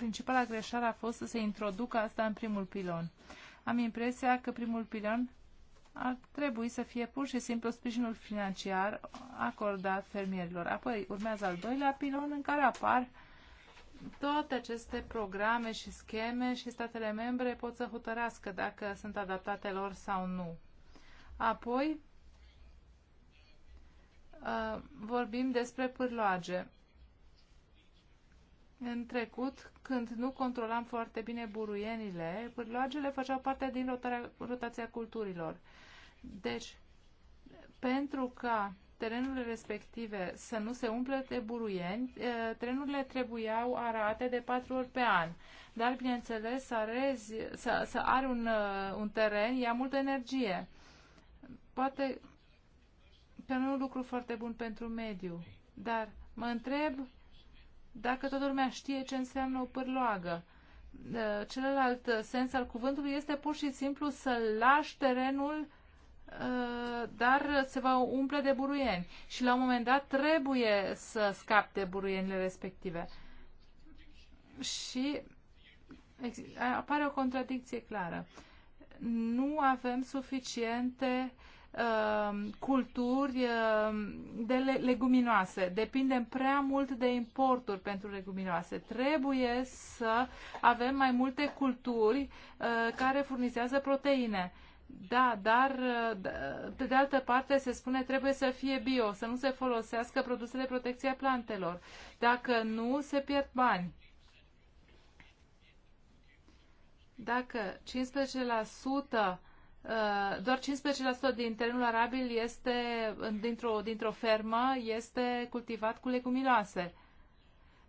principala greșeală a fost să se introducă asta în primul pilon. Am impresia că primul pilon ar trebui să fie pur și simplu sprijinul financiar acordat fermierilor. Apoi urmează al doilea pilon în care apar toate aceste programe și scheme și statele membre pot să hotărească dacă sunt adaptate lor sau nu. Apoi uh, vorbim despre pârloage în trecut, când nu controlam foarte bine buruienile, pârloagele făceau parte din rotarea, rotația culturilor. Deci, pentru ca terenurile respective să nu se umple de buruieni, terenurile trebuiau arate de patru ori pe an. Dar, bineînțeles, să, arezi, să, să are un, un teren ia multă energie. Poate că nu e un lucru foarte bun pentru mediu, dar mă întreb dacă toată lumea știe ce înseamnă o pârloagă. Celălalt uh, sens al cuvântului este pur și simplu să lași terenul uh, dar se va umple de buruieni și la un moment dat trebuie să scape de buruienile respective. Și apare o contradicție clară. Nu avem suficiente uh, Uh, culturi uh, de leguminoase. Depindem prea mult de importuri pentru leguminoase. Trebuie să avem mai multe culturi uh, care furnizează proteine. Da, dar pe de altă parte se spune trebuie să fie bio, să nu se folosească produsele protecție a plantelor. Dacă nu, se pierd bani. Dacă 15% Uh, doar 15% din terenul arabil este, dintr-o, dintr-o fermă este cultivat cu legumiloase.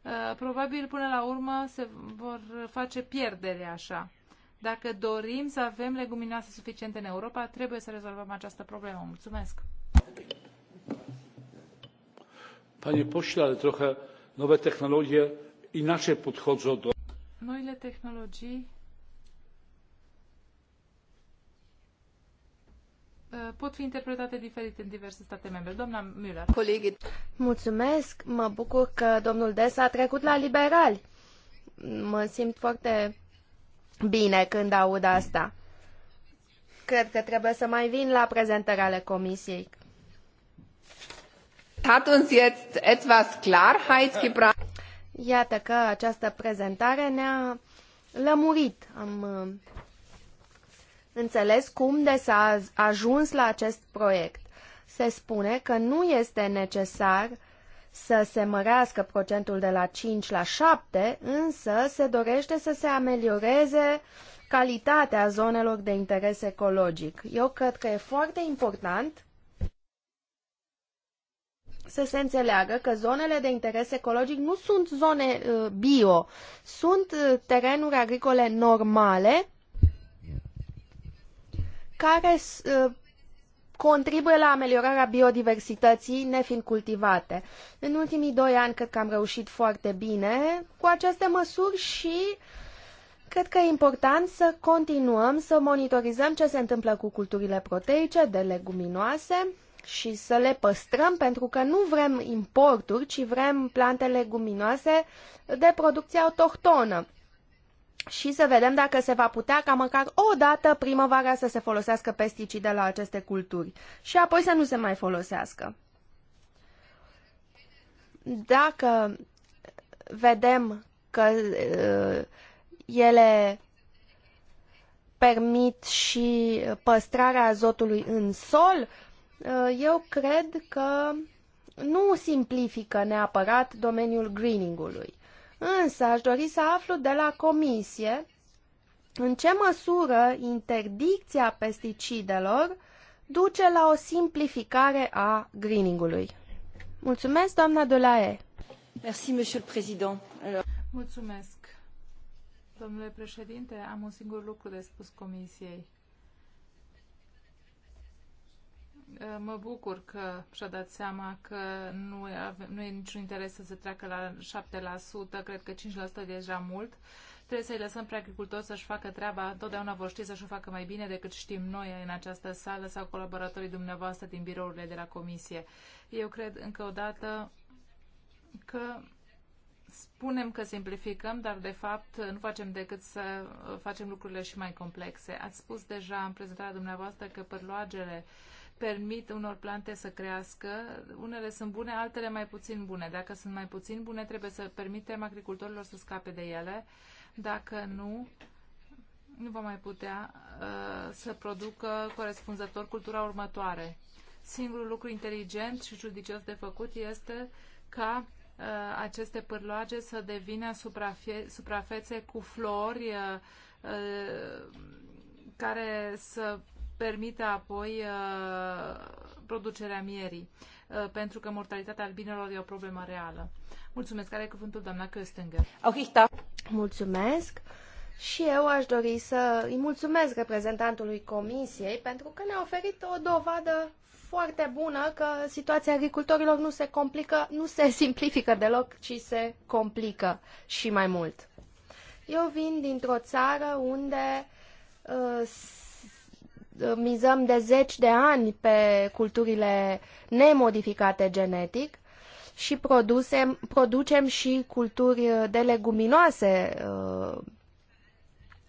Uh, probabil până la urmă se vor face pierdere așa. Dacă dorim să avem leguminoase suficiente în Europa, trebuie să rezolvăm această problemă. Mulțumesc! Panie pośle, ale trochę nowe technologie inaczej podchodzą do... Noile tehnologii Eh, pot fi interpretate diferit în diverse state membre. Doamna Müller. Colegii. Mulțumesc, mă bucur că domnul Des a trecut la liberali. Mă simt foarte bine când aud asta. Cred că trebuie să mai vin la prezentarea ale comisiei. Hat uns jetzt etwas Klarheit gebracht. Iată că această prezentare ne-a lămurit. Am înțeles cum de s-a ajuns la acest proiect. Se spune că nu este necesar să se mărească procentul de la 5 la 7, însă se dorește să se amelioreze calitatea zonelor de interes ecologic. Eu cred că e foarte important să se înțeleagă că zonele de interes ecologic nu sunt zone uh, bio, sunt uh, terenuri agricole normale care uh, contribuie la ameliorarea biodiversității nefiind cultivate. În ultimii doi ani cred că am reușit foarte bine cu aceste măsuri și cred că e important să continuăm să monitorizăm ce se întâmplă cu culturile proteice de leguminoase și să le păstrăm pentru că nu vrem importuri, ci vrem plante leguminoase de producție autohtonă și să vedem dacă se va putea ca măcar o dată primăvara să se folosească pesticide la aceste culturi și apoi să nu se mai folosească. Dacă vedem că uh, ele permit și păstrarea azotului în sol, uh, eu cred că nu simplifică neapărat domeniul greening-ului. Însă aș dori să aflu de la comisie în ce măsură interdicția pesticidelor duce la o simplificare a greening-ului. Mulțumesc, doamna Dolae. Merci, monsieur le président. Mulțumesc. Domnule președinte, am un singur lucru de spus comisiei. Eh, mă bucur că și-a dat seama că nu, ave, nu e niciun interes să se treacă la 7%, cred că 5% e deja mult. Trebuie să-i lăsăm pe agricultori să-și facă treaba, întotdeauna vor ști să-și o facă mai bine decât știm noi în această sală sau colaboratorii dumneavoastră din birourile de la comisie. Eu cred încă o dată că spunem că simplificăm, dar de fapt nu facem decât să eh, facem lucrurile și mai complexe. Ați spus deja în prezentarea dumneavoastră că părloagele permit unor plante să crească. Unele sunt bune, altele mai puțin bune. Dacă sunt mai puțin bune, trebuie să permitem agricultorilor să scape de ele. Dacă nu, nu va mai putea uh, să producă corespunzător cultura următoare. Singurul lucru inteligent și judicios de făcut este ca uh, aceste pârloage să devină suprafe- suprafețe cu flori uh, uh, care să permite apoi uh, producerea mierii, uh, pentru că mortalitatea albinelor e o problemă reală. Mulțumesc. Are cuvântul doamna Köstinger. Da. Mulțumesc. Și eu aș dori să îi mulțumesc reprezentantului Comisiei pentru că ne-a oferit o dovadă foarte bună că situația agricultorilor nu se complică, nu se simplifică deloc, ci se complică și mai mult. Eu vin dintr-o țară unde uh, mizăm de zeci de ani pe culturile nemodificate genetic și producem producem și culturi de leguminoase uh,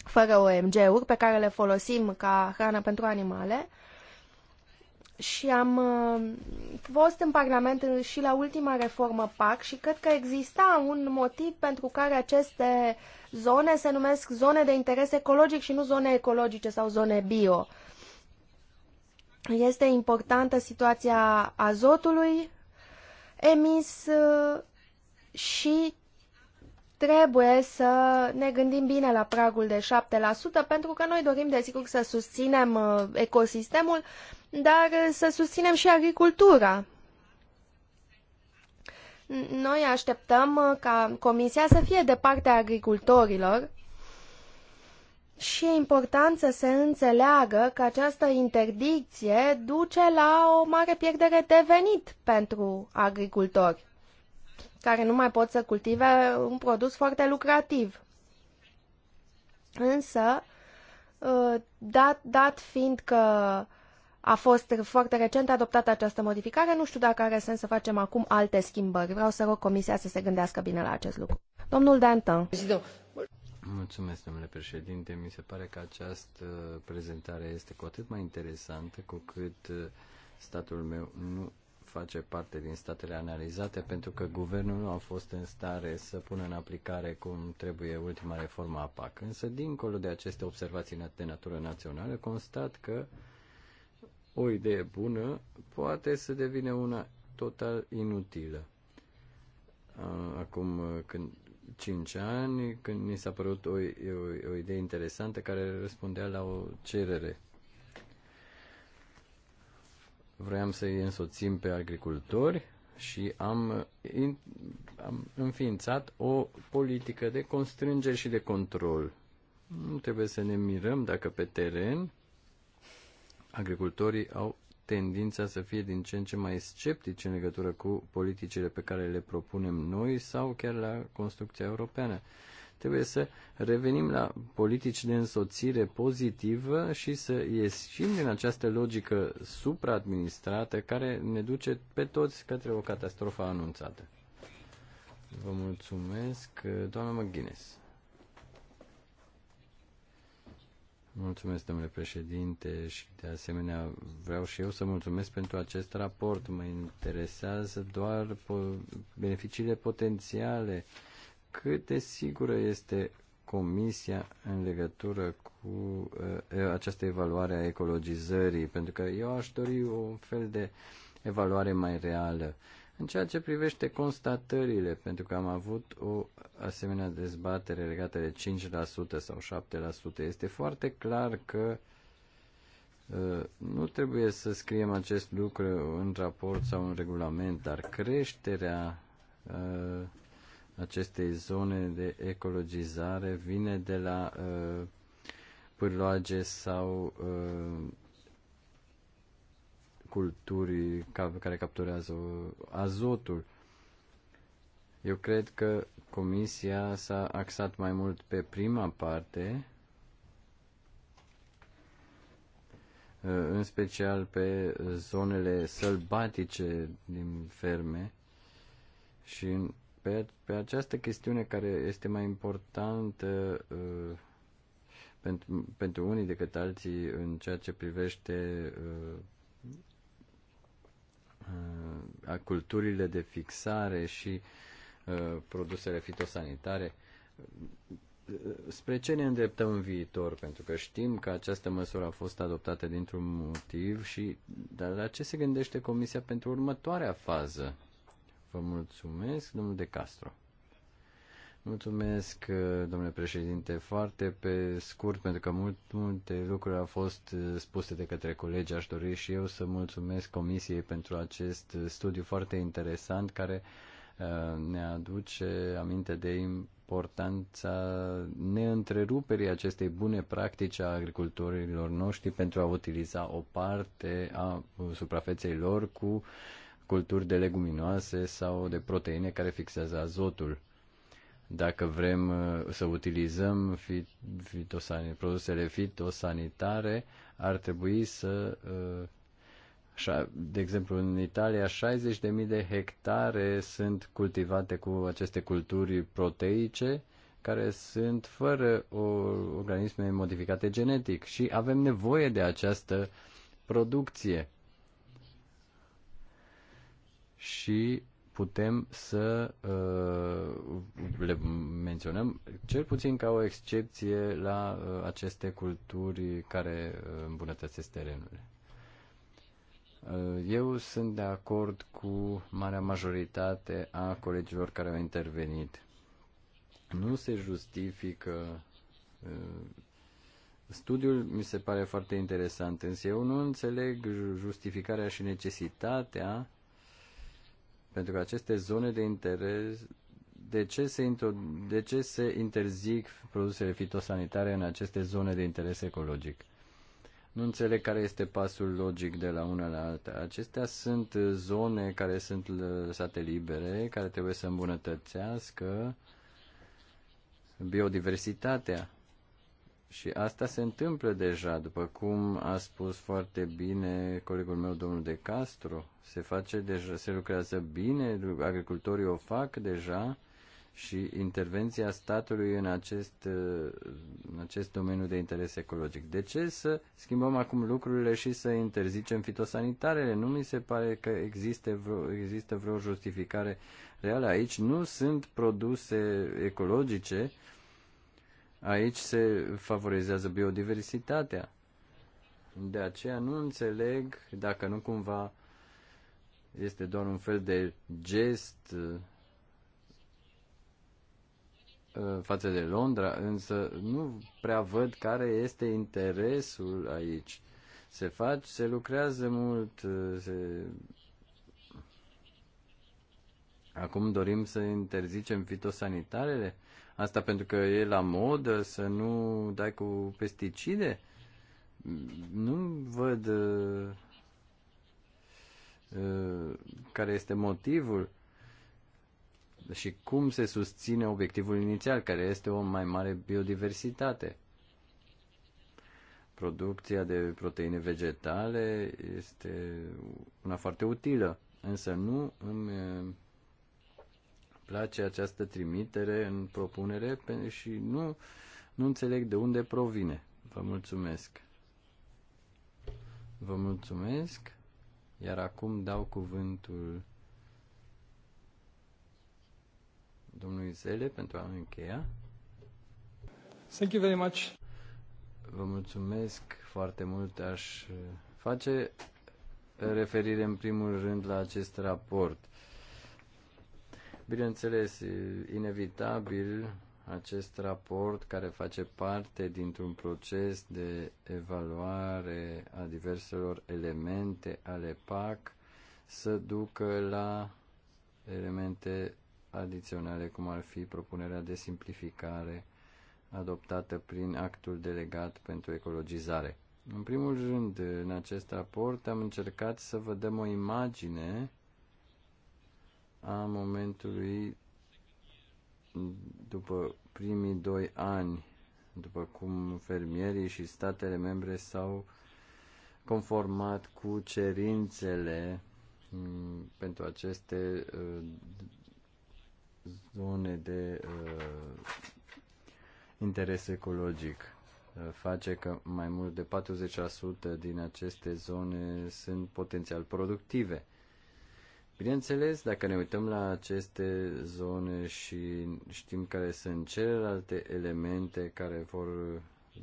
fără OMG-uri pe care le folosim ca hrană pentru animale și am uh, fost în Parlament și la ultima reformă PAC și cred că exista un motiv pentru care aceste zone se numesc zone de interes ecologic și nu zone ecologice sau zone bio. Este importantă situația azotului emis uh, și trebuie să ne gândim bine la pragul de 7%, pentru că noi dorim, desigur, să susținem uh, ecosistemul, dar uh, să susținem și agricultura. Noi așteptăm ca Comisia să fie de partea agricultorilor și e important să se înțeleagă că această interdicție duce la o mare pierdere de venit pentru agricultori, care nu mai pot să cultive un produs foarte lucrativ. Însă, uh, dat, dat fiind că a fost foarte recent adoptată această modificare, nu știu dacă are sens să facem acum alte schimbări. Vreau să rog Comisia să se gândească bine la acest lucru. Domnul Danton. Mulțumesc, domnule președinte. Mi se pare că această prezentare este cu atât mai interesantă cu cât uh, statul meu nu face parte din statele analizate pentru că guvernul nu a fost în stare să pună în aplicare cum trebuie ultima reformă a PAC. Însă, dincolo de aceste observații de natură națională, constat că o idee bună poate să devine una total inutilă. Uh, acum, uh, când 5 ani, când mi s-a părut o, o, o idee interesantă care răspundea la o cerere. Vroiam să-i însoțim pe agricultori și am, in, am înființat o politică de constrângeri și de control. Nu trebuie să ne mirăm dacă pe teren agricultorii au tendința să fie din ce în ce mai sceptici în legătură cu politicile pe care le propunem noi sau chiar la construcția europeană. Trebuie să revenim la politici de însoțire pozitivă și să ieșim din această logică supraadministrată care ne duce pe toți către o catastrofă anunțată. Vă mulțumesc, doamna McGuinness. Mulțumesc, domnule președinte, și de asemenea vreau și eu să mulțumesc pentru acest raport. Mă interesează doar po- beneficiile potențiale. Cât de sigură este Comisia în legătură cu uh, această evaluare a ecologizării? Pentru că eu aș dori un fel de evaluare mai reală. Uh, în ceea ce privește constatările, pentru că am avut o asemenea dezbatere legată de 5% sau 7%, este foarte clar că uh, nu trebuie să scriem acest lucru în raport sau în regulament, dar creșterea uh, acestei zone de ecologizare vine de la uh, pârloage sau culturi care capturează azotul. Eu cred că comisia s-a axat mai mult pe prima parte, în special pe zonele sălbatice din ferme și pe, pe această chestiune care este mai importantă uh, pentru, pentru unii decât alții în ceea ce privește uh, Uh, a culturile de fixare și uh, produsele fitosanitare. Uh, spre ce ne îndreptăm în viitor? Pentru că știm că această măsură a fost adoptată dintr-un motiv și dar la ce se gândește Comisia pentru următoarea fază? Vă mulțumesc, domnul De Castro. Mulțumesc, uh, domnule președinte, foarte pe scurt, pentru că mult, multe lucruri au fost uh, spuse de către colegi. Aș dori și eu să mulțumesc Comisiei pentru acest uh, studiu foarte interesant care ne aduce aminte de importanța neîntreruperii acestei bune practici a agricultorilor noștri pentru a utiliza o parte a suprafeței lor cu culturi de leguminoase sau de proteine care fixează azotul dacă vrem uh, să utilizăm fitosanitare, produsele fitosanitare, ar trebui să uh, de exemplu, în Italia, 60.000 de hectare sunt cultivate cu aceste culturi proteice, care sunt fără o, organisme modificate genetic și avem nevoie de această producție. Și putem să uh, le menționăm cel puțin ca o excepție la uh, aceste culturi care uh, îmbunătățesc terenurile. Uh, eu sunt de acord cu marea majoritate a colegilor care au intervenit. Nu se justifică. Uh, studiul mi se pare foarte interesant, însă eu nu înțeleg justificarea și necesitatea pentru că aceste zone de interes, de ce se, de ce se interzic produsele fitosanitare în aceste zone de interes ecologic? Nu înțeleg care este pasul logic de la una la alta. Acestea sunt zone care sunt lăsate libere, care trebuie să îmbunătățească biodiversitatea și asta se întâmplă deja, după cum a spus foarte bine colegul meu, domnul De Castro. Se face deja, se lucrează bine, agricultorii o fac deja și intervenția statului în acest, în acest domeniu de interes ecologic. De ce să schimbăm acum lucrurile și să interzicem fitosanitarele? Nu mi se pare că există vreo, există vreo justificare reală aici. Nu sunt produse ecologice, Aici se favorizează biodiversitatea. De aceea nu înțeleg dacă nu cumva este doar un fel de gest uh, față de Londra, însă nu prea văd care este interesul aici. Se face, se lucrează mult, uh, se... Acum dorim să interzicem fitosanitarele? Asta pentru că e la modă să nu dai cu pesticide? Nu văd uh, uh, care este motivul și cum se susține obiectivul inițial, care este o mai mare biodiversitate. Producția de proteine vegetale este una foarte utilă, însă nu îmi uh, place această trimitere în propunere și nu, nu înțeleg de unde provine. Vă mulțumesc. Vă mulțumesc. Iar acum dau cuvântul domnului Zele pentru a încheia. Thank you very much. Vă mulțumesc foarte mult. Aș face referire în primul rând la acest raport. Bineînțeles, inevitabil, acest raport care face parte dintr-un proces de evaluare a diverselor elemente ale PAC să ducă la elemente adiționale, cum ar fi propunerea de simplificare adoptată prin actul delegat pentru ecologizare. În primul rând, în acest raport am încercat să vă dăm o imagine a momentului după primii doi ani, după cum fermierii și statele membre s-au conformat cu cerințele mm, pentru aceste uh, zone de uh, interes ecologic uh, face că mai mult de 40% din aceste zone sunt potențial productive. Bineînțeles, dacă ne uităm la aceste zone și știm care sunt celelalte elemente care vor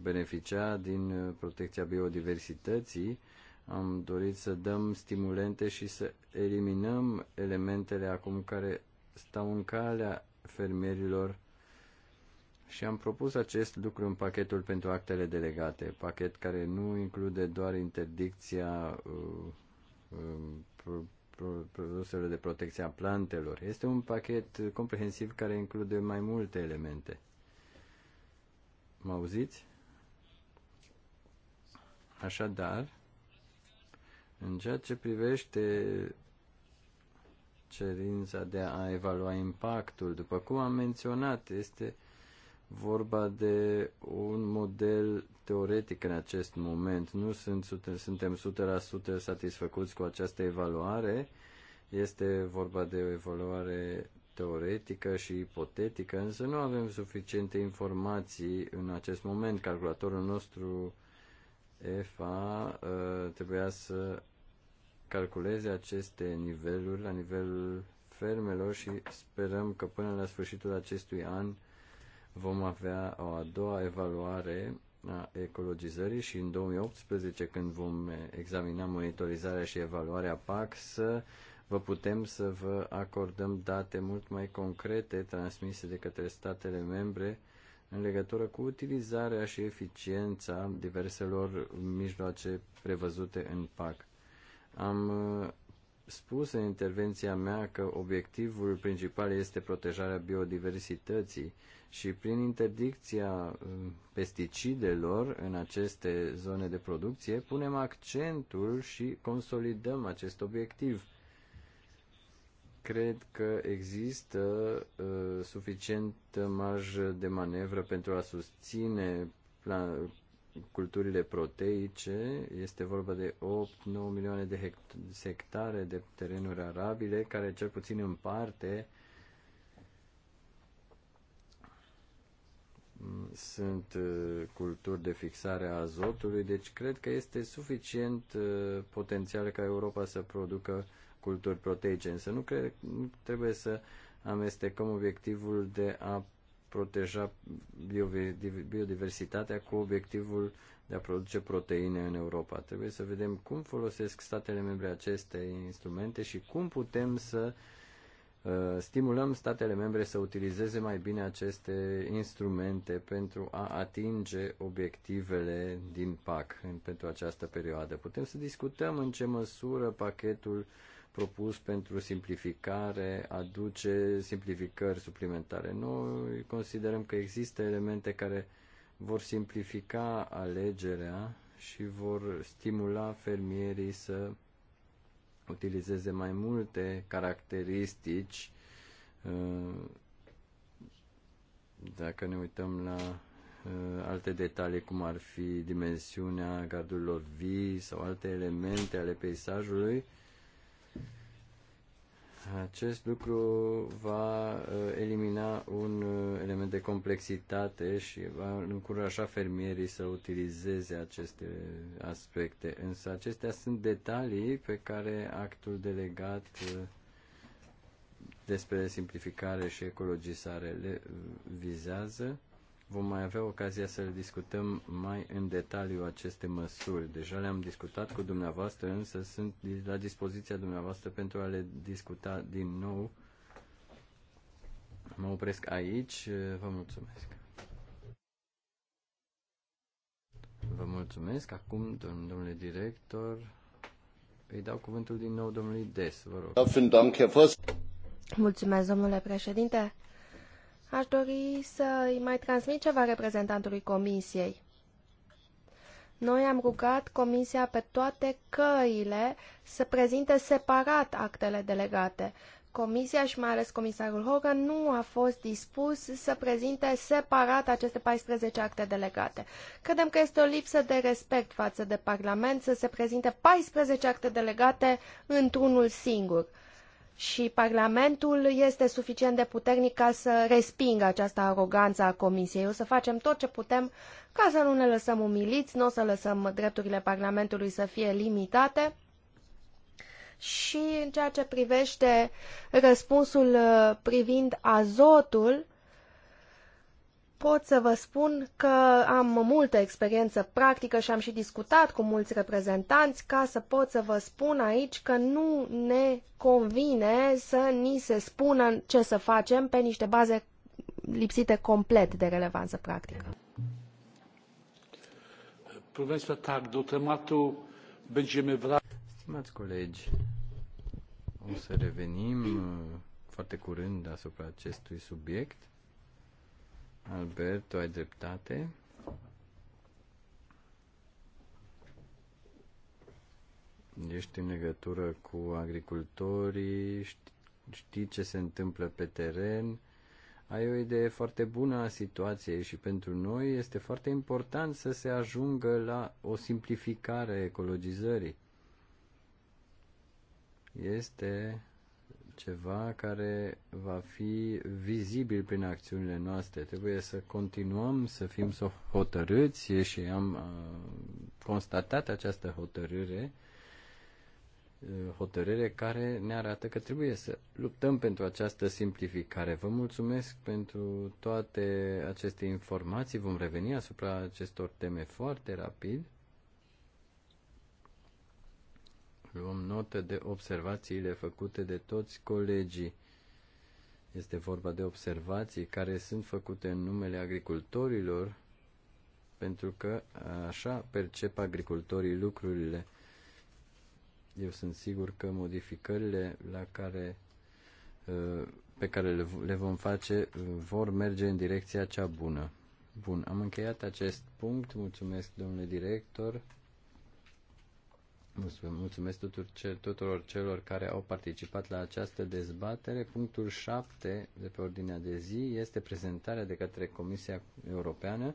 beneficia din protecția biodiversității, am dorit să dăm stimulente și să eliminăm elementele acum care stau în calea fermierilor și am propus acest lucru în pachetul pentru actele delegate, pachet care nu include doar interdicția uh, uh, produsele de protecție a plantelor. Este un pachet comprehensiv care include mai multe elemente. Mă auziți? Așadar, în ceea ce privește cerința de a evalua impactul, după cum am menționat, este vorba de un model teoretic în acest moment. Nu sunt, suntem 100% satisfăcuți cu această evaluare. Este vorba de o evaluare teoretică și ipotetică, însă nu avem suficiente informații în acest moment. Calculatorul nostru EFA ă, trebuia să calculeze aceste niveluri la nivelul fermelor și sperăm că până la sfârșitul acestui an vom avea o a doua evaluare a ecologizării și în 2018, când vom examina monitorizarea și evaluarea PAC, să vă putem să vă acordăm date mult mai concrete transmise de către statele membre în legătură cu utilizarea și eficiența diverselor mijloace prevăzute în PAC. Am spus în intervenția mea că obiectivul principal este protejarea biodiversității și prin interdicția uh, pesticidelor în aceste zone de producție punem accentul și consolidăm acest obiectiv. Cred că există uh, suficientă marjă de manevră pentru a susține plan, culturile proteice. Este vorba de 8-9 milioane de hectare de terenuri arabile, care cel puțin în parte sunt uh, culturi de fixare a azotului, deci cred că este suficient uh, potențial ca Europa să producă culturi proteice, însă nu cred, nu trebuie să amestecăm obiectivul de a proteja biodiversitatea cu obiectivul de a produce proteine în Europa. Trebuie să vedem cum folosesc statele membre aceste instrumente și cum putem să uh, stimulăm statele membre să utilizeze mai bine aceste instrumente pentru a atinge obiectivele din PAC pentru această perioadă. Putem să discutăm în ce măsură pachetul uh, propus pentru simplificare aduce simplificări suplimentare. Noi considerăm că există elemente care vor simplifica alegerea și vor stimula fermierii să utilizeze mai multe caracteristici. Uh, dacă ne uităm la uh, alte detalii, cum ar fi dimensiunea gardurilor vii sau alte elemente ale peisajului, acest lucru va uh, elimina un uh, element de complexitate și va încuraja fermierii să utilizeze aceste aspecte. Însă acestea sunt detalii pe care actul delegat uh, despre simplificare și ecologizare le vizează Vom mai avea ocazia să le discutăm mai în detaliu aceste măsuri. Deja le-am discutat cu dumneavoastră, însă sunt la dispoziția dumneavoastră pentru a le discuta din nou. Mă opresc aici. Vă mulțumesc. Vă mulțumesc. Acum, domnule director, îi dau cuvântul din nou domnului Des, vă rog. Mulțumesc, domnule președinte. Aș dori să îi mai transmit ceva reprezentantului Comisiei. Noi am rugat Comisia pe toate căile să prezinte separat actele delegate. Comisia și mai ales comisarul Hogan nu a fost dispus să prezinte separat aceste 14 acte delegate. Credem că este o lipsă de respect față de Parlament să se prezinte 14 acte delegate într-unul singur și Parlamentul este suficient de puternic ca să respingă această aroganță a Comisiei. O să facem tot ce putem ca să nu ne lăsăm umiliți, nu o să lăsăm drepturile Parlamentului să fie limitate. Și în ceea ce privește răspunsul uh, privind azotul, pot să vă spun că am multă experiență practică și am și discutat cu mulți reprezentanți ca să pot să vă spun aici că nu ne convine să ni se spună ce să facem pe niște baze lipsite complet de relevanță practică. Stimați colegi, o să revenim uh, foarte curând asupra acestui subiect. Albert, tu ai dreptate. Ești în legătură cu agricultorii, știi ce se întâmplă pe teren, ai o idee foarte bună a situației și pentru noi este foarte important să se ajungă la o simplificare a ecologizării. Este ceva care va fi vizibil prin acțiunile noastre. Trebuie să continuăm să fim să hotărâți și am uh, constatat această hotărâre uh, hotărâre care ne arată că trebuie să luptăm pentru această simplificare. Vă mulțumesc pentru toate aceste informații. Vom reveni asupra acestor teme foarte rapid. Luăm notă de observațiile făcute de toți colegii. Este vorba de observații care sunt făcute în numele agricultorilor, pentru că așa percep agricultorii lucrurile. Eu sunt sigur că modificările la care, uh, pe care le vom face uh, vor merge în direcția cea bună. Bun, am încheiat acest punct. Mulțumesc, domnule director. Mulțumesc tuturor celor care au participat la această dezbatere. Punctul 7 de pe ordinea de zi este prezentarea de către Comisia Europeană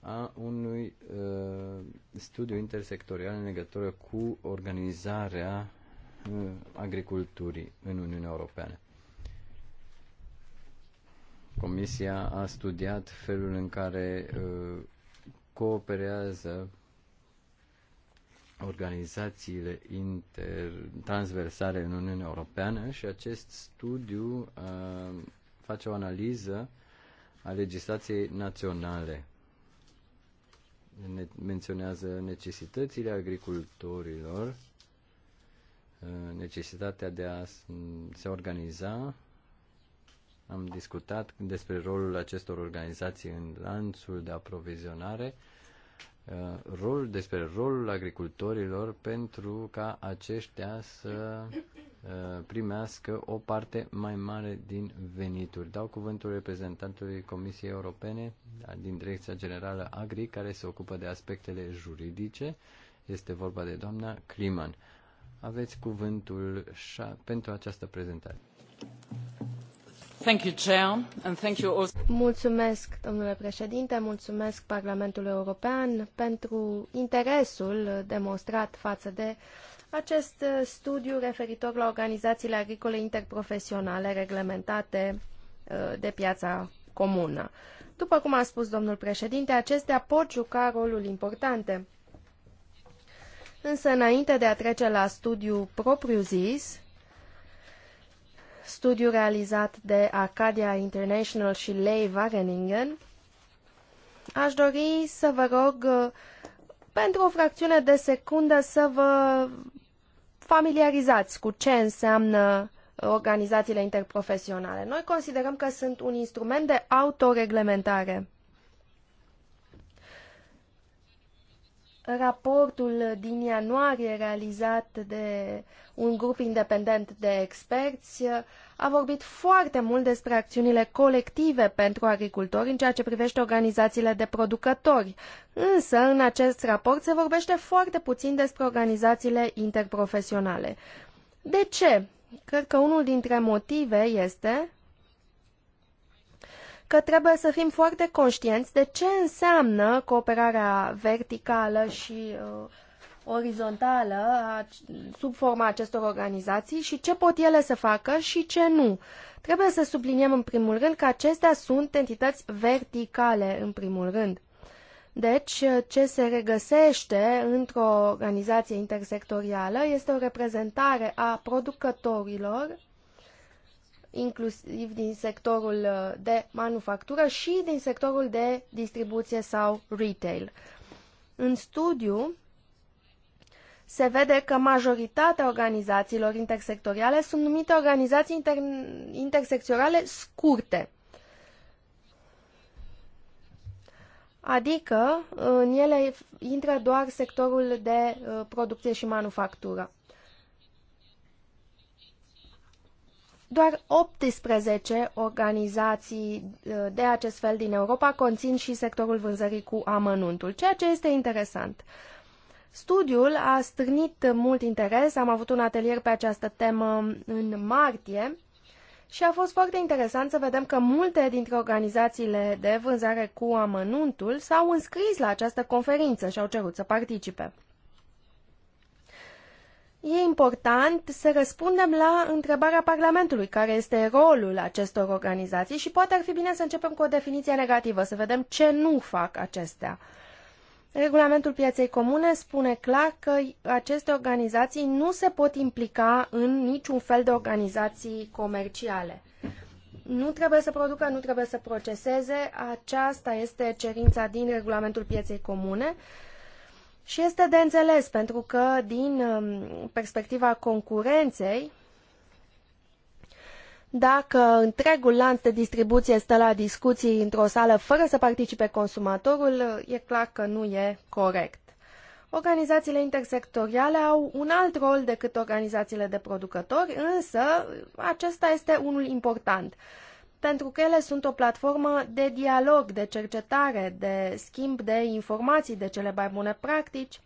a unui uh, studiu intersectorial în legătură cu organizarea uh, agriculturii în Uniunea Europeană. Comisia a studiat felul în care uh, cooperează organizațiile inter, transversale în Uniunea Europeană și acest studiu a, uh, face o analiză a legislației naționale. Ne menționează necesitățile agricultorilor, a, uh, necesitatea de a se organiza. Am discutat despre rolul acestor organizații în lanțul de aprovizionare Uh, rol, despre rolul agricultorilor pentru ca aceștia să uh, primească o parte mai mare din venituri. Dau cuvântul reprezentantului Comisiei Europene din Direcția Generală Agri, care se ocupă de aspectele juridice. Este vorba de doamna Kliman. Aveți cuvântul pentru această prezentare. Mulțumesc, domnule președinte, mulțumesc Parlamentului European pentru interesul demonstrat față de acest studiu referitor la organizațiile agricole interprofesionale reglementate uh, de piața comună. După cum a spus domnul președinte, acestea pot juca rolul importante. Însă, înainte de a trece la studiu propriu-zis, studiu realizat de Arcadia International și Lei Wageningen, aș dori să vă rog uh, pentru o fracțiune de secundă să vă familiarizați cu ce înseamnă uh, organizațiile interprofesionale. Noi considerăm că sunt un instrument de autoreglementare Raportul din ianuarie realizat de un grup independent de experți a vorbit foarte mult despre acțiunile colective pentru agricultori în ceea ce privește organizațiile de producători. Însă, în acest raport se vorbește foarte puțin despre organizațiile interprofesionale. De ce? Cred că unul dintre motive este că trebuie să fim foarte conștienți de ce înseamnă cooperarea verticală și uh, orizontală a, sub forma acestor organizații și ce pot ele să facă și ce nu. Trebuie să subliniem în primul rând că acestea sunt entități verticale în primul rând. Deci, ce se regăsește într-o organizație intersectorială este o reprezentare a producătorilor, inclusiv din sectorul uh, de manufactură și din sectorul de distribuție sau retail. În studiu se vede că majoritatea organizațiilor intersectoriale sunt numite organizații inter- intersecționale scurte. Adică în ele intră doar sectorul de uh, producție și manufactură. Doar 18 organizații uh, de acest fel din Europa conțin și sectorul vânzării cu amănuntul, ceea ce este interesant. Studiul a strânit mult interes, am avut un atelier pe această temă în martie și a fost foarte interesant să vedem că multe dintre organizațiile de vânzare cu amănuntul s-au înscris la această conferință și au cerut să participe. E important să răspundem la întrebarea Parlamentului, care este rolul acestor organizații și poate ar fi bine să începem cu o definiție negativă, să vedem ce nu fac acestea. Regulamentul pieței comune spune clar că aceste organizații nu se pot implica în niciun fel de organizații comerciale. Nu trebuie să producă, nu trebuie să proceseze, aceasta este cerința din regulamentul pieței comune și este de înțeles, pentru că din um, perspectiva concurenței, dacă întregul lanț de distribuție stă la discuții într-o sală fără să participe consumatorul, e clar că nu e corect. Organizațiile intersectoriale au un alt rol decât organizațiile de producători, însă acesta este unul important. Uh, pentru că ele sunt o platformă de dialog, de cercetare, de schimb de informații, de cele mai bune practici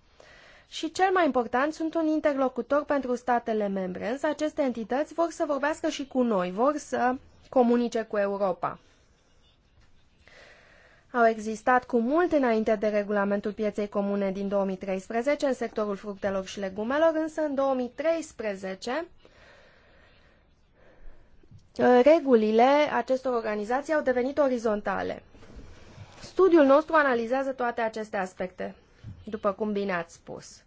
și, cel mai important, sunt un interlocutor pentru statele membre, însă aceste entități vor să vorbească și cu noi, vor să comunice cu Europa. Au existat cu mult înainte de regulamentul pieței comune din 2013 în sectorul fructelor și legumelor, însă în 2013 Uh, regulile acestor organizații au devenit orizontale. Studiul nostru analizează toate aceste aspecte, după cum bine ați spus.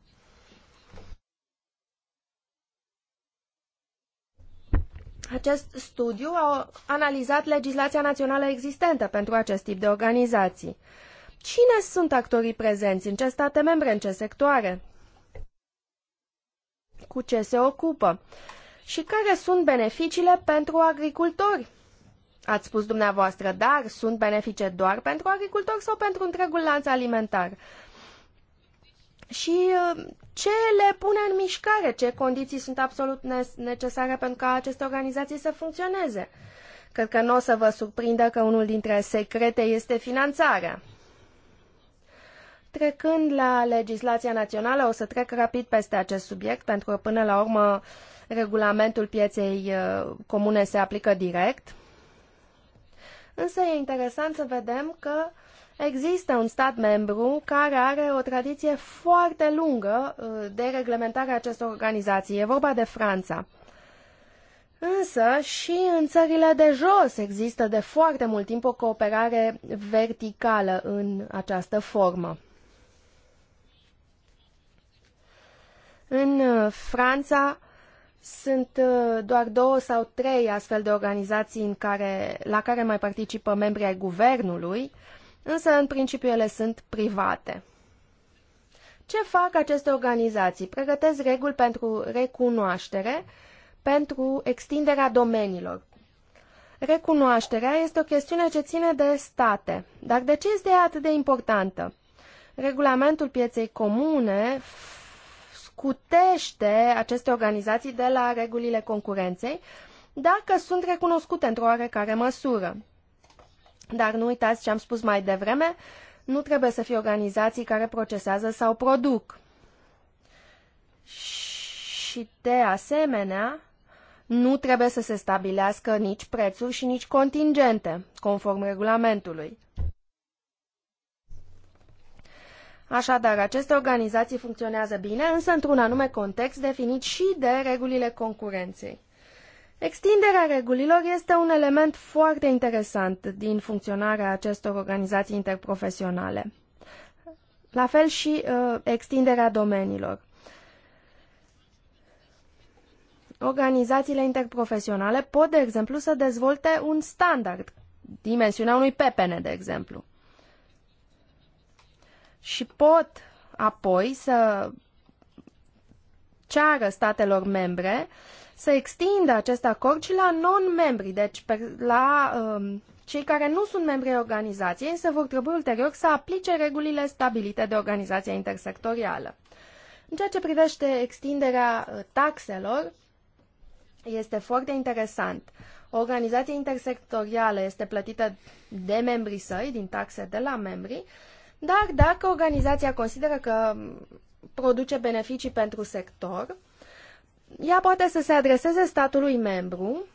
Acest studiu a analizat legislația națională existentă pentru acest tip de organizații. Cine sunt actorii prezenți? În ce state membre? În ce sectoare? Cu ce se ocupă? și care sunt beneficiile pentru agricultori. Ați spus dumneavoastră, dar sunt benefice doar pentru agricultori sau pentru întregul lanț alimentar? Și uh, ce le pune în mișcare? Ce condiții sunt absolut necesare pentru ca aceste organizații să funcționeze? Cred că nu o să vă surprindă că unul dintre secrete este finanțarea. Trecând la legislația națională, o să trec rapid peste acest subiect, pentru că până la urmă uh, regulamentul pieței uh, comune se aplică direct. Însă e interesant să vedem că există un stat membru care are o tradiție foarte lungă uh, de reglementare a acestor organizații. E vorba de Franța. Însă și în țările de jos există de foarte mult timp o cooperare verticală în această formă. În uh, Franța sunt uh, doar două sau trei astfel de organizații în care, la care mai participă membrii ai guvernului, însă în principiu ele sunt private. Ce fac aceste organizații? Pregătesc reguli pentru recunoaștere, pentru extinderea domeniilor. Recunoașterea este o chestiune ce ține de state. Dar de ce este atât de importantă? Regulamentul pieței comune scutește aceste organizații de la regulile concurenței, dacă sunt recunoscute într-o oarecare măsură. Dar nu uitați ce am spus mai devreme, nu trebuie să fie organizații care procesează sau produc. Și de asemenea, nu trebuie să se stabilească nici prețuri și nici contingente, conform regulamentului. Așadar, aceste organizații funcționează bine, însă într-un anume context definit și de regulile concurenței. Extinderea regulilor este un element foarte interesant din funcționarea acestor organizații interprofesionale. La fel și uh, extinderea domeniilor. Organizațiile interprofesionale pot, de exemplu, să dezvolte un standard, dimensiunea unui PPN, de exemplu și pot apoi să ceară statelor membre să extindă acest acord și la non-membri, deci pe la um, cei care nu sunt membri ai organizației, însă vor trebui ulterior să aplice regulile stabilite de organizația intersectorială. În ceea ce privește extinderea uh, taxelor, este foarte interesant. O organizație intersectorială este plătită de membrii săi, din taxe de la membrii, dar dacă organizația consideră că produce beneficii pentru sector, ea poate să se adreseze statului membru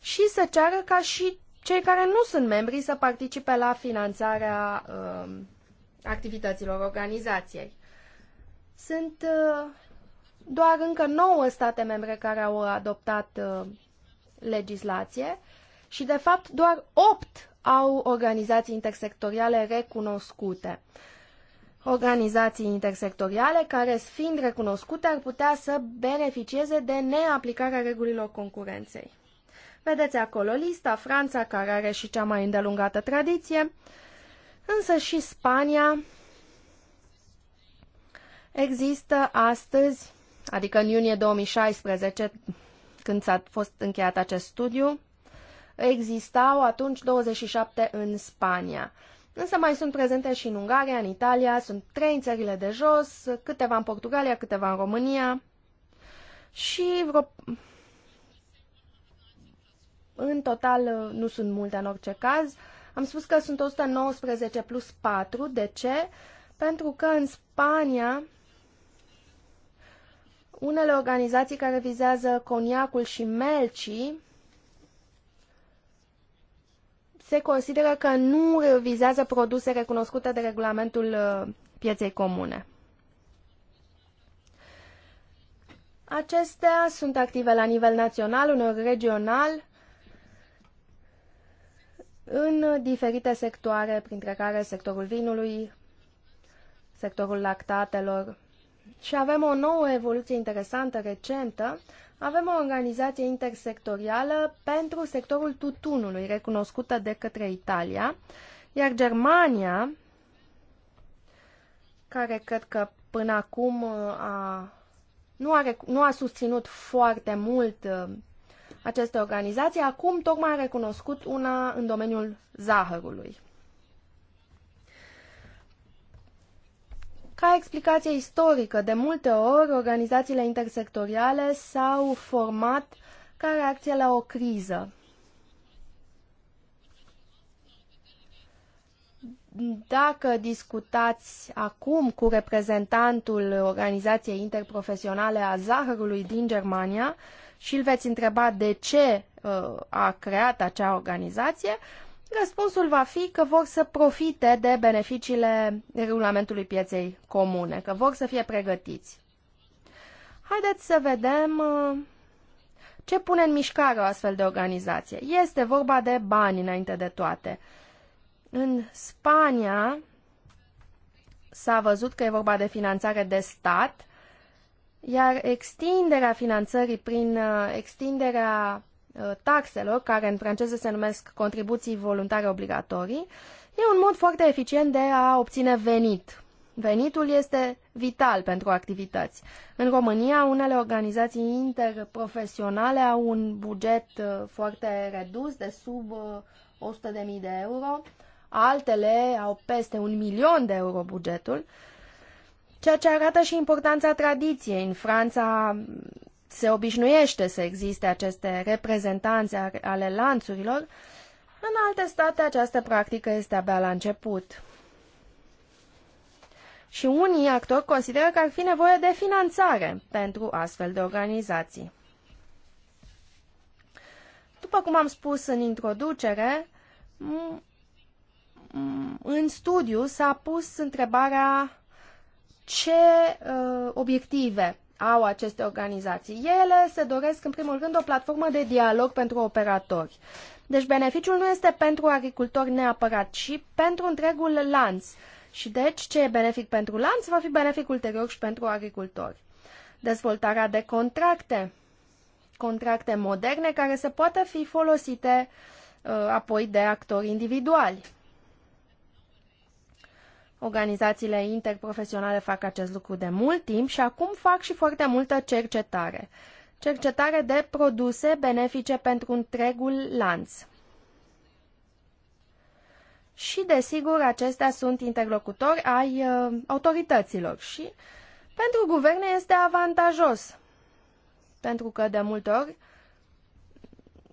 și să ceară ca și cei care nu sunt membri să participe la finanțarea uh, activităților organizației. Sunt uh, doar încă 9 state membre care au adoptat uh, legislație și, de fapt, doar 8 au organizații intersectoriale recunoscute. Organizații intersectoriale care, fiind recunoscute, ar putea să beneficieze de neaplicarea regulilor concurenței. Vedeți acolo lista, Franța, care are și cea mai îndelungată tradiție, însă și Spania există astăzi, adică în iunie 2016, când s-a fost încheiat acest studiu, existau atunci 27 în Spania. Însă mai sunt prezente și în Ungaria, în Italia, sunt trei în țările de jos, câteva în Portugalia, câteva în România și vreo... În total nu sunt multe în orice caz. Am spus că sunt 119 plus 4. De ce? Pentru că în Spania unele organizații care vizează coniacul și melcii se consideră că nu vizează produse recunoscute de regulamentul uh, pieței comune. Acestea sunt active la nivel național, unor regional, în diferite sectoare, printre care sectorul vinului, sectorul lactatelor și avem o nouă evoluție interesantă, recentă. Avem o organizație intersectorială pentru sectorul tutunului, recunoscută de către Italia, iar Germania, care cred că până acum uh, a, nu, a, nu a susținut foarte mult uh, aceste organizații, acum tocmai a recunoscut una în domeniul zahărului. Ca explicație istorică, de multe ori organizațiile intersectoriale s-au format ca reacție la o criză. Dacă discutați acum cu reprezentantul organizației interprofesionale a zahărului din Germania și îl veți întreba de ce uh, a creat acea organizație, uh, Răspunsul va fi că vor să profite de beneficiile regulamentului pieței comune, că vor să fie pregătiți. Haideți să vedem uh, ce pune în mișcare o astfel de organizație. Este vorba de bani înainte de toate. În Spania s-a văzut că e vorba de finanțare de stat, iar extinderea finanțării prin uh, extinderea Uh, taxelor, care în franceză se numesc contribuții voluntare obligatorii, e un mod foarte eficient de a obține venit. Venitul este vital pentru activități. În România, unele organizații interprofesionale au un buget uh, foarte redus, de sub 100.000 uh, de euro, altele au peste un milion de euro bugetul, ceea ce arată și importanța tradiției. În Franța, se obișnuiește să existe aceste reprezentanțe ale lanțurilor, în alte state această practică este abia la început. Și unii actori consideră că ar fi nevoie de finanțare pentru astfel de organizații. După cum am spus în introducere, în studiu s-a pus întrebarea ce uh, obiective au aceste organizații. Ele se doresc, în primul rând, o platformă de dialog pentru operatori. Deci beneficiul nu este pentru agricultori neapărat, ci pentru întregul lanț. Și deci ce e benefic pentru lanț va fi benefic ulterior și pentru agricultori. Dezvoltarea de contracte, contracte moderne care se poate fi folosite uh, apoi de actori individuali. Organizațiile interprofesionale fac acest lucru de mult timp și acum fac și foarte multă cercetare. Cercetare de produse benefice pentru întregul lanț. Și, desigur, acestea sunt interlocutori ai uh, autorităților și pentru guverne este avantajos, pentru că, de multe ori,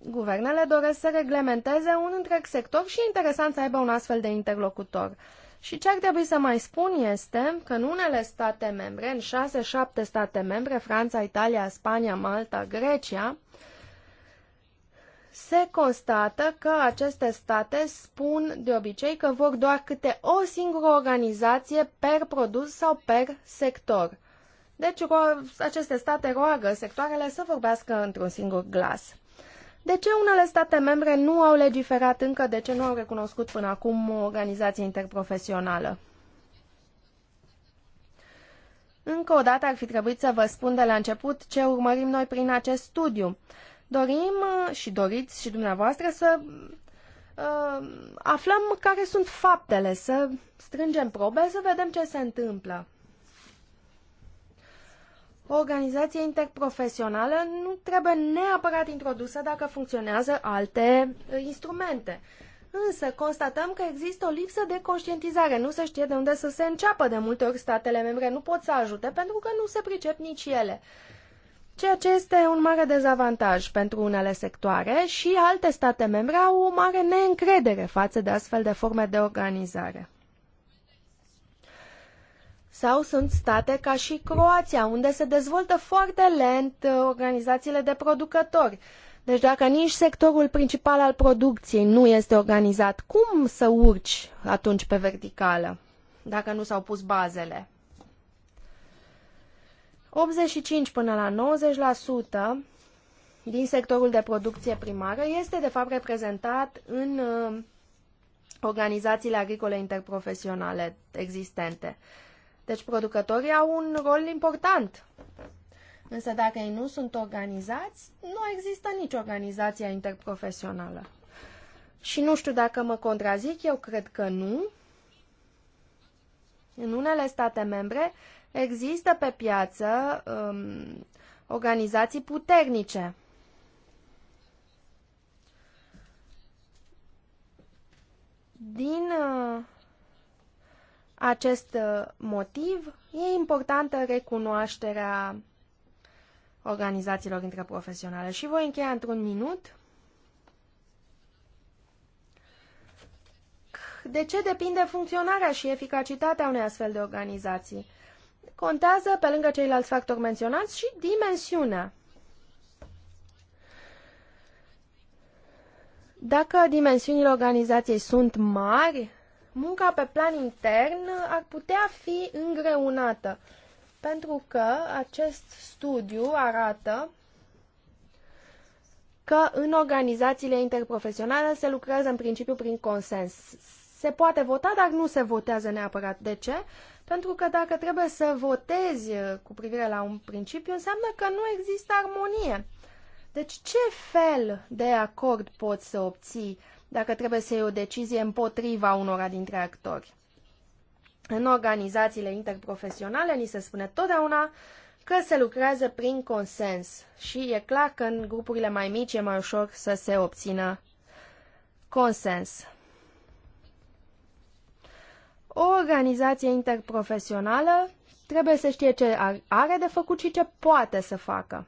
guvernele doresc să reglementeze un întreg sector și e interesant să aibă un astfel de interlocutor. Uh, și ce ar trebui să mai spun este că în unele state membre, în 6-7 state membre, Franța, Italia, Spania, Malta, Grecia, se constată că aceste state spun de obicei că vor doar câte o singură organizație per produs sau per sector. Deci aceste state roagă sectoarele să vorbească într-un singur glas. De ce unele state membre nu au legiferat încă, de ce nu au recunoscut până acum o organizație interprofesională? Încă o dată ar fi trebuit să vă spun de la început ce urmărim noi prin acest studiu. Dorim uh, și doriți și dumneavoastră să uh, aflăm care sunt faptele, să strângem probe, să vedem ce se întâmplă. O organizație interprofesională nu trebuie neapărat introdusă dacă funcționează alte uh, instrumente. Însă constatăm că există o lipsă de conștientizare. Nu se știe de unde să se înceapă. De multe ori statele membre nu pot să ajute pentru că nu se pricep nici ele. Ceea ce este un mare dezavantaj pentru unele sectoare și alte state membre au o mare neîncredere față de astfel de forme de organizare. Sau sunt state ca și Croația, unde se dezvoltă foarte lent uh, organizațiile de producători. Deci dacă nici sectorul principal al producției nu este organizat, cum să urci atunci pe verticală, dacă nu s-au pus bazele? 85 până la 90% din sectorul de producție primară este de fapt reprezentat în uh, organizațiile agricole interprofesionale existente. Deci producătorii au un rol important. Însă dacă ei nu sunt organizați, nu există nicio organizație interprofesională. Și nu știu dacă mă contrazic, eu cred că nu. În unele state membre există pe piață um, organizații puternice. Din uh, acest uh, motiv e importantă recunoașterea organizațiilor profesionale. Și voi încheia într-un minut. De ce depinde funcționarea și eficacitatea unei astfel de organizații? Contează, pe lângă ceilalți factori menționați, și dimensiunea. Dacă dimensiunile organizației sunt mari, munca pe plan intern ar putea fi îngreunată, pentru că acest studiu arată că în organizațiile interprofesionale se lucrează în principiu prin consens. Se poate vota, dar nu se votează neapărat. De ce? Pentru că dacă trebuie să votezi cu privire la un principiu, înseamnă că nu există armonie. Deci ce fel de acord poți să obții? dacă trebuie să iei o decizie împotriva unora dintre actori. În organizațiile interprofesionale ni se spune totdeauna că se lucrează prin consens și e clar că în grupurile mai mici e mai ușor să se obțină consens. O organizație interprofesională trebuie să știe ce are de făcut și ce poate să facă.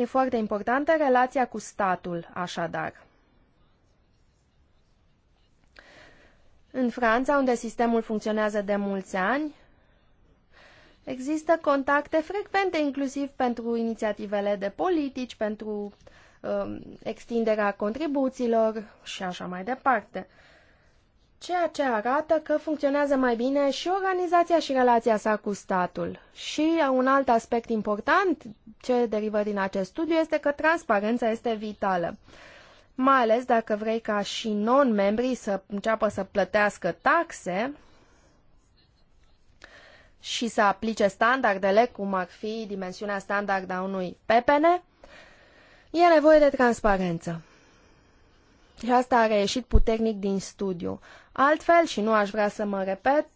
E foarte importantă relația cu statul, așadar. În Franța, unde sistemul funcționează de mulți ani, există contacte frecvente, inclusiv pentru inițiativele de politici, pentru um, extinderea contribuțiilor și așa mai departe ceea ce arată că funcționează mai bine și organizația și relația sa cu statul. Și un alt aspect important ce derivă din acest studiu este că transparența este vitală. Mai ales dacă vrei ca și non-membrii să înceapă să plătească taxe și să aplice standardele, cum ar fi dimensiunea standard a unui PPN, e nevoie de transparență. Și asta a reieșit puternic din studiu. Altfel, și nu aș vrea să mă repet,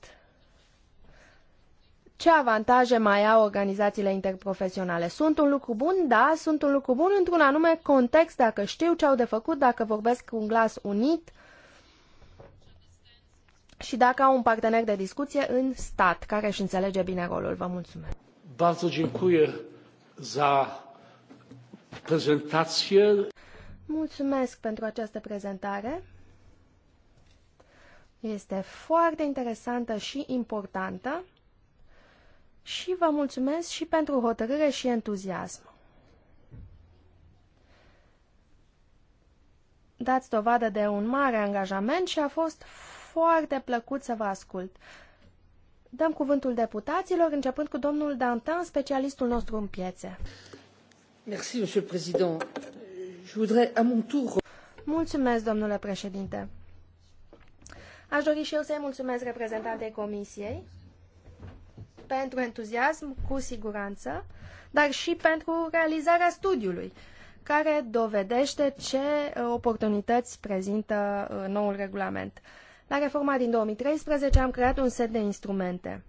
ce avantaje mai au organizațiile interprofesionale? Sunt un lucru bun? Da, sunt un lucru bun într-un anume context, dacă știu ce au de făcut, dacă vorbesc cu un glas unit și dacă au un partener de discuție în stat care își înțelege bine rolul. Vă mulțumesc! Bardzo dziękuję za prezentację Mulțumesc pentru această prezentare. Este foarte interesantă și importantă și vă mulțumesc și pentru hotărâre și entuziasm. Dați dovadă de un mare angajament și a fost foarte plăcut să vă ascult. Dăm cuvântul deputaților, începând cu domnul Dantin, specialistul nostru în piețe. Merci, monsieur președinte. président. Mulțumesc, domnule președinte. Aș dori și eu să-i mulțumesc reprezentantei comisiei pentru entuziasm, cu siguranță, dar și pentru realizarea studiului, care dovedește ce uh, oportunități prezintă uh, noul regulament. La reforma din 2013 am creat un set de instrumente.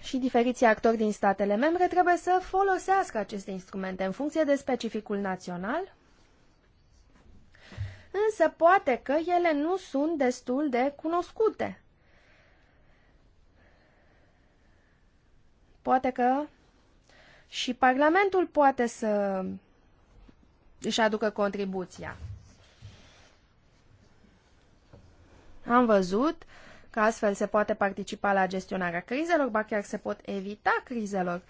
și diferiții actori din statele membre trebuie să folosească aceste instrumente în funcție de specificul național, însă poate că ele nu sunt destul de cunoscute. Poate că și Parlamentul poate să își aducă contribuția. Am văzut uh, că astfel se poate participa la gestionarea crizelor, ba chiar se pot evita crizelor.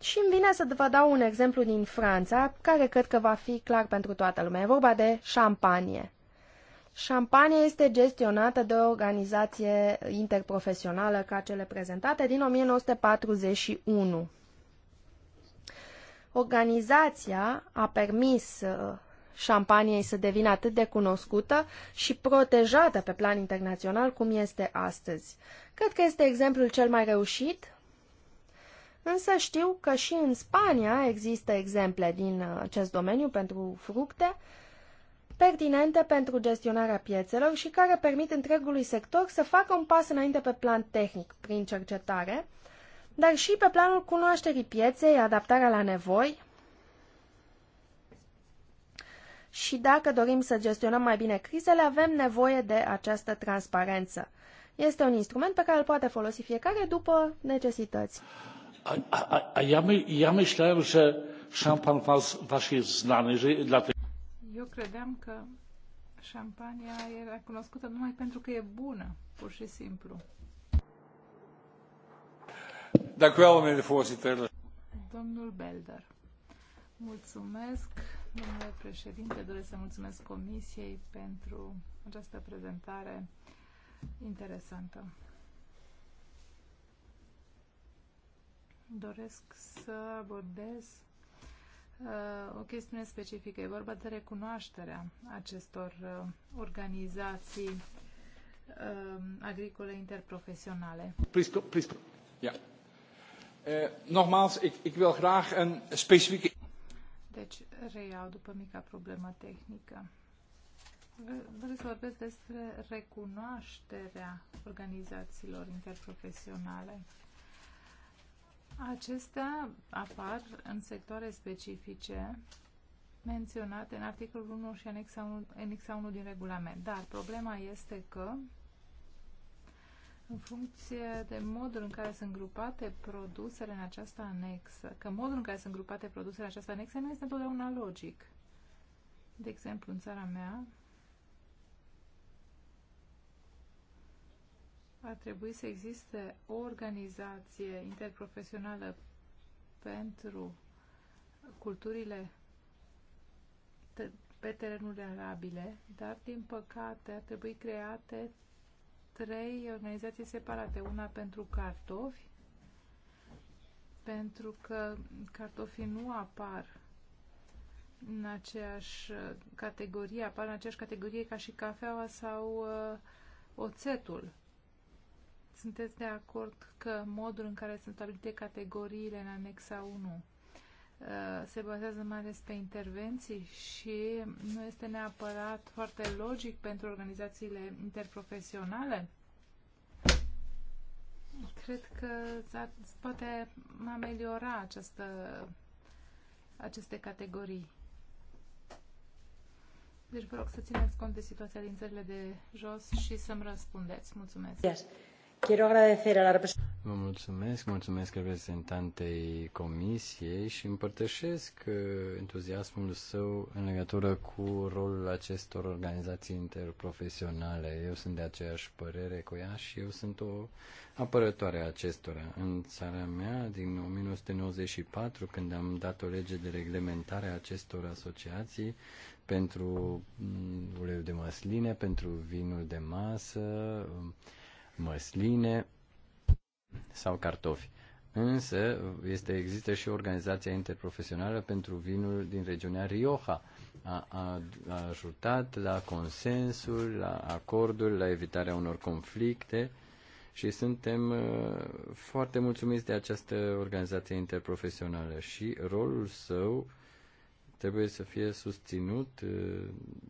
Și îmi vine să vă dau un exemplu din Franța, care cred că va fi clar pentru toată lumea. E vorba de șampanie. Șampania este gestionată de o organizație interprofesională ca cele prezentate din 1941. Organizația a permis uh, șampaniei să devină atât de cunoscută și protejată pe plan internațional cum este astăzi. Cred că este exemplul cel mai reușit, însă știu că și în Spania există exemple din uh, acest domeniu pentru fructe pertinente pentru gestionarea piețelor și care permit întregului sector să facă un pas înainte pe plan tehnic prin cercetare, dar și pe planul cunoașterii pieței, adaptarea la nevoi, și dacă dorim să gestionăm mai bine crizele, avem nevoie de această transparență. Este un instrument pe care îl poate folosi fiecare după necesități. Eu credeam că șampania era cunoscută numai pentru că e bună, pur și simplu. Dacă eu am Domnul Belder, mulțumesc. Domnule președinte, doresc să mulțumesc Comisiei pentru această prezentare interesantă. Doresc să abordez uh, o chestiune specifică. E vorba de recunoașterea acestor uh, organizații uh, agricole interprofesionale. Please, please. Yeah. Uh, nogmaals, ik, ik wil graag een specifieke deci, reiau după mica problemă tehnică. Vreau să vorbesc despre recunoașterea organizațiilor interprofesionale. Acestea apar în sectoare specifice menționate în articolul 1 și anexa 1, anexa 1 din regulament. Dar problema este că în funcție de modul în care sunt grupate produsele în această anexă, că modul în care sunt grupate produsele în această anexă nu este întotdeauna logic. De exemplu, în țara mea ar trebui să existe o organizație interprofesională pentru culturile pe terenurile arabile, dar din păcate ar trebui create trei organizații separate. Una pentru cartofi, pentru că cartofii nu apar în aceeași categorie, apar în aceeași categorie ca și cafeaua sau uh, oțetul. Sunteți de acord că modul în care sunt stabilite categoriile în anexa 1 Uh, se bazează mai ales pe intervenții și nu este neapărat foarte logic pentru organizațiile interprofesionale? Cred că poate ameliora această, aceste categorii. Deci vă rog să țineți cont de situația din țările de jos și să-mi răspundeți. Mulțumesc. Yes. Quiero agradecer a la Vă mulțumesc, mulțumesc reprezentantei comisiei și împărtășesc uh, entuziasmul său în legătură cu rolul acestor organizații interprofesionale. Eu sunt de aceeași părere cu ea și eu sunt o apărătoare a acestora. În țara mea, din 1994, când am dat o lege de reglementare a acestor asociații pentru mm, uleiul de măsline, pentru vinul de masă, măsline sau cartofi. Însă este, există și organizația interprofesională pentru vinul din regiunea Rioja. A, a, a ajutat la consensul, la acordul, la evitarea unor conflicte și suntem uh, foarte mulțumiți de această organizație interprofesională și rolul său trebuie să fie susținut uh,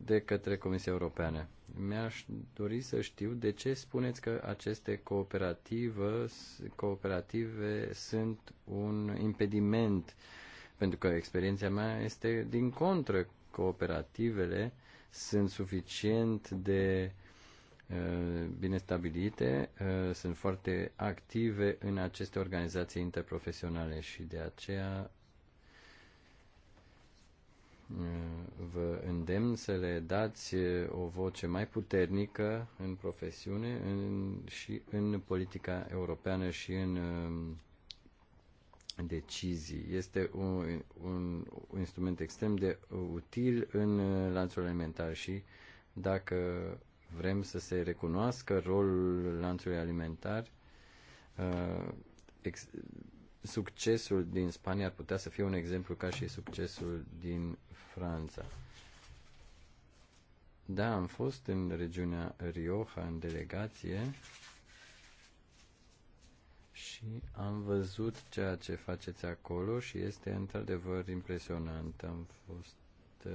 de către Comisia Europeană. Mi-aș dori să știu de ce spuneți că aceste cooperative, cooperative sunt un impediment, pentru că experiența mea este din contră. Cooperativele sunt suficient de uh, bine stabilite, uh, sunt foarte active în aceste organizații interprofesionale și de aceea vă îndemn să le dați o voce mai puternică în profesiune în, și în politica europeană și în um, decizii. Este un, un, un instrument extrem de util în uh, lanțul alimentar și dacă vrem să se recunoască rolul lanțului alimentar, uh, ex, succesul din Spania ar putea să fie un exemplu ca și succesul din Franța. Da, am fost în regiunea Rioja, în delegație, și am văzut ceea ce faceți acolo și este într-adevăr impresionant. Am fost uh,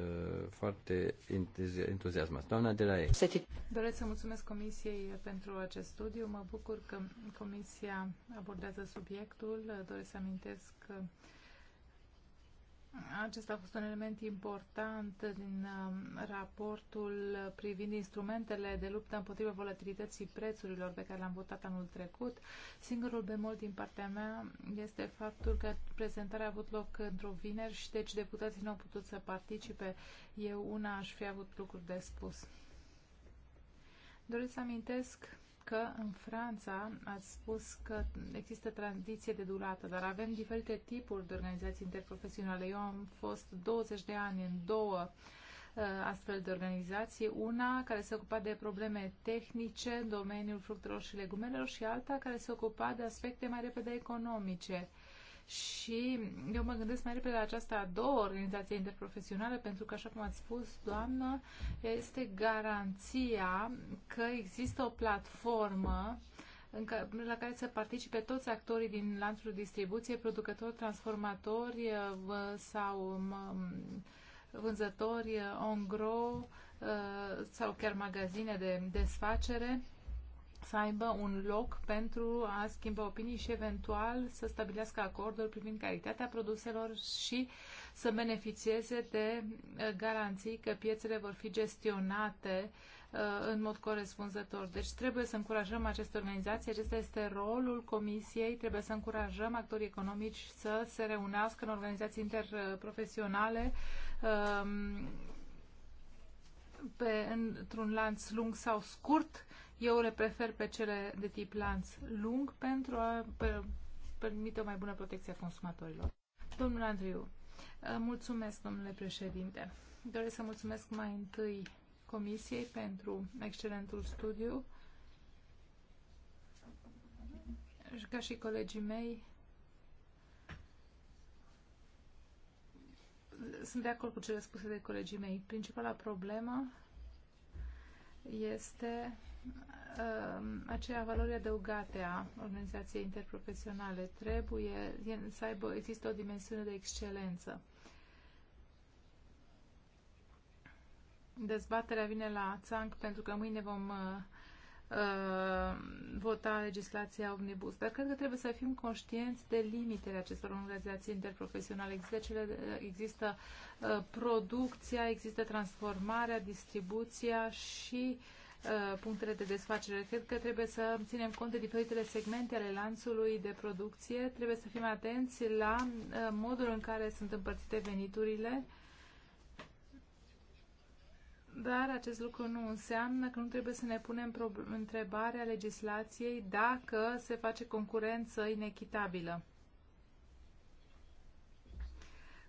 foarte entuziasmat. Doamna de la ei. Doresc să mulțumesc Comisiei pentru acest studiu. Mă bucur că Comisia abordează subiectul. Doresc să amintesc acesta a fost un element important din um, raportul privind instrumentele de luptă împotriva volatilității prețurilor pe care l-am votat anul trecut. Singurul bemol din partea mea este faptul că prezentarea a avut loc într-o vineri și deci deputații nu au putut să participe. Eu una aș fi avut lucruri de spus. Doresc să amintesc că în Franța ați spus că există tranziție de durată, dar avem diferite tipuri de organizații interprofesionale. Eu am fost 20 de ani în două uh, astfel de organizații, una care se ocupa de probleme tehnice în domeniul fructelor și legumelor și alta care se ocupa de aspecte mai repede economice. Uh, și eu mă gândesc mai repede la această a doua organizație interprofesională, pentru că, așa cum ați spus, doamnă, este garanția că există o platformă la care să participe toți actorii din lanțul distribuție, producători, transformatori eh, sau mm, mm, vânzători on eh, grow eh, sau chiar magazine de desfacere să aibă un loc pentru a schimba opinii și eventual să stabilească acorduri privind calitatea produselor și să beneficieze de uh, garanții că piețele vor fi gestionate uh, în mod corespunzător. Deci trebuie să încurajăm aceste organizații, acesta este rolul Comisiei, trebuie să încurajăm actorii economici să se reunească în organizații interprofesionale um, pe, într-un lanț lung sau scurt eu le prefer pe cele de tip lanț lung pentru a permite o mai bună protecție a consumatorilor. Domnul Andriu, uh, mulțumesc, domnule președinte. Doresc să mulțumesc mai întâi Comisiei pentru excelentul studiu. Și ca și colegii mei, sunt de acord cu cele spuse de colegii mei. Principala problemă este Um, aceea valoare adăugate a organizației interprofesionale trebuie să aibă, există o dimensiune de excelență. Dezbaterea vine la țanc pentru că mâine vom uh, uh vota legislația omnibus. Dar cred că trebuie să fim conștienți de limitele acestor organizații interprofesionale. Există, cele, există uh, producția, există transformarea, distribuția și uh, Uh, punctele de desfacere. Cred că trebuie să ținem cont de diferitele segmente ale lanțului de producție. Trebuie să fim atenți la uh, modul în care sunt împărțite veniturile. Dar acest lucru nu înseamnă că nu trebuie să ne punem întrebarea legislației dacă se face concurență inechitabilă.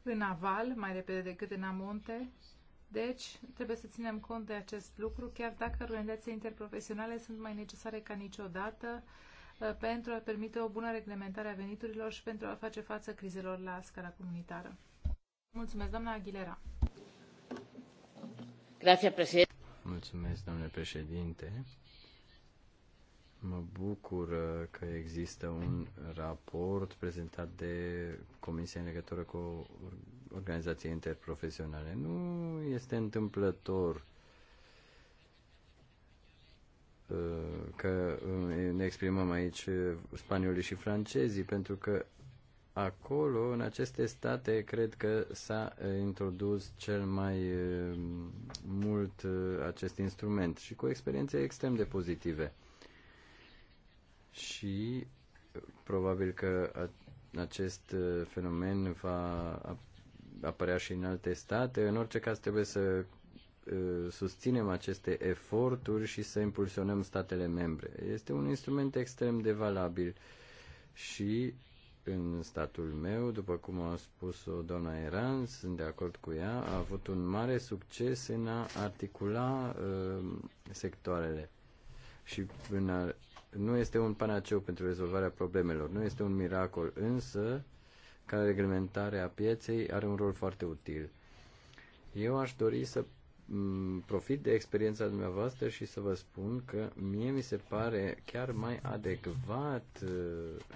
În aval, mai repede decât în amonte, deci, trebuie să ținem cont de acest lucru, chiar dacă organizațiile interprofesionale sunt mai necesare ca niciodată uh, pentru a permite o bună reglementare a veniturilor și pentru a face față crizelor la scara comunitară. Mulțumesc, doamna Aguilera. Grazie, președinte. Mulțumesc, domnule președinte. Mă bucur că există un raport prezentat de Comisia în legătură cu organizații interprofesionale. Nu este întâmplător uh, că uh, ne exprimăm aici uh, spaniolii și francezii, pentru că acolo, în aceste state, cred că s-a introdus cel mai mult acest instrument și cu experiențe extrem de pozitive. Și probabil că acest fenomen va apărea și în alte state. În orice caz trebuie să susținem aceste eforturi și să impulsionăm statele membre. Este un instrument extrem de valabil și în statul meu, după cum a spus-o doamna Eran, sunt de acord cu ea, a avut un mare succes în a articula uh, sectoarele. Și în a, nu este un panaceu pentru rezolvarea problemelor, nu este un miracol, însă uh, care reglementare a pieței are un rol foarte util. Eu aș dori să mm, profit de experiența dumneavoastră și să vă spun că mie mi se pare chiar mai adecvat uh,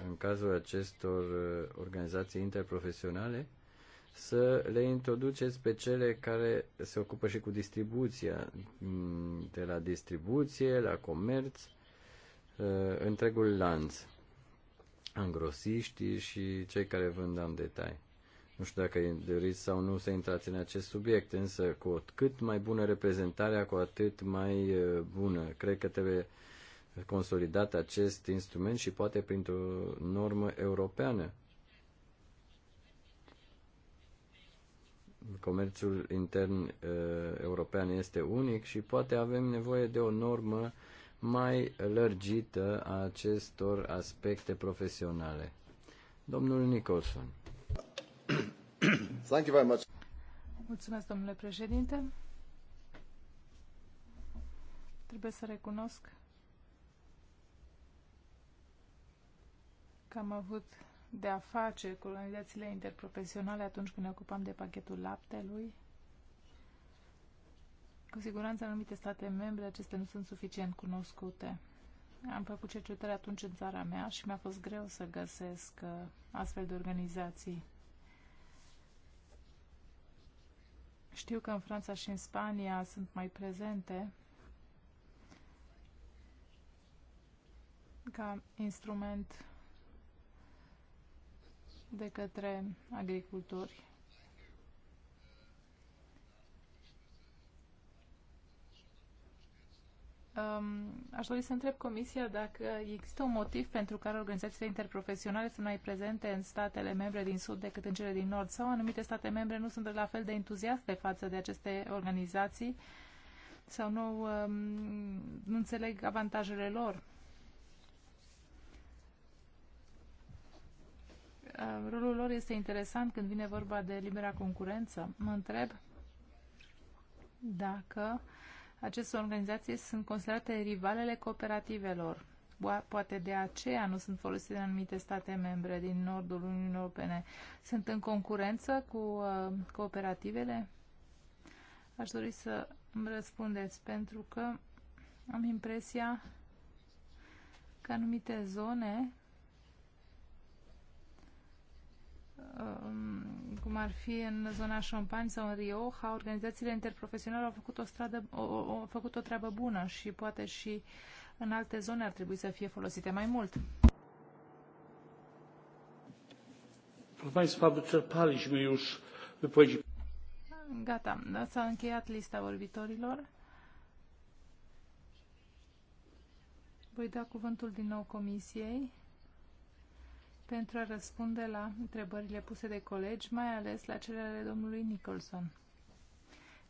în cazul acestor uh, organizații interprofesionale să le introduceți pe cele care se ocupă și cu distribuția, mm, de la distribuție, la comerț, uh, întregul lanț angrosiștii și cei care vând în detalii. Nu știu dacă doriți sau nu să intrați în acest subiect, însă cu cât mai bună reprezentarea, cu atât mai bună. Cred că trebuie consolidat acest instrument și poate printr-o normă europeană. Comerțul intern uh, european este unic și poate avem nevoie de o normă uh, mai lărgită a acestor aspecte profesionale. Domnul Nicholson. Thank you very much. Mulțumesc, domnule președinte. Trebuie să recunosc că am avut de a face cu organizațiile interprofesionale atunci când ne ocupam de pachetul laptelui cu siguranță în anumite state membre acestea nu sunt suficient cunoscute. Am făcut cercetări atunci în țara mea și mi-a fost greu să găsesc uh, astfel de organizații. Știu că în Franța și în Spania sunt mai prezente ca instrument de către agricultori Um, aș dori să întreb Comisia dacă există un motiv pentru care organizațiile interprofesionale sunt mai prezente în statele membre din Sud decât în cele din Nord sau anumite state membre nu sunt la fel de entuziaste față de aceste organizații sau nu, um, nu înțeleg avantajele lor. Uh, rolul lor este interesant când vine vorba de libera concurență. Mă întreb dacă aceste organizații sunt considerate rivalele cooperativelor. Poate de aceea nu sunt folosite în anumite state membre din nordul Uniunii Europene. Sunt în concurență cu uh, cooperativele? Aș dori să îmi răspundeți, pentru că am impresia că anumite zone Um, cum ar fi în zona Champagne sau în Rioja, organizațiile interprofesionale au făcut o, stradă, o, au făcut o treabă bună și poate și în alte zone ar trebui să fie folosite mai mult. Gata, s-a încheiat lista vorbitorilor. Voi da cuvântul din nou comisiei pentru a răspunde la întrebările puse de colegi, mai ales la cele ale domnului Nicholson.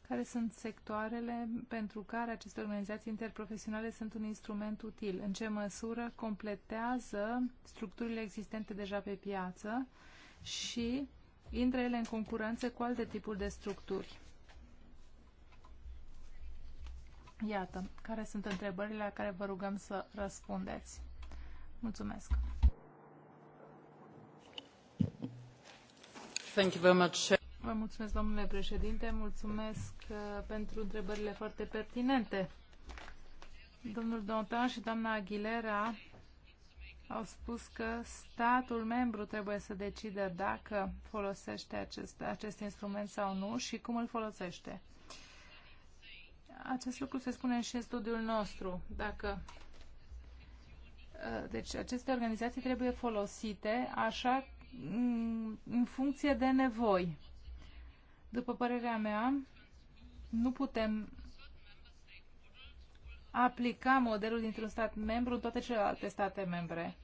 Care sunt sectoarele pentru care aceste organizații interprofesionale sunt un instrument util? În ce măsură completează structurile existente deja pe piață și intră ele în concurență cu alte tipuri de structuri? Iată, care sunt întrebările la care vă rugăm să răspundeți. Mulțumesc! mulțumesc, domnule președinte, mulțumesc uh, pentru întrebările foarte pertinente. Domnul dantin și doamna Aguilera au spus că statul membru trebuie să decidă dacă folosește acest, acest instrument sau nu și cum îl folosește. Acest lucru se spune și în studiul nostru. Dacă uh, deci aceste organizații trebuie folosite așa în funcție de nevoi. După părerea mea, nu putem aplica modelul dintr-un stat membru în toate celelalte state membre.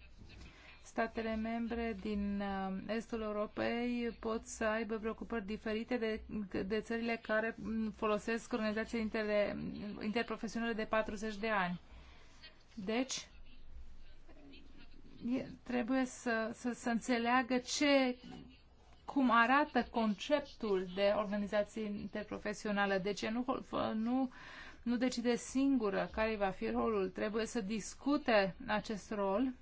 Statele membre din uh, estul Europei pot să aibă preocupări diferite de, de țările care folosesc organizații interprofesionale de 40 de ani. Deci, trebuie să, să, să înțeleagă ce, cum arată conceptul de organizație interprofesională, de ce nu, nu, nu decide singură care va fi rolul, trebuie să discute acest rol,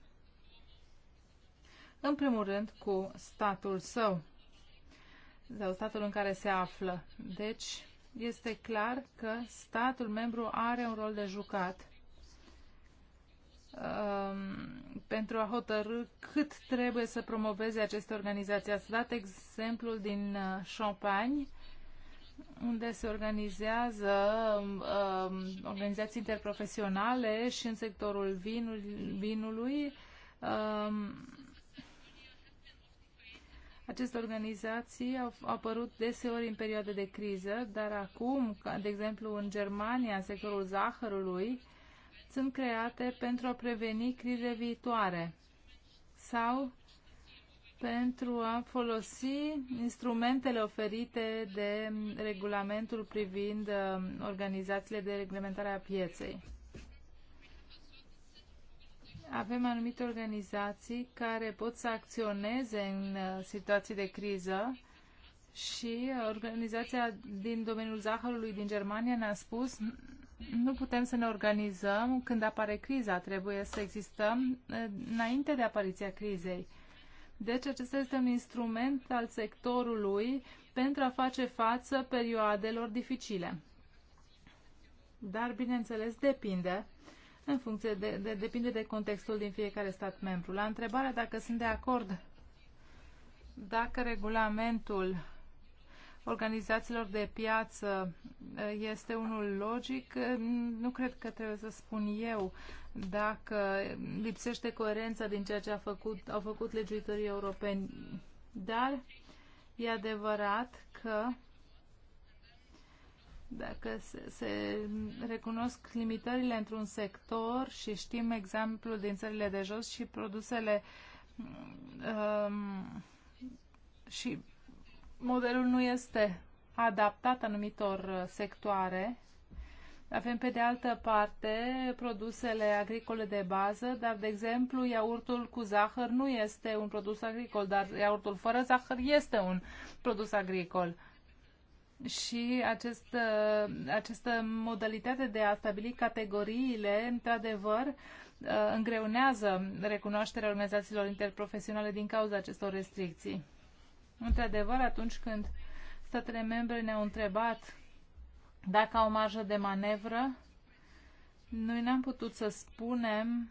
în primul rând cu statul său sau statul în care se află. Deci, este clar că statul membru are un rol de jucat pentru a hotărâ cât trebuie să promoveze aceste organizații. Ați dat exemplul din uh, Champagne, unde se organizează um, um, organizații interprofesionale și în sectorul vinul, vinului. Um, aceste organizații au apărut deseori în perioade de criză, dar acum, de exemplu, în Germania, în sectorul zahărului, uh, sunt create pentru a preveni crize viitoare sau pentru a folosi instrumentele oferite de regulamentul privind uh, organizațiile de reglementare a pieței. Avem anumite organizații care pot să acționeze în uh, situații de criză și uh, organizația din domeniul zahărului din Germania ne-a spus nu putem să ne organizăm când apare criza. Trebuie să existăm eh, înainte de apariția crizei. Deci acesta este un instrument al sectorului pentru a face față perioadelor dificile. Dar, bineînțeles, depinde în funcție de, de, depinde de contextul din fiecare stat membru. La întrebarea dacă sunt de acord dacă regulamentul organizațiilor de piață eh, este unul logic. Eh, nu cred că trebuie să spun eu dacă lipsește coerența din ceea ce a făcut, au făcut legiuitorii europeni. Dar e adevărat că dacă se, se recunosc limitările într-un sector și știm exemplul din țările de jos și produsele um, și modelul nu este adaptat anumitor uh, sectoare. Avem pe de altă parte produsele agricole de bază, dar de exemplu iaurtul cu zahăr nu este un produs agricol, dar iaurtul fără zahăr este un produs agricol. Și această, uh, această modalitate de a stabili categoriile, într-adevăr, uh, îngreunează recunoașterea organizațiilor interprofesionale din cauza acestor restricții. Într-adevăr, atunci când statele membre ne-au întrebat dacă au marjă de manevră, noi n-am putut să spunem,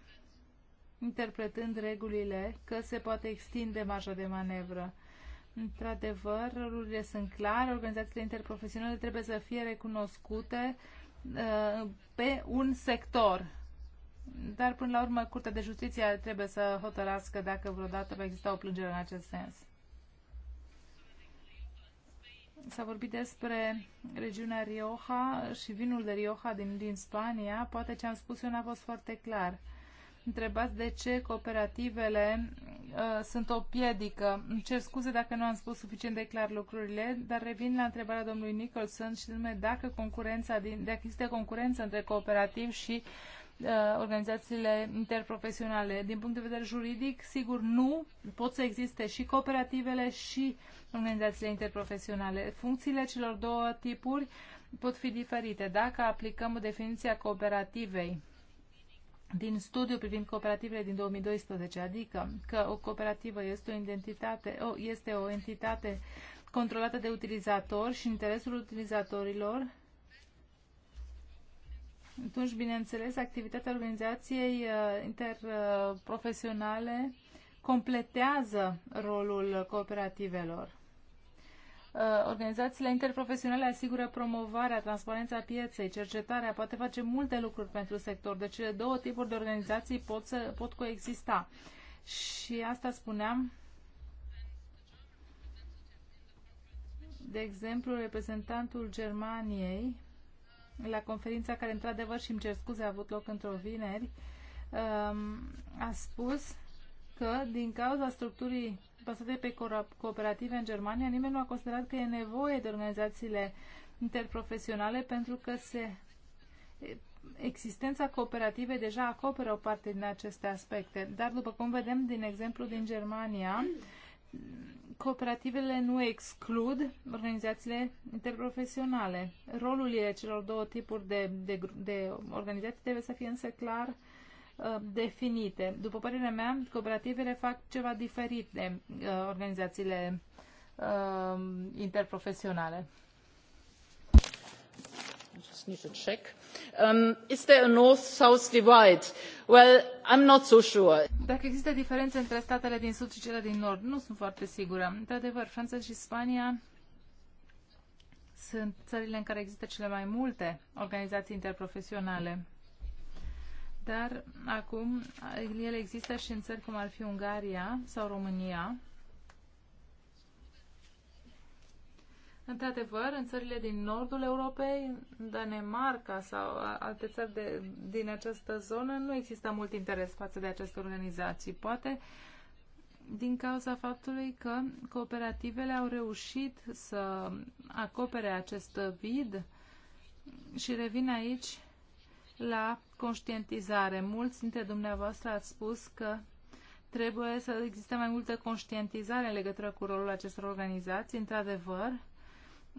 interpretând regulile, că se poate extinde marja de manevră. Într-adevăr, rolurile sunt clare, organizațiile interprofesionale trebuie să fie recunoscute uh, pe un sector. Dar, până la urmă, Curtea de Justiție trebuie să hotărască dacă vreodată va exista o plângere în acest sens. S-a vorbit despre regiunea Rioja și vinul de Rioja din, din Spania. Poate ce am spus eu n-a fost foarte clar. Întrebați de ce cooperativele uh, sunt o piedică. Îmi cer scuze dacă nu am spus suficient de clar lucrurile, dar revin la întrebarea domnului Nicholson și dacă concurența din, dacă există concurență între cooperativ și uh, Uh, organizațiile interprofesionale. Din punct de vedere juridic, sigur, nu pot să existe și cooperativele și organizațiile interprofesionale. Funcțiile celor două tipuri pot fi diferite. Dacă aplicăm definiția cooperativei din studiu privind cooperativele din 2012, adică că o cooperativă este o, identitate, o, este o entitate controlată de utilizatori și interesul utilizatorilor atunci, bineînțeles, activitatea organizației uh, interprofesionale completează rolul cooperativelor. Uh, organizațiile interprofesionale asigură promovarea, transparența pieței, cercetarea, poate face multe lucruri pentru sector. Deci cele două tipuri de organizații pot, să, pot coexista. Și asta spuneam, de exemplu, reprezentantul Germaniei la conferința care, într-adevăr, și îmi cer scuze, a avut loc într-o vineri, um, a spus că, din cauza structurii bazate pe cooperative în Germania, nimeni nu a considerat că e nevoie de organizațiile interprofesionale pentru că se existența cooperativei deja acoperă o parte din aceste aspecte. Dar, după cum vedem din exemplu din Germania, cooperativele nu exclud organizațiile interprofesionale. Rolul celor două tipuri de, de, de organizații trebuie să fie însă clar uh, definite. După părerea mea, cooperativele fac ceva diferit de uh, organizațiile uh, interprofesionale just need to check. Um, is there a north-south divide? Well, I'm not so sure. Dacă există diferențe între statele din sud și cele din nord, nu sunt foarte sigură. Într-adevăr, Franța și Spania sunt țările în care există cele mai multe organizații interprofesionale. Dar acum ele există și în țări cum ar fi Ungaria sau România, Într-adevăr, în țările din nordul Europei, Danemarca sau alte țări de, din această zonă, nu există mult interes față de aceste organizații. Poate din cauza faptului că cooperativele au reușit să acopere acest vid și revin aici la conștientizare. Mulți dintre dumneavoastră ați spus că trebuie să existe mai multă conștientizare în legătură cu rolul acestor organizații. Într-adevăr,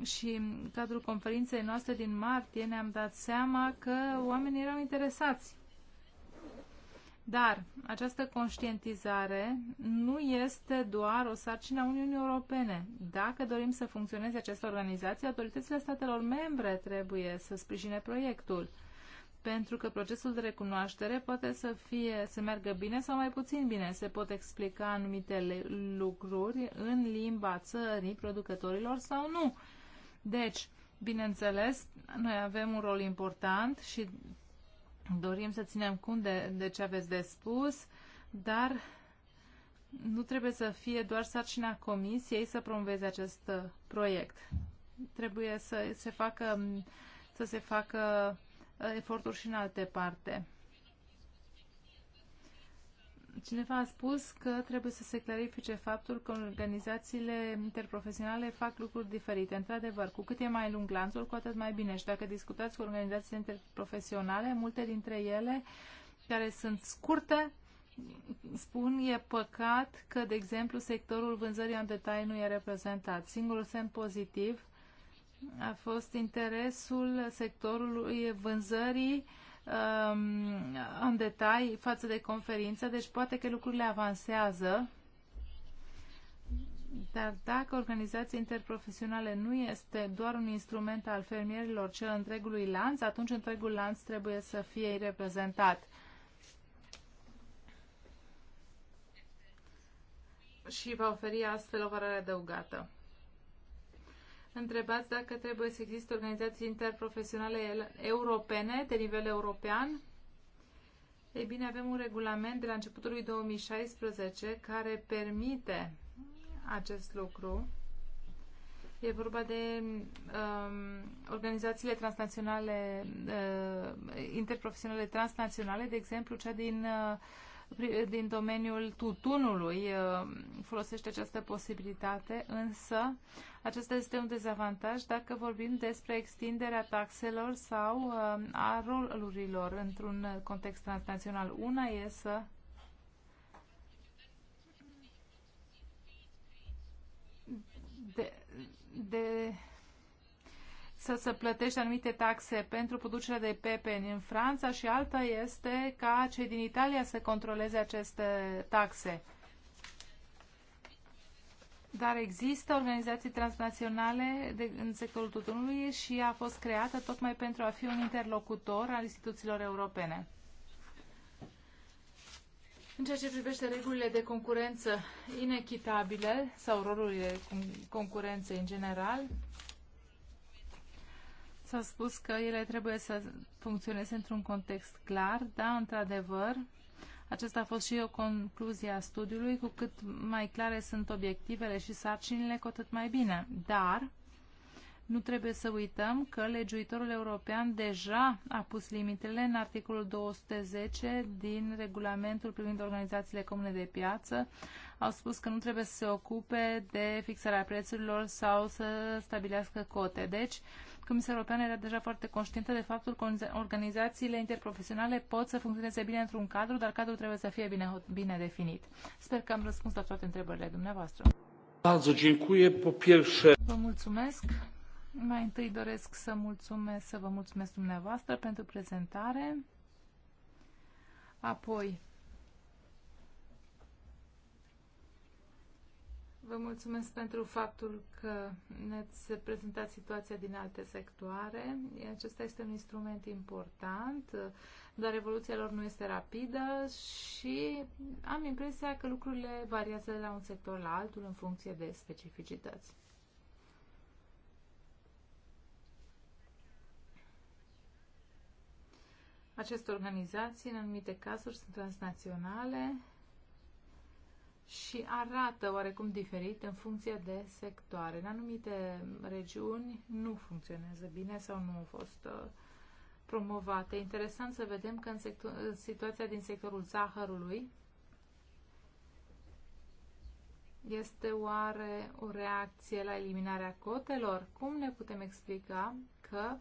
și în cadrul conferinței noastre din martie ne-am dat seama că oamenii erau interesați. Dar această conștientizare nu este doar o sarcină a Uniunii Europene. Dacă dorim să funcționeze această organizație, autoritățile statelor membre trebuie să sprijine proiectul. Pentru că procesul de recunoaștere poate să fie, să meargă bine sau mai puțin bine. Se pot explica anumite lucruri în limba țării producătorilor sau nu deci, bineînțeles, noi avem un rol important și dorim să ținem cont de, de ce aveți de spus, dar nu trebuie să fie doar sarcina comisiei să promoveze acest uh, proiect. Trebuie să se facă, să se facă uh, eforturi și în alte parte. Cineva a spus că trebuie să se clarifice faptul că organizațiile interprofesionale fac lucruri diferite. Într-adevăr, cu cât e mai lung lanțul, cu atât mai bine. Și dacă discutați cu organizațiile interprofesionale, multe dintre ele care sunt scurte, spun, e păcat că, de exemplu, sectorul vânzării în detaliu nu e reprezentat. Singurul semn pozitiv a fost interesul sectorului vânzării uh, Um, în detalii față de conferință, deci poate că lucrurile avansează, dar dacă organizația interprofesională nu este doar un instrument al fermierilor, cel întregului lanț, atunci întregul lanț trebuie să fie reprezentat. Și va oferi astfel o valoare adăugată. Întrebați dacă trebuie să existe organizații interprofesionale europene, de nivel european. Ei bine, avem un regulament de la începutul lui 2016 care permite acest lucru. E vorba de um, organizațiile transnaționale, uh, interprofesionale transnaționale, de exemplu cea din uh, din domeniul tutunului uh, folosește această posibilitate, însă acesta este un dezavantaj dacă vorbim despre extinderea taxelor sau uh, a rolurilor într-un context transnațional. Una e să de, de să, se plătești anumite taxe pentru producerea de pepeni în Franța și alta este ca cei din Italia să controleze aceste taxe. Dar există organizații transnaționale de, în sectorul tutunului și a fost creată tocmai pentru a fi un interlocutor al instituțiilor europene. În ceea ce privește regulile de concurență inechitabile sau rolurile concurenței în general, S-a spus că ele trebuie să funcționeze într-un context clar, da, într-adevăr, acesta a fost și o concluzie a studiului, cu cât mai clare sunt obiectivele și sarcinile, cu atât mai bine. Dar nu trebuie să uităm că legiuitorul european deja a pus limitele în articolul 210 din regulamentul privind organizațiile comune de piață, au spus că nu trebuie să se ocupe de fixarea prețurilor sau să stabilească cote. Deci, Comisia Europeană era deja foarte conștientă de faptul că organizațiile interprofesionale pot să funcționeze bine într-un cadru, dar cadrul trebuie să fie bine, bine definit. Sper că am răspuns la toate întrebările dumneavoastră. Vă mulțumesc. Mai întâi doresc să, mulțumesc, să vă mulțumesc dumneavoastră pentru prezentare. Apoi, Vă mulțumesc pentru faptul că ne-ați prezentat situația din alte sectoare. Acesta este un instrument important, dar evoluția lor nu este rapidă și am impresia că lucrurile variază de la un sector la altul în funcție de specificități. Aceste organizații, în anumite cazuri, sunt transnaționale, și arată oarecum diferit în funcție de sectoare. În anumite regiuni nu funcționează bine sau nu au fost uh, promovate. Interesant să vedem că în, situația din sectorul zahărului este oare o reacție la eliminarea cotelor? Cum ne putem explica că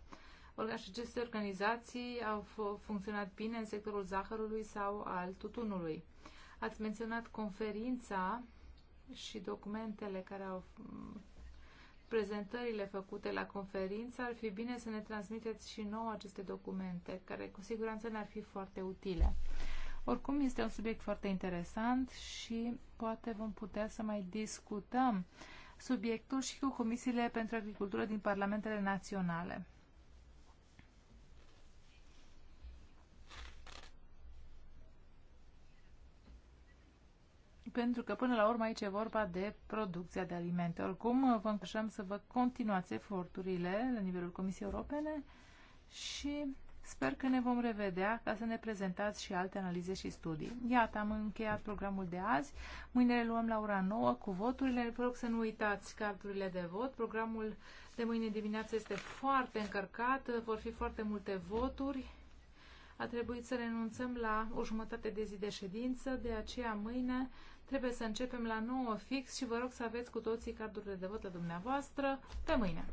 aceste organizații au funcționat bine în sectorul zahărului sau al tutunului? Ați menționat conferința și documentele care au prezentările făcute la conferință, ar fi bine să ne transmiteți și nouă aceste documente, care cu siguranță ne-ar fi foarte utile. Oricum, este un subiect foarte interesant și poate vom putea să mai discutăm subiectul și cu comisiile pentru agricultură din parlamentele naționale. pentru că până la urmă aici e vorba de producția de alimente. Oricum, vă încurajăm să vă continuați eforturile la nivelul Comisiei Europene și sper că ne vom revedea ca să ne prezentați și alte analize și studii. Iată, am încheiat programul de azi. Mâine le luăm la ora 9 cu voturile. Vă rog să nu uitați cardurile de vot. Programul de mâine dimineață este foarte încărcat. Vor fi foarte multe voturi a trebuit să renunțăm la o jumătate de zi de ședință, de aceea mâine Trebuie să începem la 9 fix și vă rog să aveți cu toții cardurile de vot la dumneavoastră pe mâine.